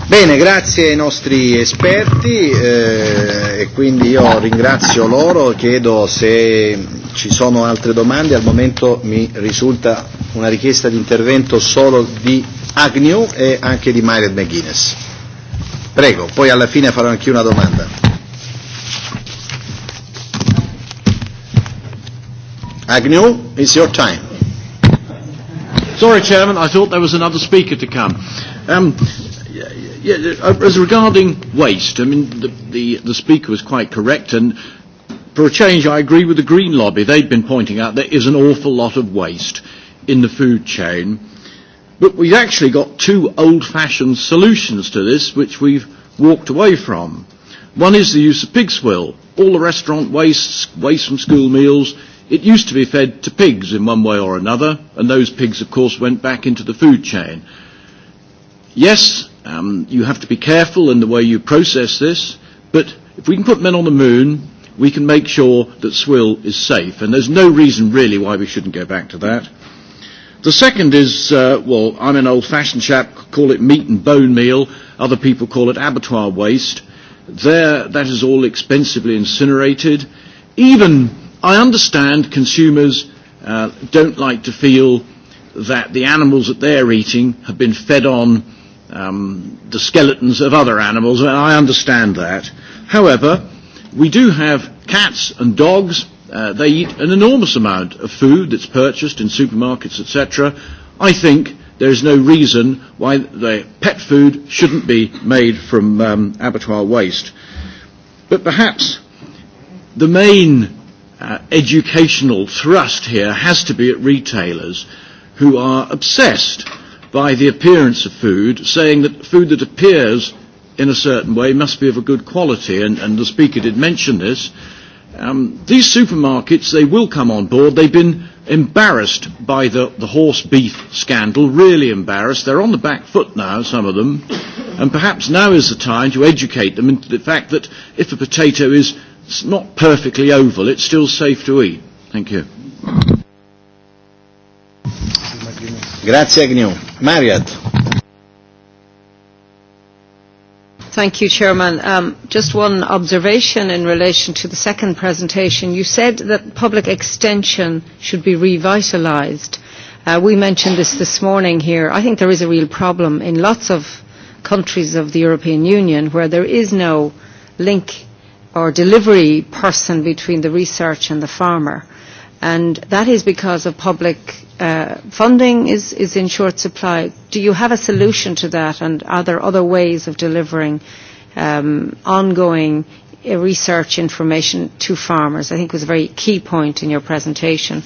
Speaker 14: Bene, grazie ai nostri esperti eh, e quindi io
Speaker 1: ringrazio loro, chiedo se ci sono altre domande, al momento mi risulta una richiesta di intervento solo di Agnew e anche di Myred McGuinness. Prego, poi alla fine farò anch'io una domanda.
Speaker 5: Agnew, it's your time. Sorry, Chairman, I thought there was another speaker to come. Um, Yeah, uh, as regarding waste, I mean, the, the, the speaker was quite correct, and for a change, I agree with the Green Lobby. They've been pointing out there is an awful lot of waste in the food chain. But we've actually got two old-fashioned solutions to this, which we've walked away from. One is the use of pig's will. All the restaurant wastes, waste from school meals, it used to be fed to pigs in one way or another, and those pigs, of course, went back into the food chain. Yes, Um, you have to be careful in the way you process this, but if we can put men on the moon, we can make sure that swill is safe, and there's no reason really why we shouldn't go back to that. The second is, uh, well, I'm an old-fashioned chap, call it meat and bone meal. Other people call it abattoir waste. There, that is all expensively incinerated. Even, I understand consumers uh, don't like to feel that the animals that they're eating have been fed on um, the skeletons of other animals, and I understand that. However, we do have cats and dogs. Uh, they eat an enormous amount of food that's purchased in supermarkets, etc. I think there is no reason why the pet food shouldn't be made from um, abattoir waste. But perhaps the main uh, educational thrust here has to be at retailers who are obsessed by the appearance of food, saying that food that appears in a certain way must be of a good quality, and, and the speaker did mention this. Um, these supermarkets, they will come on board. They've been embarrassed by the, the horse beef scandal, really embarrassed. They're on the back foot now, some of them, and perhaps now is the time to educate them into the fact that if a potato is not perfectly oval, it's still safe to eat. Thank you. Grazie Agnew. Mariat.
Speaker 11: Thank you, Chairman. Um, just one observation in relation to the second presentation. You said that public extension should be revitalised. Uh, we mentioned this this morning here. I think there is a real problem in lots of countries of the European Union where there is no link or delivery person between the research and the farmer. And that is because of public uh, funding is, is in short supply. Do you have a solution to that, and are there other ways of delivering um, ongoing uh, research information to farmers? I think was a very key point in your presentation.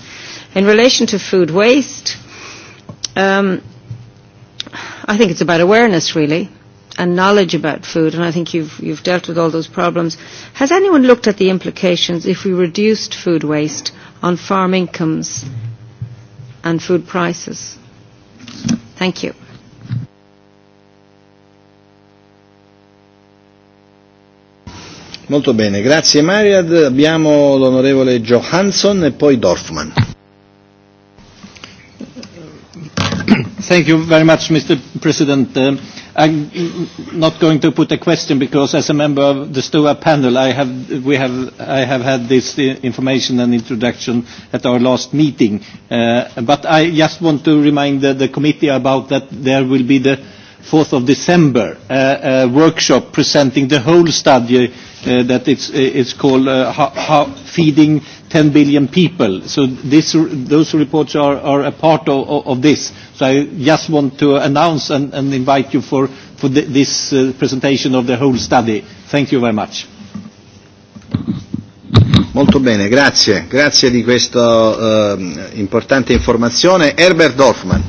Speaker 11: In relation to food waste, um, I think it's about awareness, really and knowledge about food, and I think you've, you've dealt with all those problems. Has anyone looked at the implications if we reduced food waste on farm incomes and food prices. Thank you.
Speaker 1: Molto bene, grazie Mariad. Abbiamo l'onorevole Johansson e poi Dorfman.
Speaker 4: Thank you very much, Mr. President. Uh, I'm not going to put a question because as a member of the STOA panel, I have, we have, I have had this information and introduction at our last meeting. Uh, but I just want to remind the, the committee about that there will be the 4th of December uh, uh, workshop presenting the whole study uh, that it's, it's called uh, how, how Feeding 10 billion people. So this, those reports are, are a part of, of, of this. So I just want to announce and, and invite you for, for the, this uh, presentation of the whole study. Thank you very much.
Speaker 1: Molto bene, grazie. Grazie di questa eh, importante informazione. Herbert Dorfman.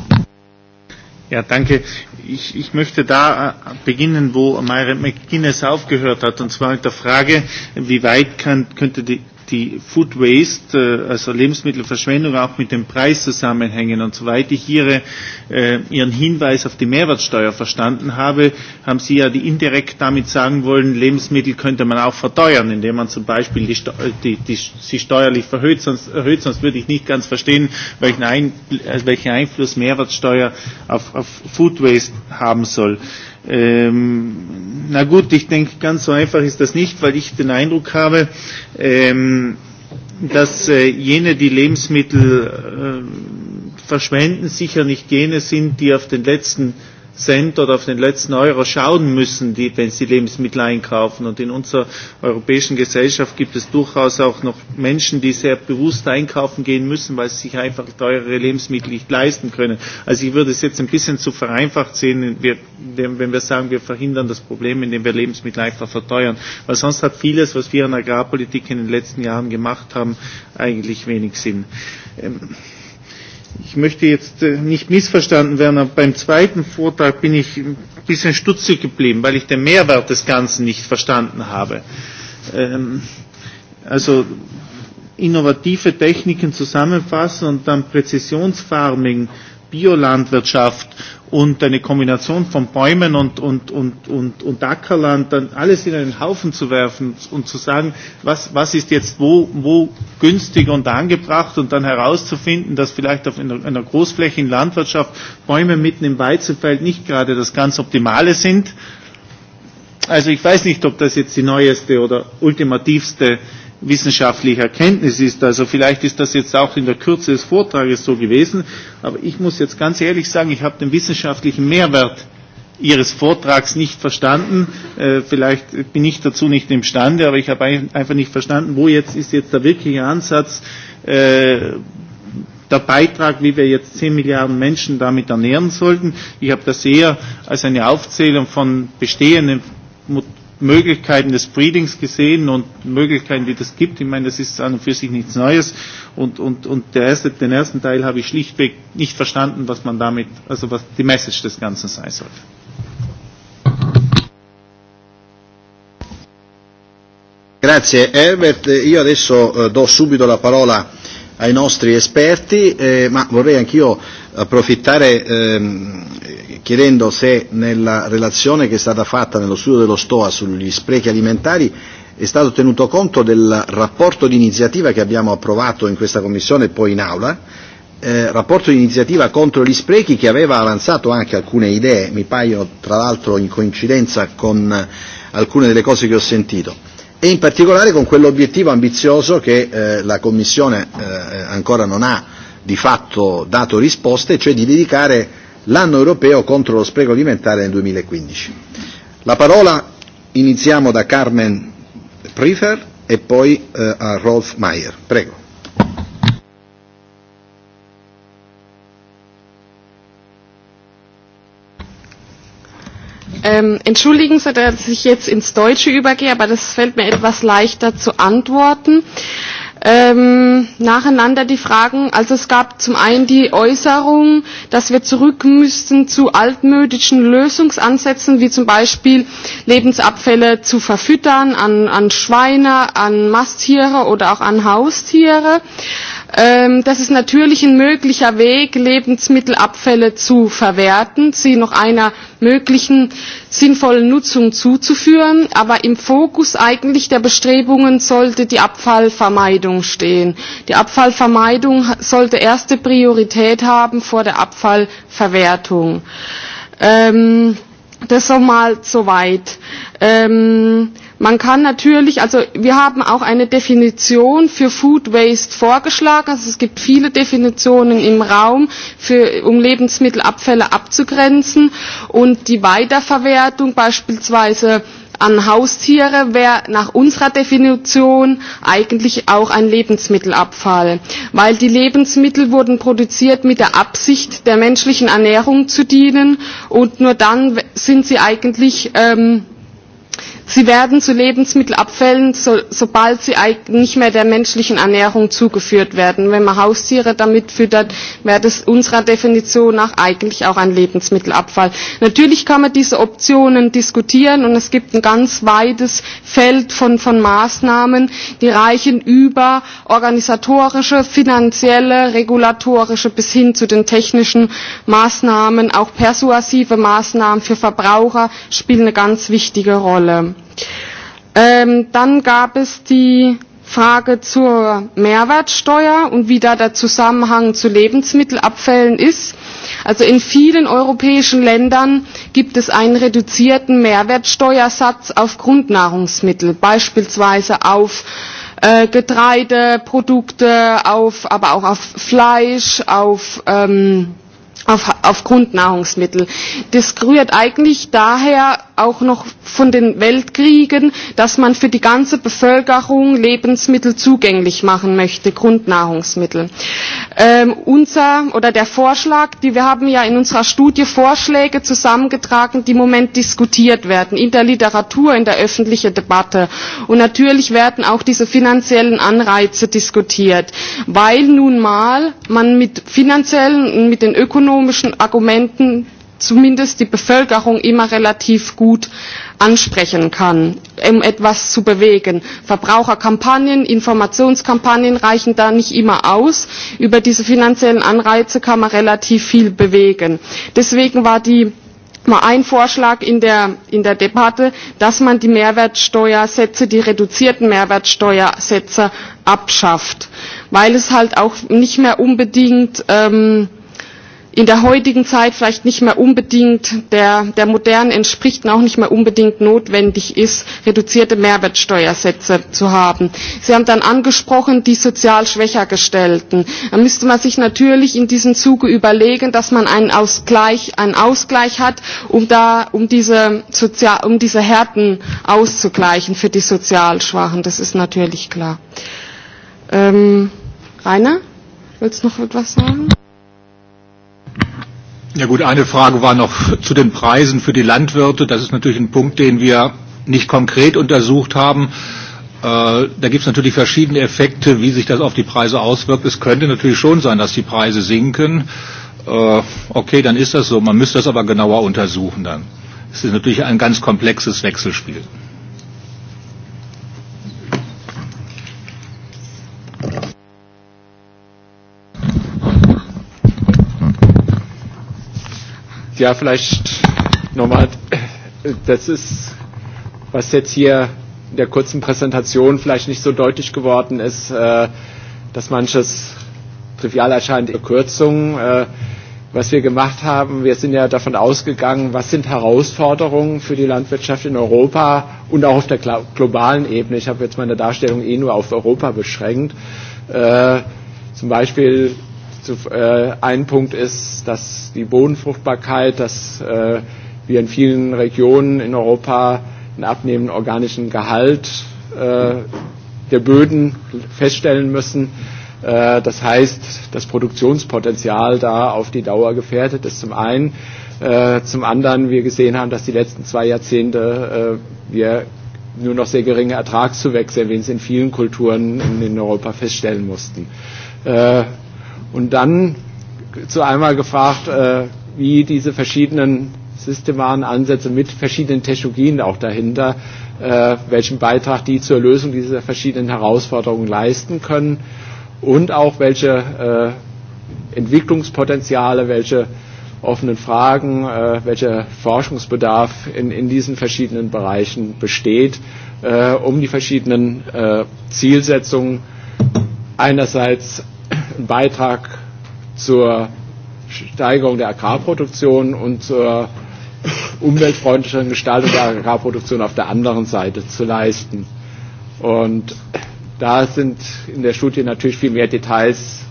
Speaker 8: Ja, danke. Ich, ich möchte da äh, beginnen, wo Myra McGuinness aufgehört hat, und zwar mit der Frage, wie weit kann, könnte die die Food Waste, äh, also Lebensmittelverschwendung, auch mit dem Preis zusammenhängen. Und soweit ich Ihre, äh, Ihren Hinweis auf die Mehrwertsteuer verstanden habe, haben Sie ja die indirekt damit sagen wollen, Lebensmittel könnte man auch verteuern, indem man zum Beispiel die, Steu die, die, sie steuerlich verhöht, sonst, erhöht. Sonst würde ich nicht ganz verstehen, welchen, Ein, äh, welchen Einfluss Mehrwertsteuer auf, auf Food Waste haben soll. Ähm, Na gut, ich denke, ganz so einfach ist das nicht, weil ich den Eindruck habe, ähm, dass äh, jene, die Lebensmittel äh, verschwenden, sicher nicht jene sind, die auf den letzten Cent oder auf den letzten Euro schauen müssen, die, wenn sie Lebensmittel einkaufen. Und in unserer europäischen Gesellschaft gibt es durchaus auch noch Menschen, die sehr bewusst einkaufen gehen müssen, weil sie sich einfach teurere Lebensmittel nicht leisten können. Also ich würde es jetzt ein bisschen zu vereinfacht sehen, wenn wir sagen, wir verhindern das Problem, indem wir Lebensmittel einfach verteuern. Weil sonst hat vieles, was wir in Agrarpolitik in den letzten Jahren gemacht haben, eigentlich wenig Sinn. Ähm Ich möchte jetzt äh, nicht missverstanden werden, aber beim zweiten Vortrag bin ich ein bisschen stutzig geblieben, weil ich den Mehrwert des Ganzen nicht verstanden habe. Ähm, also innovative Techniken zusammenfassen und dann Präzisionsfarming äh, Biolandwirtschaft und eine Kombination von Bäumen und, und, und, und, und Ackerland, dann alles in einen Haufen zu werfen und zu sagen, was, was ist jetzt wo, wo günstig und angebracht und dann herauszufinden, dass vielleicht auf einer, einer großflächigen Landwirtschaft Bäume mitten im Weizenfeld nicht gerade das ganz Optimale sind. Also ich weiß nicht, ob das jetzt die neueste oder ultimativste wissenschaftliche Erkenntnis ist. Also vielleicht ist das jetzt auch in der Kürze des Vortrages so gewesen, aber ich muss jetzt ganz ehrlich sagen, ich habe den wissenschaftlichen Mehrwert Ihres Vortrags nicht verstanden. Äh, vielleicht bin ich dazu nicht imstande, aber ich habe ein, einfach nicht verstanden, wo jetzt ist jetzt der wirkliche Ansatz, äh, der Beitrag, wie wir jetzt 10 Milliarden Menschen damit ernähren sollten. Ich habe das eher als eine Aufzählung von bestehenden Möglichkeiten des Breedings gesehen und Möglichkeiten, die das gibt. Ich meine, das ist an und für sich nichts Neues. Und, und, und der erste, den ersten Teil habe ich schlichtweg nicht verstanden, was man damit, also was die Message des Ganzen sein sollte.
Speaker 1: Grazie Herbert, io adesso eh, do subito la parola ai nostri esperti, eh, ma vorrei anch'io approfittare ehm, chiedendo se nella relazione che è stata fatta nello studio dello Stoa sugli sprechi alimentari è stato tenuto conto del rapporto di iniziativa che abbiamo approvato in questa Commissione e poi in Aula, eh, rapporto di iniziativa contro gli sprechi che aveva avanzato anche alcune idee, mi paiono tra l'altro in coincidenza con alcune delle cose che ho sentito e in particolare con quell'obiettivo ambizioso che eh, la Commissione eh, ancora non ha di fatto dato risposte, cioè di dedicare l'anno europeo contro lo spreco alimentare nel 2015. La parola iniziamo da Carmen Prefer e poi eh, a Rolf Mayer. Prego.
Speaker 13: Ähm, entschuldigen Sie, dass ich jetzt ins Deutsche übergehe, aber das fällt mir etwas leichter zu antworten. Ähm, nacheinander die Fragen. Also es gab zum einen die Äußerung, dass wir zurück müssten zu altmodischen Lösungsansätzen, wie zum Beispiel Lebensabfälle zu verfüttern an, an Schweine, an Masttiere oder auch an Haustiere. Äh, Ähm, dass es natürlich ein möglicher Weg, Lebensmittelabfälle zu verwerten, sie noch einer möglichen sinnvollen Nutzung zuzuführen. Aber im Fokus eigentlich der Bestrebungen sollte die Abfallvermeidung stehen. Die Abfallvermeidung sollte erste Priorität haben vor der Abfallverwertung. Ähm, das nochmal soweit. Ähm, Man kann natürlich, also wir haben auch eine Definition für Food Waste vorgeschlagen. Also es gibt viele Definitionen im Raum, für, um Lebensmittelabfälle abzugrenzen. Und die Weiterverwertung beispielsweise an Haustiere wäre nach unserer Definition eigentlich auch ein Lebensmittelabfall, weil die Lebensmittel wurden produziert mit der Absicht, der menschlichen Ernährung zu dienen und nur dann sind sie eigentlich ähm, Sie werden zu Lebensmittelabfällen, so, sobald sie nicht mehr der menschlichen Ernährung zugeführt werden. Wenn man Haustiere damit füttert, wäre das unserer Definition nach eigentlich auch ein Lebensmittelabfall. Natürlich kann man diese Optionen diskutieren und es gibt ein ganz weites Feld von, von Maßnahmen, die reichen über organisatorische, finanzielle, regulatorische bis hin zu den technischen Maßnahmen. Auch persuasive Maßnahmen für Verbraucher spielen eine ganz wichtige Rolle. Ähm, dann gab es die Frage zur Mehrwertsteuer und wie da der Zusammenhang zu Lebensmittelabfällen ist. Also in vielen europäischen Ländern gibt es einen reduzierten Mehrwertsteuersatz auf Grundnahrungsmittel, beispielsweise auf äh, Getreideprodukte, auf, aber auch auf Fleisch, auf ähm, auf, auf Grundnahrungsmittel. Das rührt eigentlich daher auch noch von den Weltkriegen, dass man für die ganze Bevölkerung Lebensmittel zugänglich machen möchte, Grundnahrungsmittel. Ähm, unser oder der Vorschlag, die wir haben ja in unserer Studie Vorschläge zusammengetragen, die im Moment diskutiert werden, in der Literatur, in der öffentlichen Debatte. Und natürlich werden auch diese finanziellen Anreize diskutiert, weil nun mal man mit finanziellen und mit den ökonomischen ökonomischen Argumenten zumindest die Bevölkerung immer relativ gut ansprechen kann, um etwas zu bewegen. Verbraucherkampagnen, Informationskampagnen reichen da nicht immer aus. Über diese finanziellen Anreize kann man relativ viel bewegen. Deswegen war die mal ein Vorschlag in der, in der Debatte, dass man die Mehrwertsteuersätze, die reduzierten Mehrwertsteuersätze abschafft, weil es halt auch nicht mehr unbedingt ähm, in der heutigen Zeit vielleicht nicht mehr unbedingt der, der modernen entspricht und auch nicht mehr unbedingt notwendig ist, reduzierte Mehrwertsteuersätze zu haben. Sie haben dann angesprochen, die sozial schwächer gestellten. Da müsste man sich natürlich in diesem Zuge überlegen, dass man einen Ausgleich, einen Ausgleich hat, um, da, um, diese sozial, um diese Härten auszugleichen für die sozial Schwachen. Das ist natürlich klar. Ähm, Rainer, willst du noch etwas sagen?
Speaker 4: Ja gut, eine Frage war noch zu den Preisen für die Landwirte. Das ist natürlich ein Punkt, den wir nicht konkret untersucht haben. Äh, da gibt es natürlich verschiedene Effekte, wie sich das auf die Preise auswirkt. Es könnte natürlich schon sein, dass die Preise sinken. Äh, okay, dann ist das so. Man müsste das aber genauer untersuchen dann. Es ist natürlich ein ganz komplexes Wechselspiel.
Speaker 14: Ja, vielleicht nochmal, das ist, was jetzt hier in der kurzen Präsentation vielleicht nicht so deutlich geworden ist, äh, dass manches trivial erscheint, Kürzungen. Äh, was wir gemacht haben, wir sind ja davon ausgegangen, was sind Herausforderungen für die Landwirtschaft in Europa und auch auf der globalen Ebene. Ich habe jetzt meine Darstellung eh nur auf Europa beschränkt. Äh, zum Beispiel Zu, äh, ein Punkt ist, dass die Bodenfruchtbarkeit, dass äh, wir in vielen Regionen in Europa einen abnehmenden organischen Gehalt äh, der Böden feststellen müssen. Äh, das heißt, das Produktionspotenzial da auf die Dauer gefährdet ist zum einen. Äh, zum anderen, wir gesehen haben, dass die letzten zwei Jahrzehnte äh, wir nur noch sehr geringe Ertragszuwächse, wie es in vielen Kulturen in, in Europa feststellen mussten. Äh, und dann zu einmal gefragt, äh, wie diese verschiedenen systemaren Ansätze mit verschiedenen Technologien auch dahinter, äh, welchen Beitrag die zur Lösung dieser verschiedenen Herausforderungen leisten können und auch welche äh, Entwicklungspotenziale, welche offenen Fragen, äh, welcher Forschungsbedarf in, in diesen verschiedenen Bereichen besteht, äh, um die verschiedenen äh, Zielsetzungen einerseits Beitrag zur Steigerung der Agrarproduktion und zur umweltfreundlicheren Gestaltung der Agrarproduktion auf der anderen Seite zu leisten. Und da sind in der Studie natürlich viel mehr Details,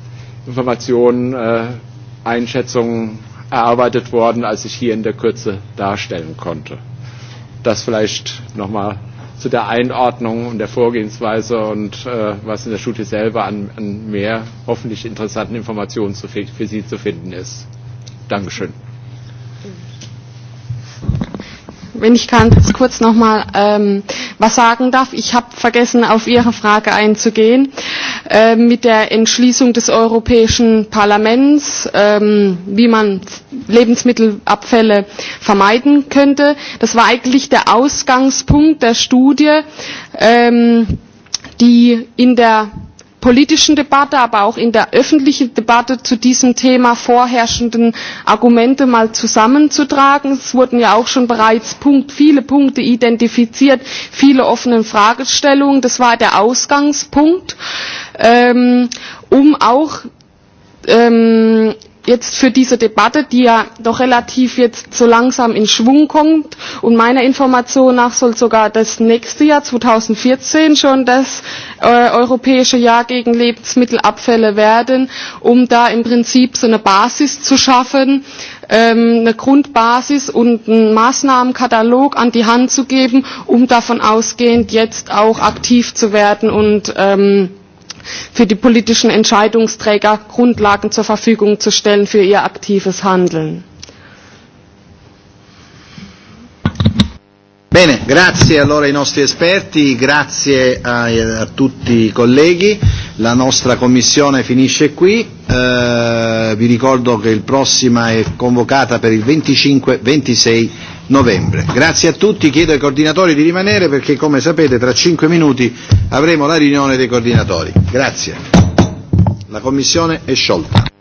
Speaker 14: Informationen, äh, Einschätzungen erarbeitet worden, als ich hier in der Kürze darstellen konnte. Das vielleicht nochmal zu der Einordnung und der Vorgehensweise und äh, was in der Studie selber an, an mehr hoffentlich interessanten Informationen zu, für Sie zu finden ist. Dankeschön.
Speaker 13: wenn ich ganz kurz nochmal ähm, was sagen darf. Ich habe vergessen, auf Ihre Frage einzugehen äh, mit der Entschließung des Europäischen Parlaments, ähm, wie man Lebensmittelabfälle vermeiden könnte. Das war eigentlich der Ausgangspunkt der Studie, ähm, die in der politischen Debatte, aber auch in der öffentlichen Debatte zu diesem Thema vorherrschenden Argumente mal zusammenzutragen. Es wurden ja auch schon bereits Punkt, viele Punkte identifiziert, viele offene Fragestellungen. Das war der Ausgangspunkt, ähm, um auch ähm, jetzt für diese Debatte, die ja doch relativ jetzt so langsam in Schwung kommt. Und meiner Information nach soll sogar das nächste Jahr 2014 schon das äh, europäische Jahr gegen Lebensmittelabfälle werden, um da im Prinzip so eine Basis zu schaffen, ähm, eine Grundbasis und einen Maßnahmenkatalog an die Hand zu geben, um davon ausgehend jetzt auch aktiv zu werden und ähm, für die politischen Entscheidungsträger Grundlagen zur Verfügung zu stellen für ihr aktives Handeln.
Speaker 1: Bene, grazie allora ai nostri esperti, grazie a, eh, a tutti i colleghi. La nostra commissione finisce qui. Eh, vi ricordo che il prossima è convocata per il 25-26 novembre. Grazie a tutti, chiedo ai coordinatori di rimanere perché come sapete tra cinque minuti avremo la riunione dei coordinatori. Grazie. La Commissione è sciolta.